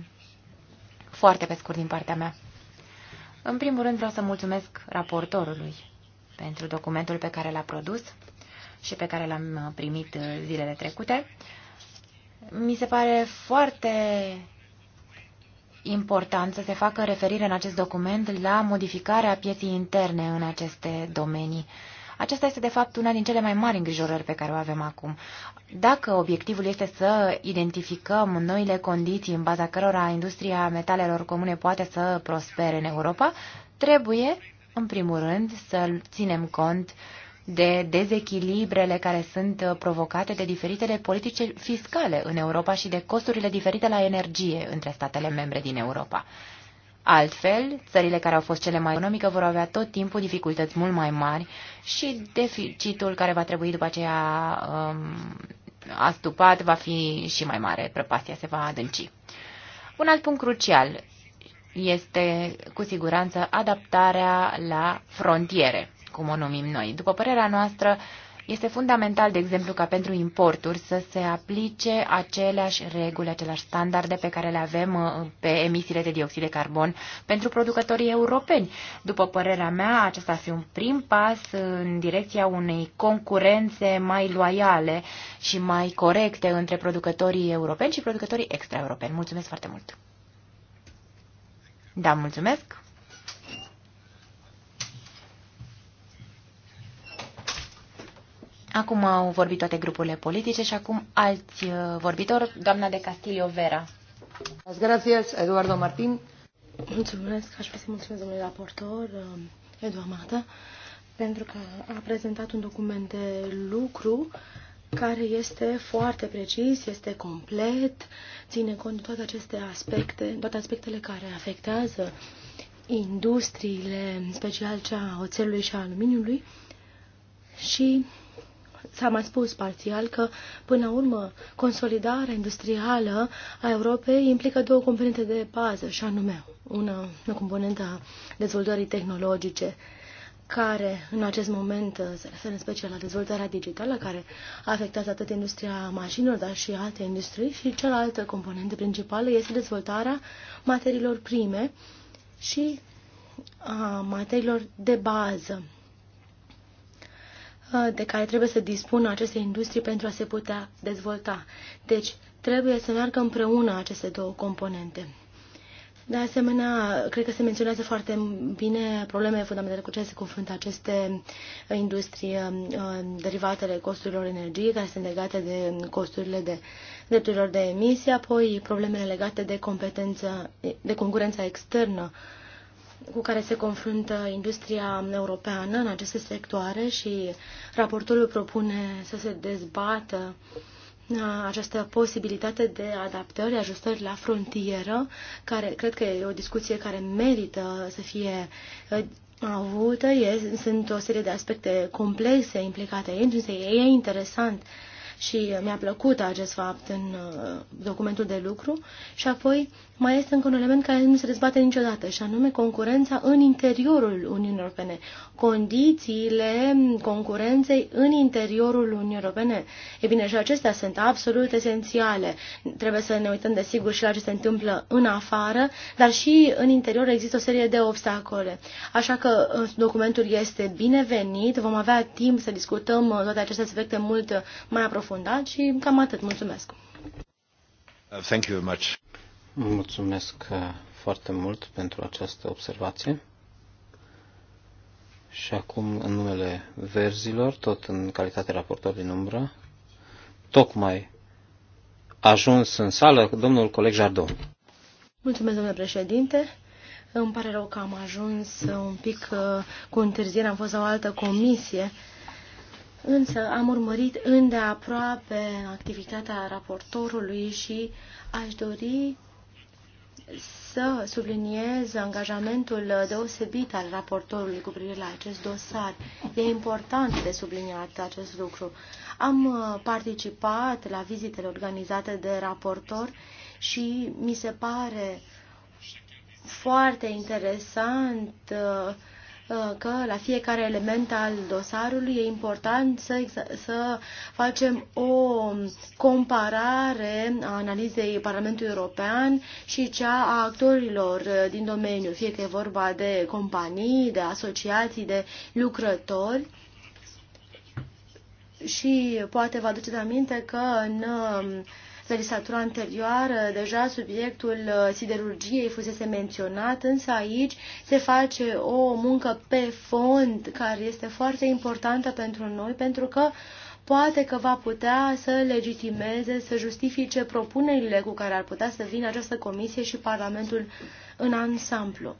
Foarte pe scurt din partea mea. În primul rând vreau să mulțumesc raportorului pentru documentul pe care l-a produs și pe care l-am primit uh, zilele trecute. Mi se pare foarte important să se facă referire în acest document la modificarea pieții interne în aceste domenii. Aceasta este, de fapt, una din cele mai mari îngrijorări pe care o avem acum. Dacă obiectivul este să identificăm noile condiții în baza cărora industria metalelor comune poate să prospere în Europa, trebuie, în primul rând, să ținem cont de dezechilibrele care sunt provocate de diferitele politici fiscale în Europa și de costurile diferite la energie între statele membre din Europa. Altfel, țările care au fost cele mai economice vor avea tot timpul dificultăți mult mai mari și deficitul care va trebui după aceea um, astupat va fi și mai mare, prăpastia se va adânci. Un alt punct crucial este cu siguranță adaptarea la frontiere, cum o numim noi. După părerea noastră, este fundamental, de exemplu, ca pentru importuri să se aplice aceleași reguli, aceleași standarde pe care le avem uh, pe emisiile de dioxid de carbon pentru producătorii europeni. După părerea mea, acesta ar fi un prim pas uh, în direcția unei concurențe mai loiale și mai corecte între producătorii europeni și producătorii extraeuropeni. Mulțumesc foarte mult! Da, mulțumesc! Acum au vorbit toate grupurile politice și acum alți uh, vorbitori, doamna de Castilio Vera. Gracias, Eduardo Martin. Mulțumesc, aș vrea să mulțumesc domnului raportor, uh, Edu Amata, pentru că a prezentat un document de lucru care este foarte precis, este complet, ține cont de toate aceste aspecte, toate aspectele care afectează industriile, în special cea a oțelului și a aluminiului, și s-a mai spus parțial că, până la urmă, consolidarea industrială a Europei implică două componente de bază, și anume una, o componentă a dezvoltării tehnologice, care în acest moment se referă în special la dezvoltarea digitală, care afectează atât industria mașinilor, dar și alte industrii, și cealaltă componentă principală este dezvoltarea materiilor prime și a materiilor de bază, Uh, de care trebuie să dispună aceste industrii pentru a se putea dezvolta. Deci, trebuie să meargă împreună aceste două componente. De asemenea, cred că se menționează foarte bine problemele fundamentale cu care se confruntă aceste industrie, um, um, derivatele costurilor energiei care sunt legate de costurile de drepturilor de emisie, apoi problemele legate de competența, de concurența externă cu care se confruntă industria europeană în aceste sectoare și raportorul propune să se dezbată uh, această posibilitate de adaptări, ajustări la frontieră, care cred că e o discuție care merită să fie uh, avută. E, sunt o serie de aspecte complexe implicate aici, însă e interesant uh, și mi-a plăcut acest fapt în uh, documentul de lucru. Și apoi mai este încă un element care nu se dezbate niciodată, și anume concurența în interiorul Uniunii Europene, condițiile concurenței în interiorul Uniunii Europene. E bine, și acestea sunt absolut esențiale. Trebuie să ne uităm, desigur, și la ce se întâmplă în afară, dar și în interior există o serie de obstacole. Așa că uh, documentul este binevenit, vom avea timp să discutăm uh, toate aceste aspecte mult mai aprofundat aprofundat și cam atât. Mulțumesc. Thank you very much. Mulțumesc uh, foarte mult pentru această observație. Și acum, în numele verzilor, tot în calitate raportor din umbră, tocmai ajuns în sală domnul coleg Jardon. Mulțumesc, domnule președinte. Îmi pare rău că am ajuns un pic uh, cu întârziere, am fost la o altă comisie Însă am urmărit îndeaproape activitatea raportorului și aș dori să subliniez angajamentul deosebit al raportorului cu privire la acest dosar. E important de subliniat acest lucru. Am uh, participat la vizitele organizate de raportor și mi se pare foarte interesant uh, Uh, că la fiecare element al dosarului e important să, să facem o comparare a analizei Parlamentului European și cea a actorilor uh, din domeniu, fie că e vorba de companii, de asociații, de lucrători și poate vă aduceți aminte că în um, legislatura anterioară, deja subiectul uh, siderurgiei fusese menționat, însă aici se face o muncă pe fond care este foarte importantă pentru noi, pentru că poate că va putea să legitimeze, să justifice propunerile cu care ar putea să vină această comisie și Parlamentul în ansamblu.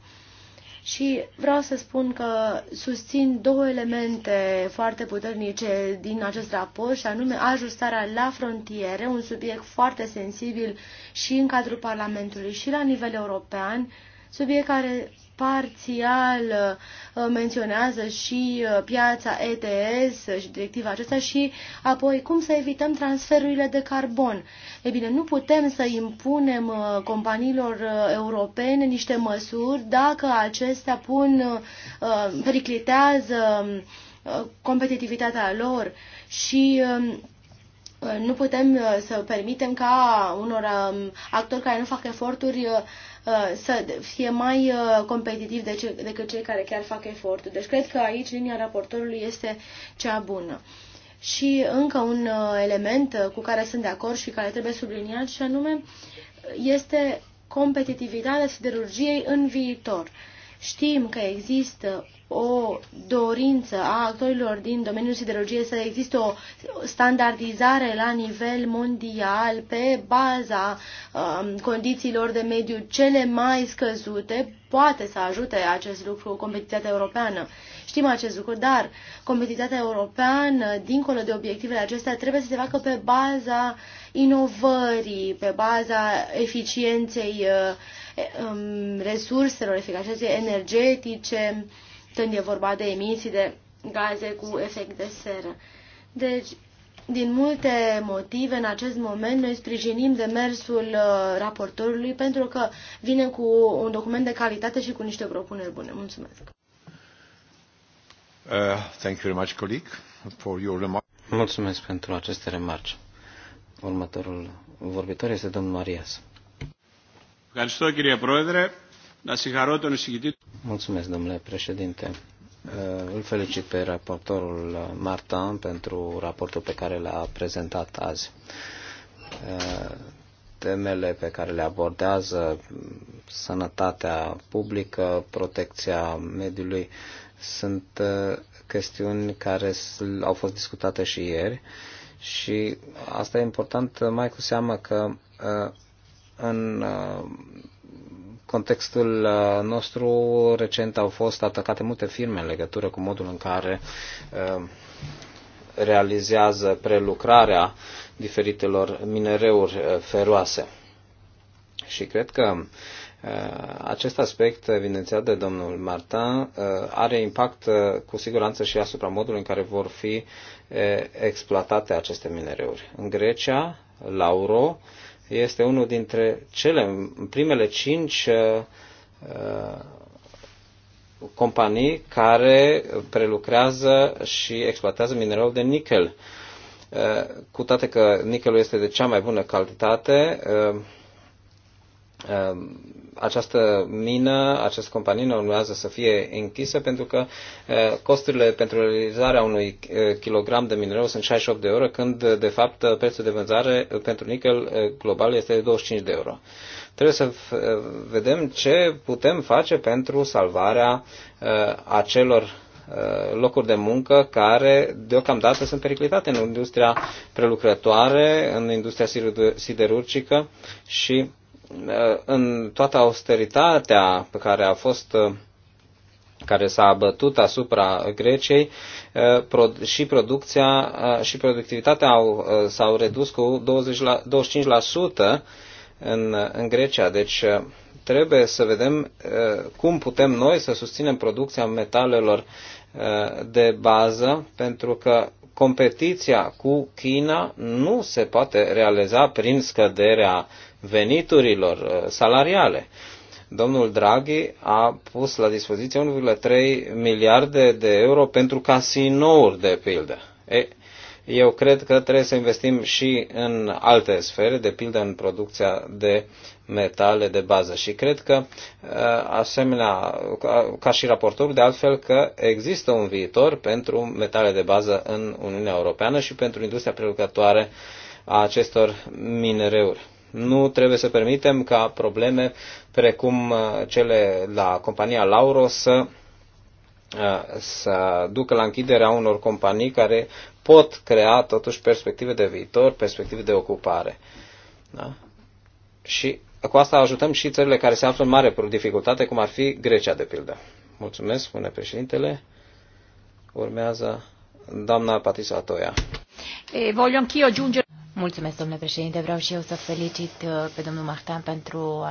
Și vreau să spun că susțin două elemente foarte puternice din acest raport, și anume ajustarea la frontiere, un subiect foarte sensibil și în cadrul Parlamentului și la nivel european, subiect care parțial uh, menționează și uh, piața ETS și directiva aceasta și apoi cum să evităm transferurile de carbon. E bine, nu putem să impunem uh, companiilor europene niște măsuri dacă acestea pun, periclitează competitivitatea lor și um, nu putem să permitem ca unor um, actori care nu fac eforturi Uh, să fie mai uh, competitiv decât cei care chiar fac efortul. Deci cred că aici linia raportorului este cea bună. Și încă un uh, element cu care sunt de acord și care trebuie subliniat și anume este competitivitatea siderurgiei în viitor. Știm că există o dorință a actorilor din domeniul siderurgiei să existe o standardizare la nivel mondial pe baza um, condițiilor de mediu cele mai scăzute, poate să ajute acest lucru competitivitatea europeană. Știm acest lucru, dar competitivitatea europeană, dincolo de obiectivele acestea, trebuie să se facă pe baza inovării, pe baza eficienței uh, um, resurselor, eficacității energetice, când e vorba de emisii de gaze cu efect de seră. Deci, din multe motive, în acest moment, noi sprijinim demersul uh, raportorului pentru că vine cu un document de calitate și cu niște propuneri bune. Mulțumesc! Uh, thank you very much, colleague, for your remark. Mulțumesc pentru aceste remarci. Următorul vorbitor este domnul Marias. Mulțumesc, κύριε Πρόεδρε. Να συγχαρώ Mulțumesc, domnule președinte. Uh, îl felicit pe raportorul uh, Martin pentru raportul pe care l-a prezentat azi. Uh, temele pe care le abordează, sănătatea publică, protecția mediului, sunt chestiuni care au fost discutate și ieri și asta e important mai cu seamă că în contextul uh, nostru recent au fost atacate multe firme în legătură cu modul în care uh, realizează prelucrarea diferitelor minereuri uh, feroase. Și cred că acest aspect evidențiat de domnul Martin are impact cu siguranță și asupra modului în care vor fi exploatate aceste minereuri. În Grecia, Lauro este unul dintre cele primele cinci uh, uh, companii care prelucrează și exploatează mineralul de nichel. Uh, cu toate că nichelul este de cea mai bună calitate, această mină, acest companie urmează să fie închisă pentru că costurile pentru realizarea unui kilogram de minereu sunt 68 de euro, când de fapt prețul de vânzare pentru nickel global este de 25 de euro. Trebuie să vedem ce putem face pentru salvarea acelor locuri de muncă care deocamdată sunt periclitate în industria prelucrătoare, în industria siderurgică și în toată austeritatea pe care a fost care s-a abătut asupra Greciei și producția și productivitatea au, s-au redus cu 20 la, 25% în, în Grecia. Deci trebuie să vedem cum putem noi să susținem producția metalelor de bază, pentru că competiția cu China nu se poate realiza prin scăderea veniturilor uh, salariale. Domnul Draghi a pus la dispoziție 1,3 miliarde de euro pentru casinouri, de pildă. E, eu cred că trebuie să investim și în alte sfere, de pildă în producția de metale de bază. Și cred că, uh, asemenea, ca și raportorul, de altfel că există un viitor pentru metale de bază în Uniunea Europeană și pentru industria prelucrătoare a acestor minereuri. Nu trebuie să permitem ca probleme precum uh, cele la compania Lauro să, uh, să ducă la închiderea unor companii care pot crea totuși perspective de viitor, perspective de ocupare. Da? Și cu asta ajutăm și țările care se află în mare dificultate, cum ar fi Grecia, de pildă. Mulțumesc, spune președintele. Urmează doamna Patisa Toia. E, voglio anch'io aggiungere Mulțumesc, domnule președinte. Vreau și eu să felicit uh, pe domnul Martin pentru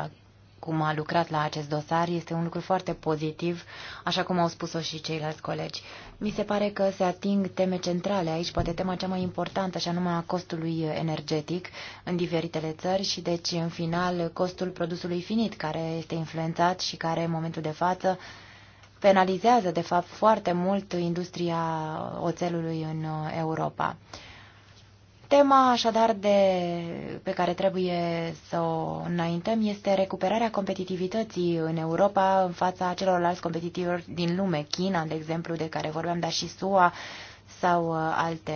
cum a lucrat la acest dosar este un lucru foarte pozitiv, așa cum au spus-o și ceilalți colegi. Mi se pare că se ating teme centrale aici, poate tema cea mai importantă, și anume a costului energetic în diferitele țări și deci, în final, costul produsului finit, care este influențat și care, în momentul de față, penalizează, de fapt, foarte mult industria oțelului în uh, Europa. Tema așadar de, pe care trebuie să o înaintăm este recuperarea competitivității în Europa în fața celorlalți competitori din lume, China, de exemplu, de care vorbeam, dar și SUA sau uh, alte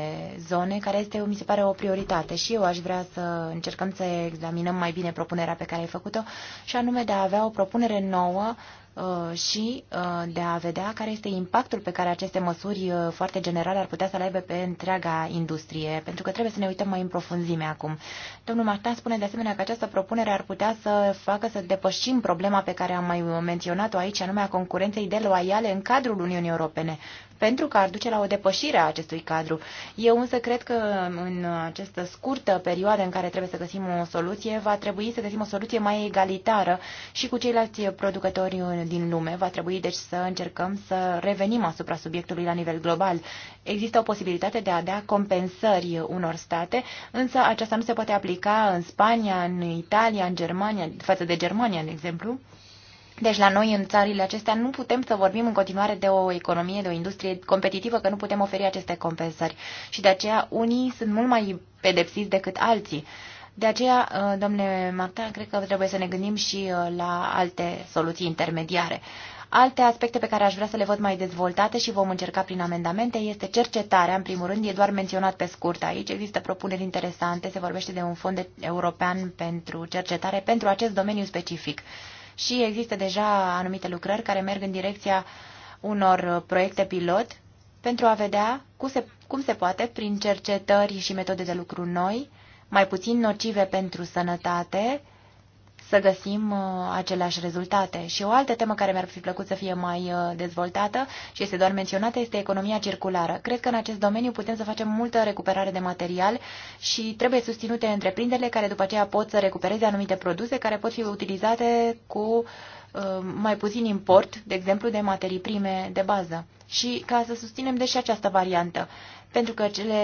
zone, care este, mi se pare, o prioritate. Și eu aș vrea să încercăm să examinăm mai bine propunerea pe care ai făcut-o și anume de a avea o propunere nouă Uh, și uh, de a vedea care este impactul pe care aceste măsuri uh, foarte generale ar putea să le aibă pe întreaga industrie, pentru că trebuie să ne uităm mai în profunzime acum. Domnul Martin spune de asemenea că această propunere ar putea să facă să depășim problema pe care am mai menționat-o aici, anume a concurenței deloiale în cadrul Uniunii Europene pentru că ar duce la o depășire a acestui cadru. Eu însă cred că în această scurtă perioadă în care trebuie să găsim o soluție, va trebui să găsim o soluție mai egalitară și cu ceilalți producători din lume. Va trebui deci să încercăm să revenim asupra subiectului la nivel global. Există o posibilitate de a da compensări unor state, însă aceasta nu se poate aplica în Spania, în Italia, în Germania, față de Germania, de exemplu, deci la noi, în țările acestea, nu putem să vorbim în continuare de o economie, de o industrie competitivă, că nu putem oferi aceste compensări. Și de aceea unii sunt mult mai pedepsiți decât alții. De aceea, uh, domnule Marta, cred că trebuie să ne gândim și uh, la alte soluții intermediare. Alte aspecte pe care aș vrea să le văd mai dezvoltate și vom încerca prin amendamente este cercetarea, în primul rând, e doar menționat pe scurt aici. Există propuneri interesante, se vorbește de un fond european pentru cercetare pentru acest domeniu specific și există deja anumite lucrări care merg în direcția unor uh, proiecte pilot pentru a vedea cum se, cum se poate, prin cercetări și metode de lucru noi, mai puțin nocive pentru sănătate, să găsim uh, aceleași rezultate. Și o altă temă care mi-ar fi plăcut să fie mai uh, dezvoltată și este doar menționată este economia circulară. Cred că în acest domeniu putem să facem multă recuperare de material și trebuie susținute întreprinderile care după aceea pot să recupereze anumite produse care pot fi utilizate cu uh, mai puțin import, de exemplu, de materii prime de bază. Și ca să susținem deși această variantă pentru că cele,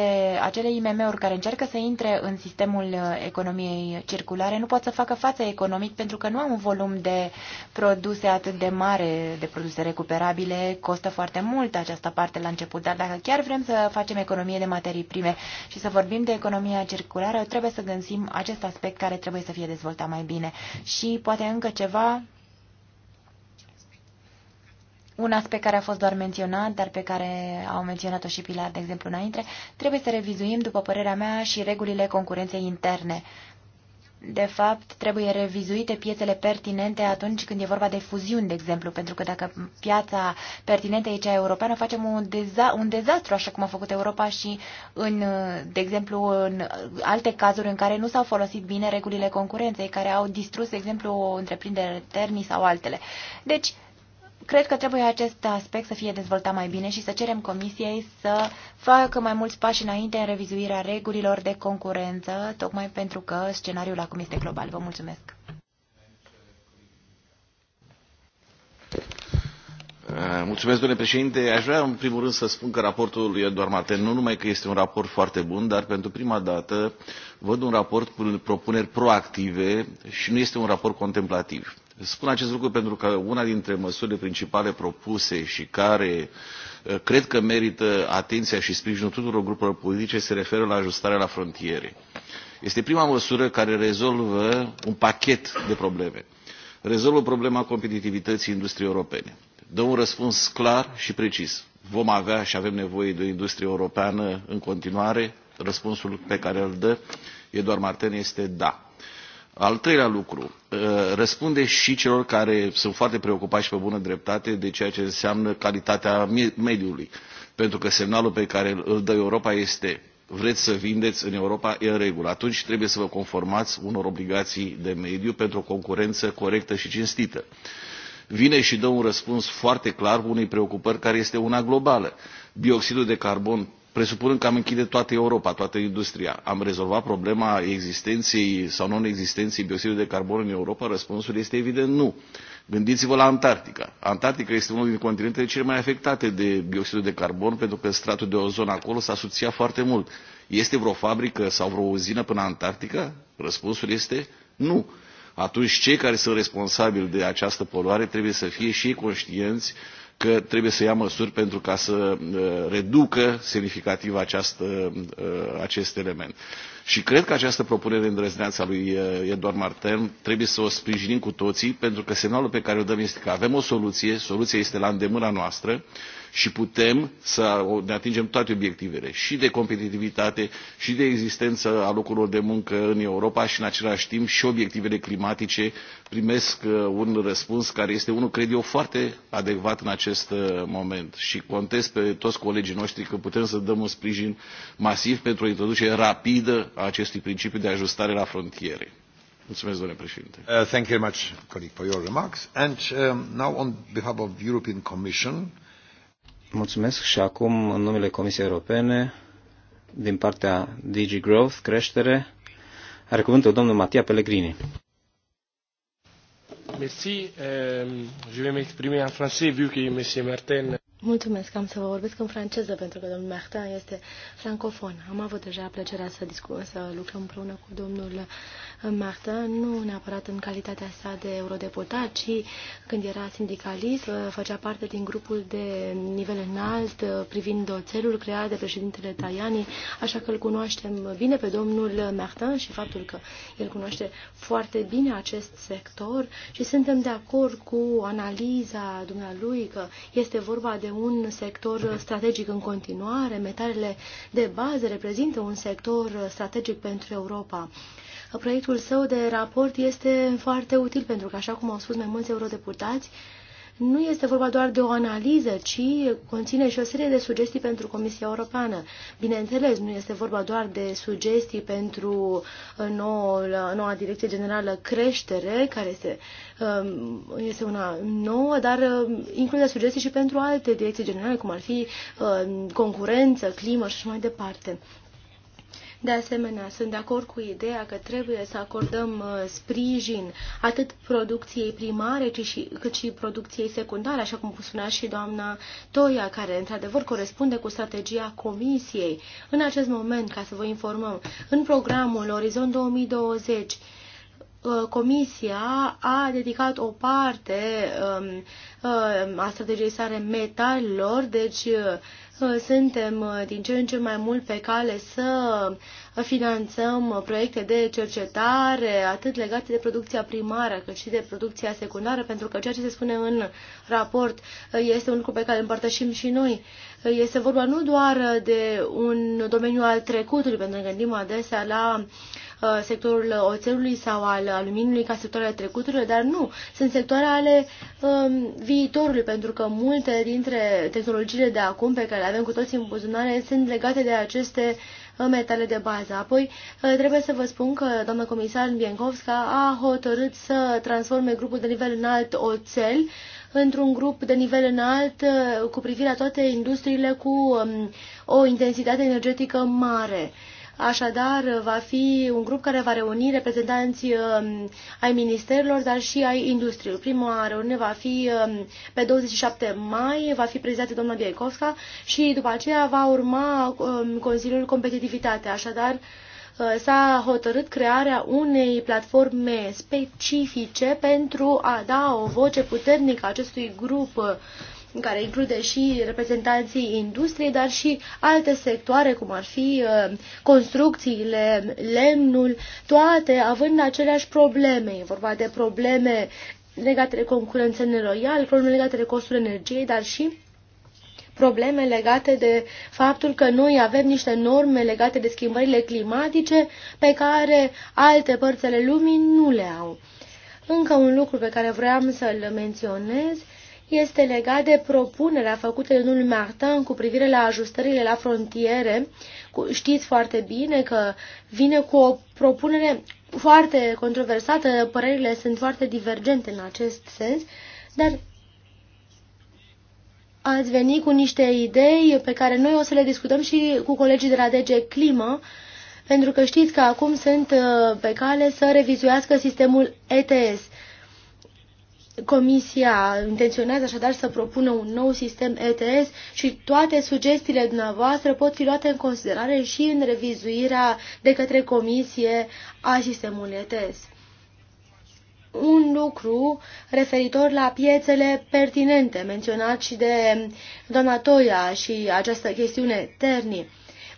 acele IMM-uri care încearcă să intre în sistemul uh, economiei circulare nu pot să facă față economic pentru că nu au un volum de produse atât de mare, de produse recuperabile, costă foarte mult această parte la început, dar dacă chiar vrem să facem economie de materii prime și să vorbim de economia circulară, trebuie să găsim acest aspect care trebuie să fie dezvoltat mai bine. Și poate încă ceva un aspect care a fost doar menționat, dar pe care au menționat-o și Pilar, de exemplu, înainte, trebuie să revizuim, după părerea mea, și regulile concurenței interne. De fapt, trebuie revizuite piețele pertinente atunci când e vorba de fuziuni, de exemplu, pentru că dacă piața pertinentă e cea europeană, facem un, deza un dezastru, așa cum a făcut Europa și, în, de exemplu, în alte cazuri în care nu s-au folosit bine regulile concurenței, care au distrus, de exemplu, o întreprindere Terni sau altele. Deci, Cred că trebuie acest aspect să fie dezvoltat mai bine și să cerem Comisiei să facă mai mulți pași înainte în revizuirea regulilor de concurență, tocmai pentru că scenariul acum este global. Vă mulțumesc! Eh, mulțumesc, domnule președinte aș vrea în primul rând să spun că raportul lui eduard martin nu numai că este un raport foarte bun dar pentru prima dată văd un raport cu propuneri proactive și nu este un raport contemplativ Spun acest lucru pentru că una dintre măsurile principale propuse și care uh, cred că merită atenția și sprijinul tuturor grupurilor politice se referă la ajustarea la frontiere. Este prima măsură care rezolvă un pachet de probleme. Rezolvă problema competitivității industriei europene. Dă un răspuns clar și precis. Vom avea și avem nevoie de o industrie europeană în continuare. Răspunsul pe care îl dă Eduard Martin este da al treilea lucru, uh, răspunde și celor care sunt foarte preocupați și pe bună dreptate de ceea ce înseamnă calitatea mediului. Pentru că semnalul pe care îl dă Europa este vreți să vindeți în Europa, e în regulă. Atunci trebuie să vă conformați unor obligații de mediu pentru o concurență corectă și cinstită. Vine și dă un răspuns foarte clar unei preocupări care este una globală. Bioxidul de carbon presupunând că am închide toată Europa, toată industria, am rezolvat problema existenței sau non-existenței bioxidului de carbon în Europa? Răspunsul este evident nu. Gândiți-vă la Antarctica. Antarctica este unul din continentele cele mai afectate de bioxidul de carbon pentru că stratul de ozon acolo s-a subțiat foarte mult. Este vreo fabrică sau vreo uzină până Antarctica? Răspunsul este nu. Atunci cei care sunt responsabili de această poluare trebuie să fie și ei conștienți uh, că trebuie să ia măsuri pentru ca să uh, reducă semnificativ această, uh, uh, acest element. Și cred că această propunere îndrăzneață a lui Eduard Martin trebuie să o sprijinim cu toții, pentru că semnalul pe care îl dăm este că avem o soluție, soluția este la îndemâna noastră și putem să ne atingem toate obiectivele și de competitivitate și de existență a locurilor de muncă în Europa și în același timp și obiectivele climatice primesc uh, un răspuns care este unul, cred eu, foarte adecvat în acest uh, moment și contez pe toți colegii noștri că putem să dăm un sprijin masiv pentru o introducere rapidă a acestui principiu de ajustare la frontiere. Mulțumesc, domnule președinte. Uh, thank you very much, colleague, for your remarks. And um, now on behalf of European Commission, Mulțumesc și acum în numele Comisiei Europene, din partea DG Growth, creștere, are cuvântul domnul Matia Pellegrini. Merci, ehm, je vais m'exprimer en français vu que M. Martin Mulțumesc, am să vă vorbesc în franceză, pentru că domnul Martin este francofon. Am avut deja plăcerea să, discu- să lucrăm împreună cu domnul Marta, nu neapărat în calitatea sa de eurodeputat, ci când era sindicalist, uh, făcea parte din grupul de nivel înalt uh, privind oțelul creat de președintele Tajani, așa că îl cunoaștem bine pe domnul Martin și faptul că el cunoaște foarte bine acest sector și suntem de acord cu analiza dumnealui că este vorba de un sector strategic în continuare, metalele de bază reprezintă un sector strategic pentru Europa proiectul său de raport este foarte util pentru că, așa cum au spus mai mulți eurodeputați, nu este vorba doar de o analiză, ci conține și o serie de sugestii pentru Comisia Europeană. Bineînțeles, nu este vorba doar de sugestii pentru uh, noua, noua Direcție Generală Creștere, care este, um, este una nouă, dar uh, include sugestii și pentru alte direcții generale, cum ar fi uh, concurență, climă și așa mai departe. De asemenea, sunt de acord cu ideea că trebuie să acordăm uh, sprijin atât producției primare, ci și, cât și producției secundare, așa cum spunea și doamna Toia, care într-adevăr corespunde cu strategia Comisiei. În acest moment, ca să vă informăm, în programul Orizont 2020, uh, Comisia a dedicat o parte um, uh, a strategiei sale metalilor, deci Uh, suntem uh, din ce în ce mai mult pe cale să finanțăm proiecte de cercetare, atât legate de producția primară, cât și de producția secundară, pentru că ceea ce se spune în raport uh, este un lucru pe care îl împărtășim și noi. Este vorba nu doar de un domeniu al trecutului, pentru că gândim adesea la uh, Uh, sectorul oțelului sau al aluminiului ca sectoarele trecuturilor, dar nu, sunt sectoare ale um, viitorului, pentru că multe dintre tehnologiile de acum pe care le avem cu toții în buzunare sunt legate de aceste uh, metale de bază. Apoi, uh, trebuie să vă spun că doamna comisar Bienkovska a hotărât să transforme grupul de nivel înalt oțel într-un grup de nivel înalt cu privire la toate industriile cu um, o intensitate energetică mare. Așadar, va fi un grup care va reuni reprezentanți um, ai ministerilor, dar și ai industriei. Prima reuniune va fi um, pe 27 mai, va fi prezidată doamna Biecovska și după aceea va urma um, Consiliul Competitivitate. Așadar, uh, s-a hotărât crearea unei platforme specifice pentru a da o voce puternică acestui grup uh, care include și reprezentanții industriei, dar și alte sectoare, cum ar fi uh, construcțiile, lemnul, toate având aceleași probleme. E vorba de probleme legate de concurență neloială, probleme legate de costul energiei, dar și probleme legate de faptul că noi avem niște norme legate de schimbările climatice pe care alte părți ale lumii nu le au. Încă un lucru pe care vreau să-l menționez este legat de propunerea făcută de domnul Martin cu privire la ajustările la frontiere. Știți foarte bine că vine cu o propunere foarte controversată, părerile sunt foarte divergente în acest sens, dar ați venit cu niște idei pe care noi o să le discutăm și cu colegii de la DG Climă, pentru că știți că acum sunt uh, pe cale să revizuiască sistemul ETS. Comisia intenționează așadar să propună un nou sistem ETS și toate sugestiile dumneavoastră pot fi luate în considerare și în revizuirea de către Comisie a sistemului ETS. Un lucru referitor la piețele pertinente, menționat și de doamna Toia și această chestiune Terni.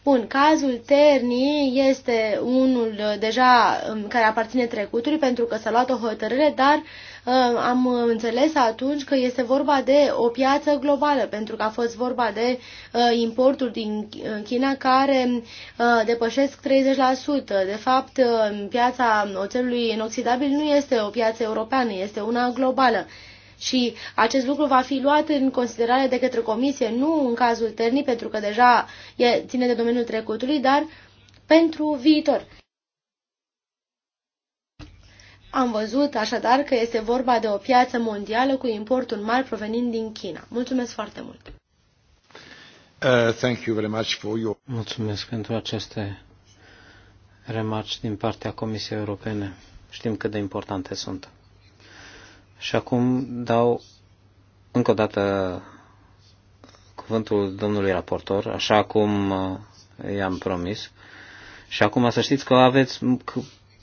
Bun, cazul Terni este unul deja um, care aparține trecutului pentru că s-a luat o hotărâre, dar uh, am înțeles atunci că este vorba de o piață globală, pentru că a fost vorba de uh, importuri din China care uh, depășesc 30%. De fapt, uh, piața oțelului inoxidabil nu este o piață europeană, este una globală. Și acest lucru va fi luat în considerare de către comisie, nu în cazul Ternii, pentru că deja e, ține de domeniul trecutului, dar pentru viitor. Am văzut așadar că este vorba de o piață mondială cu importuri mari provenind din China. Mulțumesc foarte mult! Uh, thank you very much for your... Mulțumesc pentru aceste remarci din partea Comisiei Europene. Știm cât de importante sunt. Și acum dau încă o dată cuvântul domnului raportor, așa cum uh, i-am promis. Și acum să știți că aveți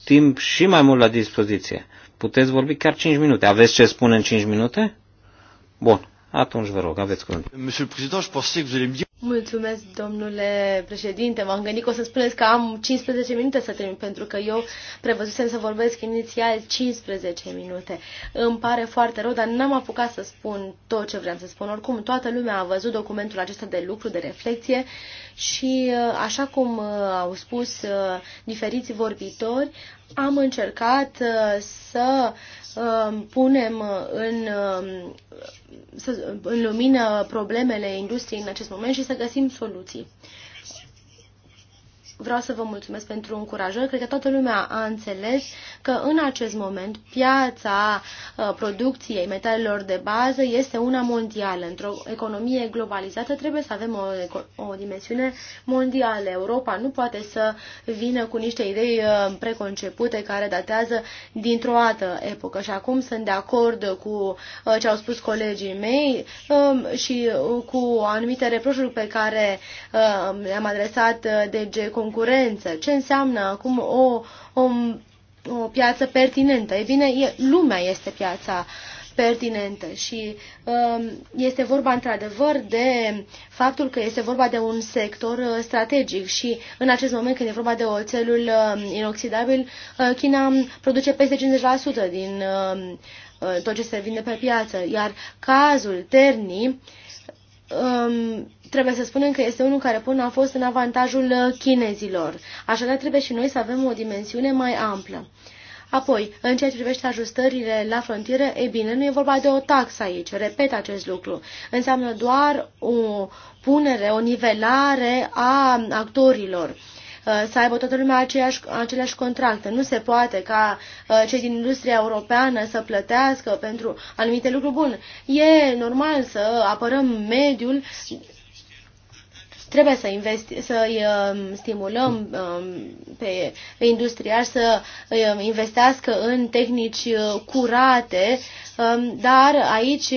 timp și mai mult la dispoziție. Puteți vorbi chiar 5 minute. Aveți ce spune în 5 minute? Bun. Atunci vă rog, aveți cuvânt. Mulțumesc, domnule președinte. M-am gândit că o să spuneți că am 15 minute să termin, pentru că eu prevăzusem să vorbesc inițial 15 minute. Îmi pare foarte rău, dar n-am apucat să spun tot ce vreau să spun. Oricum, toată lumea a văzut documentul acesta de lucru, de reflexie și, uh, așa cum uh, au spus uh, diferiți vorbitori, am încercat uh, să um, punem uh, în, um, în lumină problemele industriei în acest moment și să găsim soluții vreau să vă mulțumesc pentru încurajări. Cred că toată lumea a înțeles că în acest moment piața uh, producției metalelor de bază este una mondială. Într-o economie globalizată trebuie să avem o, o dimensiune mondială. Europa nu poate să vină cu niște idei uh, preconcepute care datează dintr-o altă epocă. Și acum sunt de acord cu uh, ce au spus colegii mei um, și cu anumite reproșuri pe care le-am adresat DG concurență, ce înseamnă acum o, o, o piață pertinentă. E bine, e, lumea este piața pertinentă și um, este vorba într-adevăr de faptul că este vorba de un sector uh, strategic și în acest moment când e vorba de oțelul um, inoxidabil, uh, China produce peste 50% din um, uh, tot ce se vinde pe piață, iar cazul Terni um, trebuie să spunem că este unul care până a fost în avantajul uh, chinezilor. Așadar, trebuie și noi să avem o dimensiune mai amplă. Apoi, în ceea ce privește ajustările la frontieră, e bine, nu e vorba de o taxă aici, repet acest lucru. Înseamnă doar o punere, o nivelare a actorilor uh, să aibă toată lumea aceeași, aceleași contracte. Nu se poate ca uh, cei din industria europeană să plătească pentru anumite lucruri bune. E normal să apărăm mediul, Trebuie să investi, um, um, să îi stimulăm pe industriași să investească în tehnici uh, curate, um, dar aici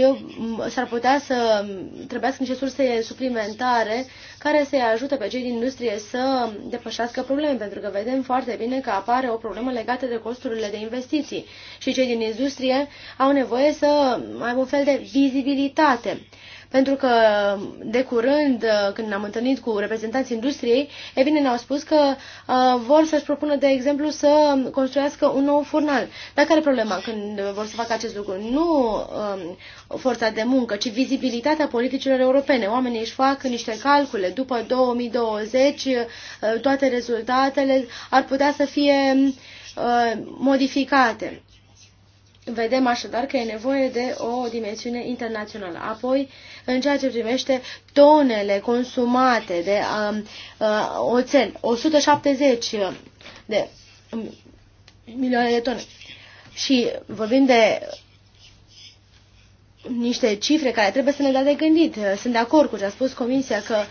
s-ar putea să trebuiască niște surse suplimentare care să-i ajute pe cei din industrie să depășească probleme, pentru că vedem foarte bine că apare o problemă legată de costurile de investiții și cei din industrie au nevoie să aibă un fel de vizibilitate. Pentru că de curând, când am întâlnit cu reprezentanții industriei, e bine ne-au spus că uh, vor să-și propună, de exemplu, să construiască un nou furnal. Dar care e problema când vor să facă acest lucru? Nu uh, forța de muncă, ci vizibilitatea politicilor europene. Oamenii își fac niște calcule. După 2020, uh, toate rezultatele ar putea să fie uh, modificate. Vedem așadar că e nevoie de o dimensiune internațională. Apoi, în ceea ce privește tonele consumate de um, uh, oțel, 170 de um, milioane de tone. Și vorbim de niște cifre care trebuie să ne dea de gândit. Sunt de acord cu ce a spus Comisia că uh,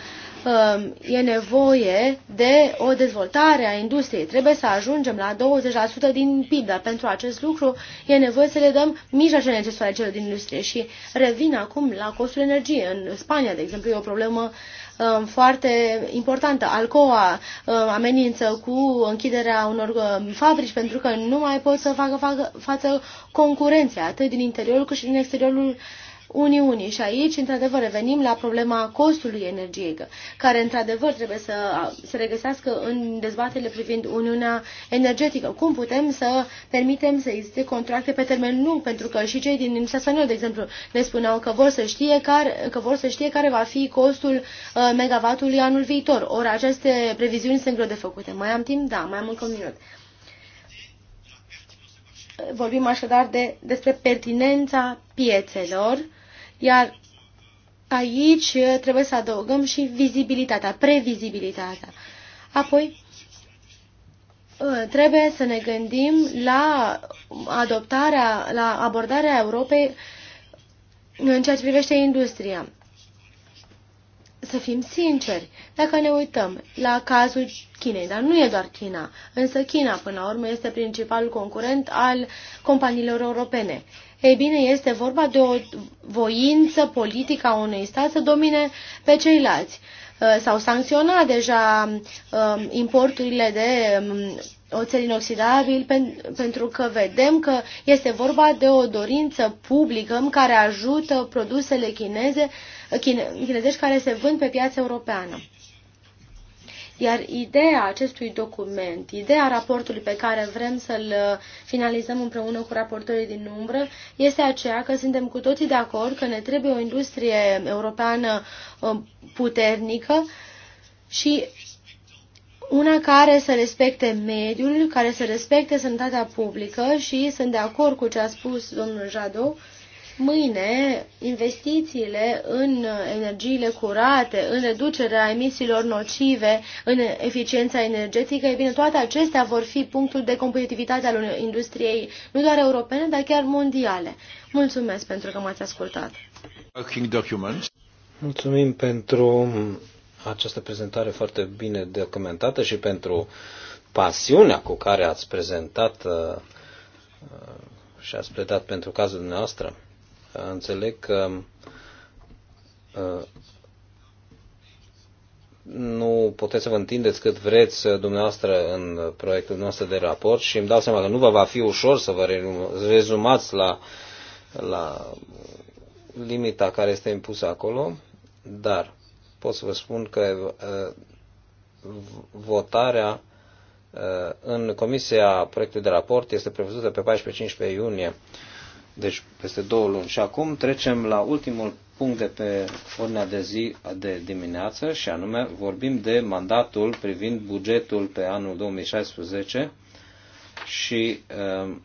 Um, e nevoie de o dezvoltare a industriei. Trebuie să ajungem la 20% din PIB, dar pentru acest lucru e nevoie să le dăm mijloace necesare celor din industrie și revin acum la costul energiei. În Spania, de exemplu, e o problemă um, foarte importantă. Alcoa um, amenință cu închiderea unor fabrici pentru că nu mai pot să facă, facă față concurenței, atât din interiorul cât și din exteriorul uh, Uniunii. Și aici, într-adevăr, revenim la problema costului energiei, care, într-adevăr, trebuie să se regăsească în dezbatele privind Uniunea Energetică. Cum putem să permitem să existe contracte pe termen lung? Pentru că și cei din Sasanel, de exemplu, ne spuneau că vor să știe care, că vor să știe care va fi costul ă, megavatului anul viitor. Ori aceste previziuni sunt greu de făcute. Mai am timp? Da, mai am încă un minut. Vorbim așadar de, despre pertinența piețelor iar aici trebuie să adăugăm și vizibilitatea, previzibilitatea. Apoi, uh, trebuie să ne gândim la adoptarea, la abordarea Europei în ceea ce privește industria. Să fim sinceri, dacă ne uităm la cazul Chinei, dar nu e doar China, însă China până la urmă este principalul concurent al companiilor europene. Ei bine, este vorba de o voință politică a unui stat să domine pe ceilalți. Uh, s-au sancționat deja um, importurile de um, oțel inoxidabil pentru că vedem că este vorba de o dorință publică care ajută produsele chineze, chine, chinezești care se vând pe piața europeană. Iar ideea acestui document, ideea raportului pe care vrem să-l uh, finalizăm împreună cu raportorii din umbră, este aceea că suntem cu toții de acord că ne trebuie o industrie europeană uh, puternică și una care să respecte mediul, care să respecte sănătatea publică și sunt de acord cu ce a spus domnul Jadot, Mâine, investițiile în energiile curate, în reducerea emisiilor nocive, în eficiența energetică, e bine, toate acestea vor fi punctul de competitivitate al industriei, nu doar europene, dar chiar mondiale. Mulțumesc pentru că m-ați ascultat. Mulțumim pentru această prezentare foarte bine documentată și pentru pasiunea cu care ați prezentat uh, uh, și ați predat pentru cazul dumneavoastră. Înțeleg că uh, nu puteți să vă întindeți cât vreți uh, dumneavoastră în proiectul nostru de raport și îmi dau seama că nu vă va fi ușor să vă rezumați la, la limita care este impusă acolo, dar pot să vă spun că uh, votarea în comisia proiectului de raport este prevăzută pe 14-15 iunie deci peste două luni. Și acum trecem la ultimul punct de pe ordinea de zi de dimineață și anume vorbim de mandatul privind bugetul pe anul 2016 și uh,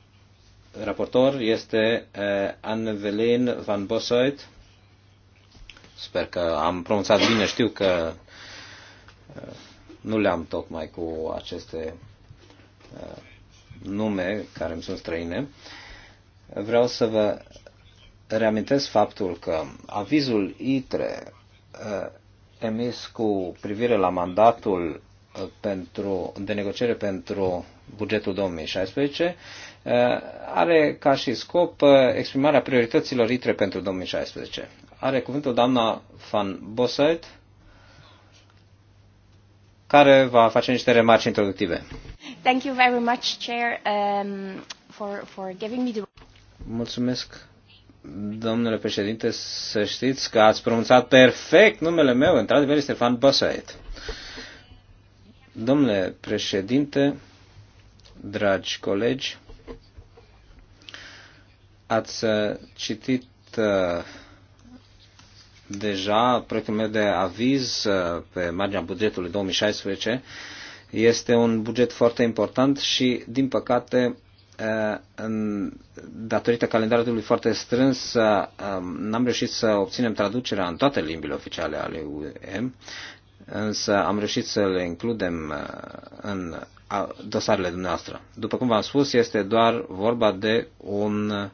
raportor este uh, eh, Anne-Velin van Bosoit. Sper că am pronunțat bine, știu că uh, nu le-am tocmai cu aceste uh, nume care îmi sunt străine. Uh, vreau să vă reamintesc faptul că avizul ITRE uh, emis cu privire la mandatul uh, pentru, de negociere pentru bugetul 2016 uh, are ca și scop exprimarea priorităților ITRE pentru 2016. Are cuvântul doamna Van Bossert, care va face niște remarci introductive. Thank you very much, Chair, um, for, for giving me the... Mulțumesc, domnule președinte, să știți că ați pronunțat perfect numele meu, într-adevăr, Stefan Băsăet. Domnule președinte, dragi colegi, ați citit uh, deja proiectul meu de aviz uh, pe marginea bugetului 2016. Este un buget foarte important și, din păcate, în, datorită calendarului foarte strâns, n-am reușit să obținem traducerea în toate limbile oficiale ale UEM, însă am reușit să le includem în dosarele dumneavoastră. După cum v-am spus, este doar vorba de un,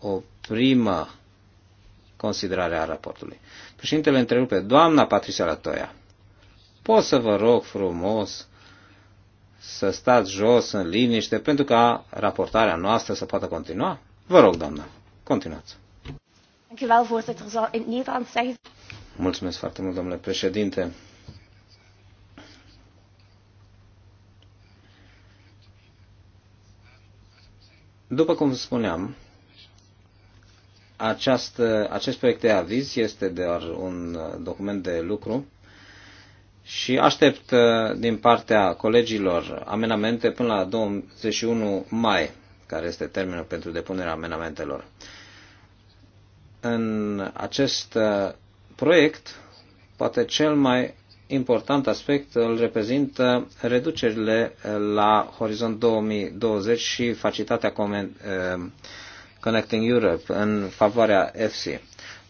o primă considerare a raportului. Președintele întrerupe, doamna Patricia Latoia, pot să vă rog frumos să stați jos în liniște pentru ca raportarea noastră să poată continua? Vă rog, doamnă, continuați. Mulțumesc foarte mult, domnule președinte. După cum spuneam, această, acest proiect de aviz este doar un document de lucru și aștept uh, din partea colegilor amenamente până la 21 mai, care este termenul pentru depunerea amenamentelor. În acest uh, proiect, poate cel mai important aspect îl reprezintă reducerile uh, la Horizont 2020 și facilitatea Connecting Europe în favoarea EFSI.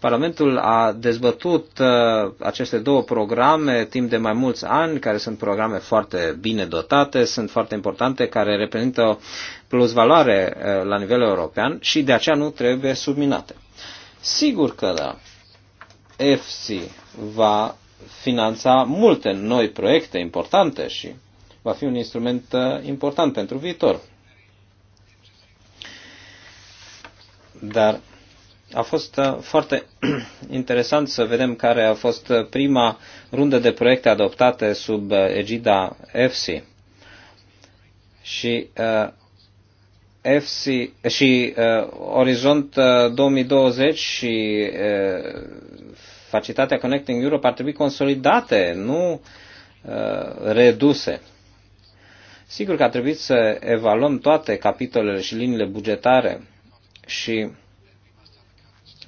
Parlamentul a dezbătut uh, aceste două programe timp de mai mulți ani, care sunt programe foarte bine dotate, sunt foarte importante, care reprezintă o plusvaloare uh, la nivel european și de aceea nu trebuie subminate. Sigur că da, EFSI va finanța multe noi proiecte importante și va fi un instrument uh, important pentru viitor. Dar a fost uh, foarte *clears throat* interesant să vedem care a fost uh, prima rundă de proiecte adoptate sub uh, egida EFSI. Și FC și uh, Orizont 2020 și uh, facilitatea Connecting Europe ar trebui consolidate, nu uh, reduse. Sigur că ar trebui să evaluăm toate capitolele și liniile bugetare și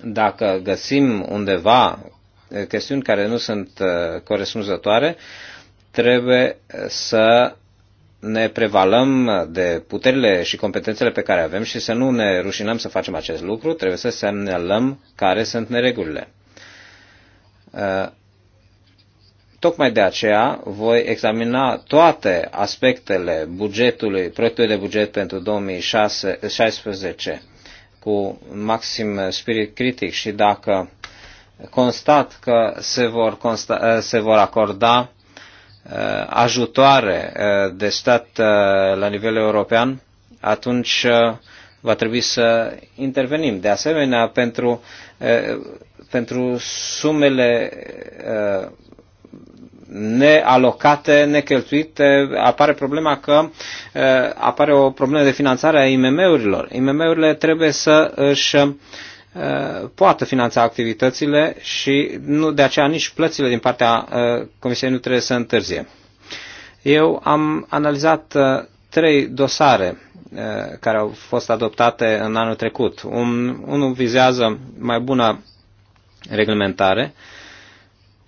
dacă găsim undeva eh, chestiuni care nu sunt eh, corespunzătoare, trebuie eh, să ne prevalăm de puterile și competențele pe care avem și să nu ne rușinăm să facem acest lucru, trebuie să semnalăm care sunt neregulile. Tocmai de aceea voi examina toate aspectele bugetului, proiectului de buget pentru 2016 cu maxim spirit critic și dacă constat că se vor, consta, eh, se vor acorda eh, ajutoare eh, de stat la nivel european, atunci va trebui să intervenim. De asemenea, pentru, pentru sumele nealocate, necheltuite, apare problema că apare o problemă de finanțare a IMM-urilor. IMM-urile trebuie să își poată finanța activitățile și nu de aceea nici plățile din partea Comisiei nu trebuie să întârzie. Eu am analizat trei dosare care au fost adoptate în anul trecut. Un, unul vizează mai bună reglementare,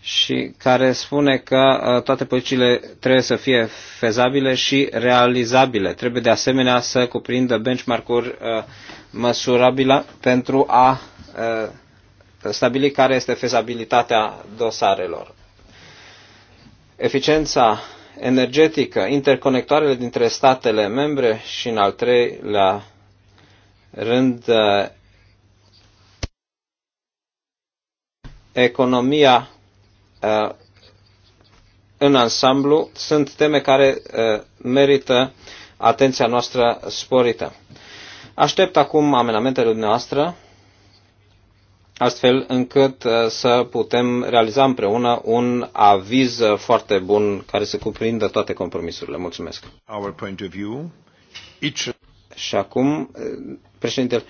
și care spune că uh, toate politicile trebuie să fie fezabile și realizabile. Trebuie de asemenea să cuprindă benchmark-uri uh, măsurabile pentru a uh, stabili care este fezabilitatea dosarelor. Eficiența energetică, interconectoarele dintre statele membre și în al treilea rând economia Uh, în ansamblu sunt teme care uh, merită atenția noastră sporită. Aștept acum amenamentele dumneavoastră, astfel încât uh, să putem realiza împreună un aviz foarte bun care să cuprindă toate compromisurile. Mulțumesc. Our point of view, each... Și acum, președintele,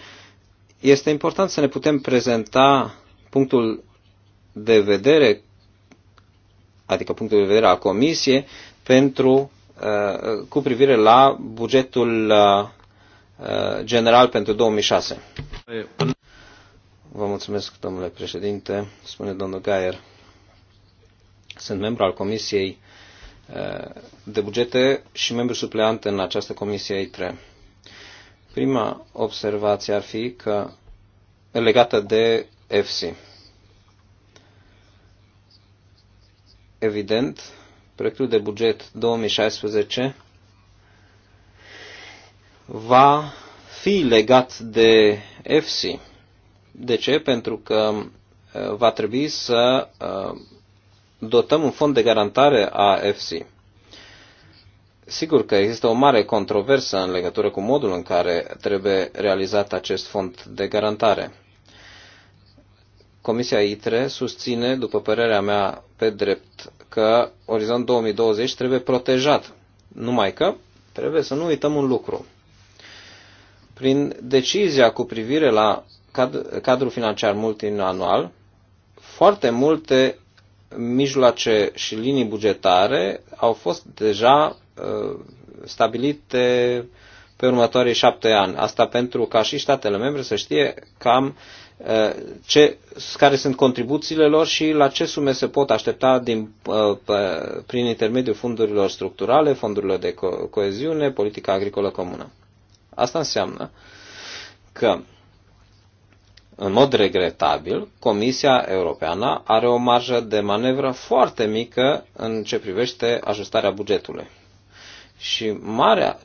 este important să ne putem prezenta punctul de vedere adică punctul de vedere al Comisiei, pentru, uh, cu privire la bugetul uh, general pentru 2006. Vă mulțumesc, domnule președinte, spune domnul Gaier. Sunt membru al Comisiei uh, de bugete și membru supleant în această comisie ITRE. Prima observație ar fi că legată de EFSI. evident, proiectul de buget 2016 va fi legat de EFSI. De ce? Pentru că uh, va trebui să uh, dotăm un fond de garantare a EFSI. Sigur că există o mare controversă în legătură cu modul în care trebuie realizat acest fond de garantare. Comisia ITRE susține, după părerea mea pe drept, că Orizont 2020 trebuie protejat. Numai că trebuie să nu uităm un lucru. Prin decizia cu privire la cadrul financiar multianual, foarte multe mijloace și linii bugetare au fost deja uh, stabilite pe următorii șapte ani. Asta pentru ca și statele membre să știe cam uh, Uh, ce, care sunt contribuțiile lor și la ce sume se pot aștepta din, uh, prin intermediul fondurilor structurale, fondurilor de co- coeziune, politica agricolă comună. Asta înseamnă că, în mod regretabil, Comisia Europeană are o marjă de manevră foarte mică în ce privește ajustarea bugetului. Și marea,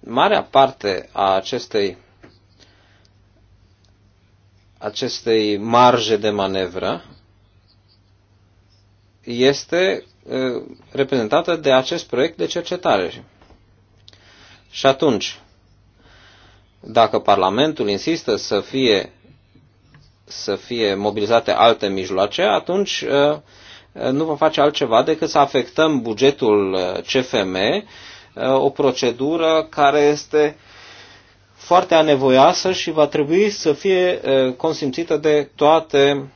marea parte a acestei acestei marje de manevră este reprezentată de acest proiect de cercetare. Și atunci, dacă Parlamentul insistă să fie, să fie mobilizate alte mijloace, atunci nu va face altceva decât să afectăm bugetul CFM, o procedură care este uh, foarte anevoioasă și va trebui să fie consimțită de toate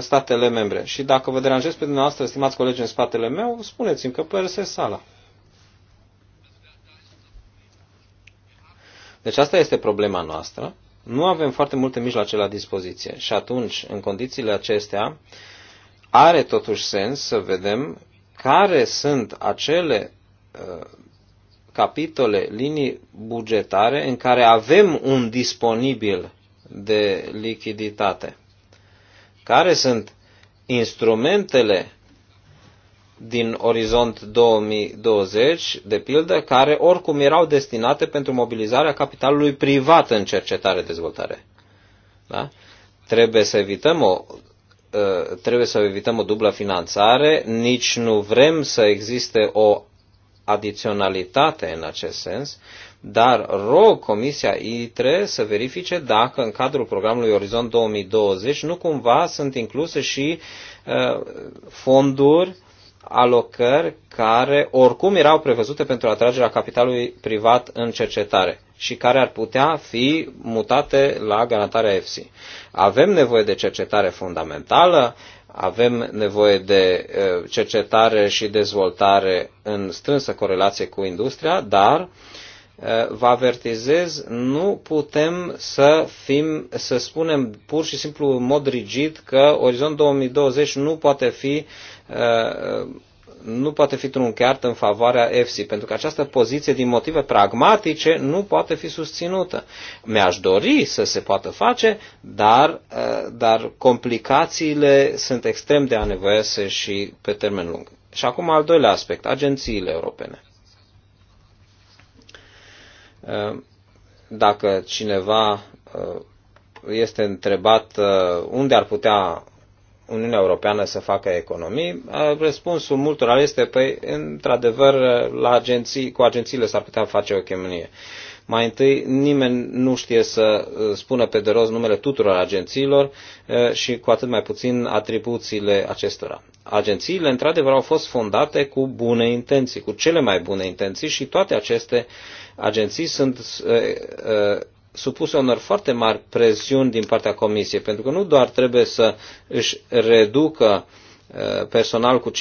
statele membre. Și dacă vă deranjez pe dumneavoastră, stimați colegi în spatele meu, spuneți-mi că părăsesc sala. Deci asta este problema noastră. Nu avem foarte multe mijloace la dispoziție și atunci, în condițiile acestea, are totuși sens să vedem care sunt acele capitole, linii bugetare în care avem un disponibil de lichiditate. Care sunt instrumentele din orizont 2020, de pildă, care oricum erau destinate pentru mobilizarea capitalului privat în cercetare-dezvoltare. Da? Trebuie să evităm o ă, trebuie să evităm o dublă finanțare, nici nu vrem să existe o adiționalitate în acest sens, dar rog Comisia ITRE să verifice dacă în cadrul programului Orizont 2020 nu cumva sunt incluse și uh, fonduri alocări care oricum erau prevăzute pentru atragerea capitalului privat în cercetare și care ar putea fi mutate la garantarea EFSI. Avem nevoie de cercetare fundamentală, avem nevoie de cercetare și dezvoltare în strânsă corelație cu industria, dar vă avertizez, nu putem să, fim, să spunem pur și simplu în mod rigid că Orizont 2020 nu poate fi nu poate fi truncheată în favoarea EFSI, pentru că această poziție din motive pragmatice nu poate fi susținută. Mi-aș dori să se poată face, dar, eh, dar complicațiile sunt extrem de anevoiese și pe termen lung. Și acum al doilea aspect, agențiile europene. Eh, dacă cineva eh, este întrebat unde ar putea Uniunea Europeană să facă economii? Răspunsul multora este, păi, într-adevăr, la agenții, cu agențiile s-ar putea face o economie. Mai întâi, nimeni nu știe să uh, spună pe de roz numele tuturor agențiilor uh, și cu atât mai puțin atribuțiile acestora. Agențiile, într-adevăr, au fost fondate cu bune intenții, cu cele mai bune intenții și toate aceste agenții sunt uh, supuse unor foarte mari presiuni din partea Comisiei, pentru că nu doar trebuie să își reducă uh, personal cu 5%,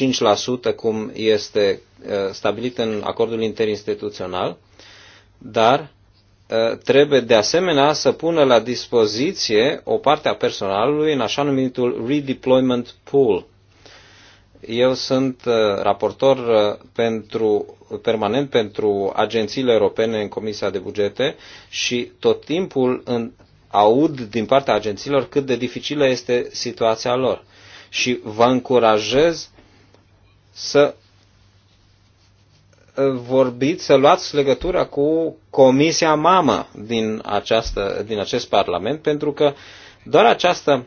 cum este uh, stabilit în acordul interinstituțional, dar uh, trebuie de asemenea să pună la dispoziție o parte a personalului în așa numitul redeployment pool. Eu sunt uh, raportor uh, pentru, permanent pentru agențiile europene în Comisia de Bugete și tot timpul în, aud din partea agențiilor cât de dificilă este situația lor. Și vă încurajez să uh, vorbiți, să luați legătura cu Comisia Mamă din, această, din acest Parlament, pentru că doar această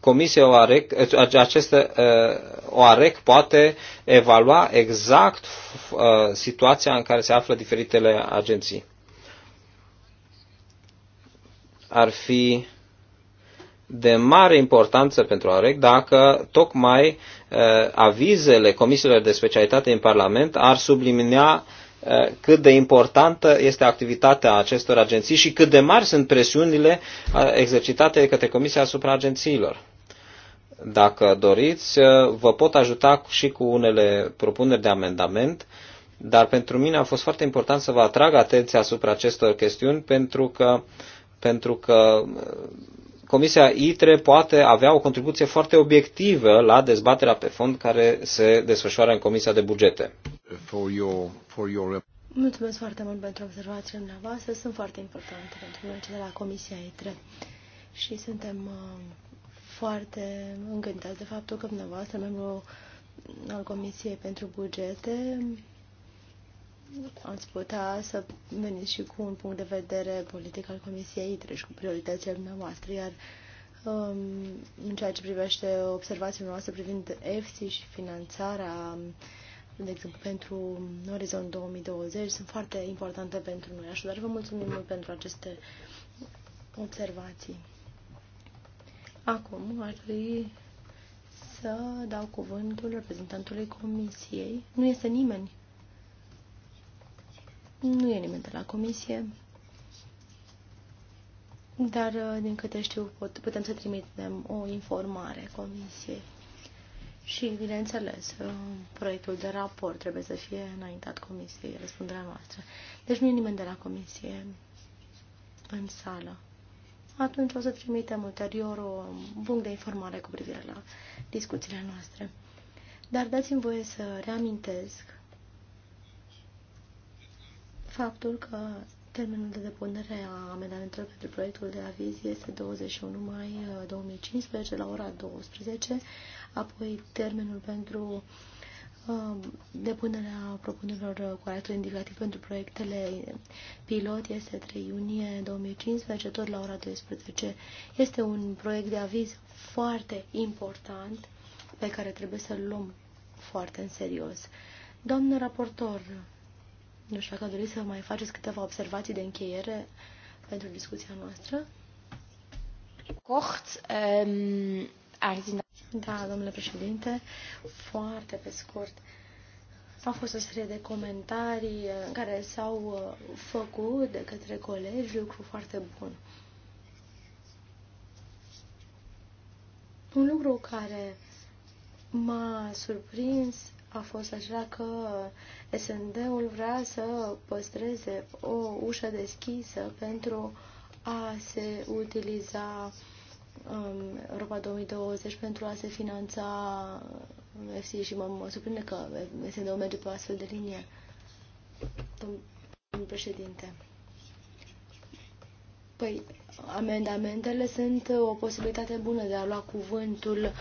Comisia OAREC, această uh, OAREC poate evalua exact uh, situația în care se află diferitele agenții. Ar fi de mare importanță pentru OAREC dacă tocmai uh, avizele comisiilor de specialitate în Parlament ar sublinia cât de importantă este activitatea acestor agenții și cât de mari sunt presiunile uh, exercitate către Comisia asupra agențiilor. Dacă doriți, uh, vă pot ajuta și cu unele propuneri de amendament, dar pentru mine a fost foarte important să vă atrag atenția asupra acestor chestiuni pentru că, pentru că uh, Comisia ITRE poate avea o contribuție foarte obiectivă la dezbaterea pe fond care se desfășoară în Comisia de Bugete. For your, for your... Mulțumesc foarte mult pentru observațiile dumneavoastră, sunt foarte importante pentru noi cei de la Comisia ITRE și suntem uh, foarte încântați de faptul că dumneavoastră, membru al Comisiei pentru Bugete, ați putea să veniți și cu un punct de vedere politic al Comisiei ITRE și cu prioritățile dumneavoastră, iar um, în ceea ce privește observațiile noastre privind EFSI și finanțarea, de exemplu, pentru Orizont 2020, sunt foarte importante pentru noi. Așadar, vă mulțumim mult pentru aceste observații. Acum ar fi să dau cuvântul reprezentantului Comisiei. Nu este nimeni. Nu e nimeni de la comisie. Dar, uh, din câte știu, pot, putem să trimitem o informare comisiei. Și, bineînțeles, uh, proiectul de raport trebuie să fie înaintat comisiei, răspunderea noastră. Deci nu e nimeni de la comisie în sală. Atunci o să trimitem ulterior un punct de informare cu privire la discuțiile noastre. Dar dați-mi voie să reamintesc faptul că termenul de depunere a amendamentelor pentru proiectul de aviz este 21 mai 2015 uh, la ora 12, apoi termenul pentru uh, Depunerea propunerilor cu arătul indicativ pentru proiectele pilot este 3 iunie 2015, tot la ora 12. Este un proiect de aviz foarte important pe care trebuie să-l luăm foarte în serios. Domnul raportor, nu știu dacă doriți să mai faceți câteva observații de încheiere pentru discuția noastră. Cort, um, ehm, Arzina. Da, domnule președinte, foarte pe scurt. Au fost o serie de comentarii eh, care s-au eh, făcut de către colegi, lucru foarte bun. Un lucru care m-a surprins a fost așa că SND-ul vrea să păstreze o ușă deschisă pentru a se utiliza um, Europa 2020 pentru a se finanța uh, FC și mă, mă surprinde că SND-ul merge pe astfel de linie. Domnul președinte. Păi, Amendamentele sunt uh, o posibilitate bună de a lua cuvântul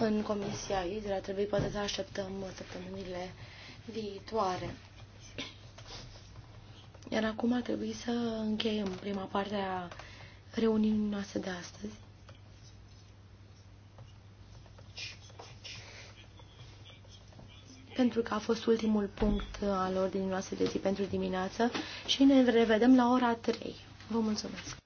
în Comisia Hidra. Trebuie poate să așteptăm săptămânile viitoare. Iar acum ar trebui să încheiem prima parte a reuniunii noastre de astăzi. pentru că a fost ultimul punct uh, al ordinii noastre de zi pentru dimineață și ne revedem la ora 3. Vă mulțumesc!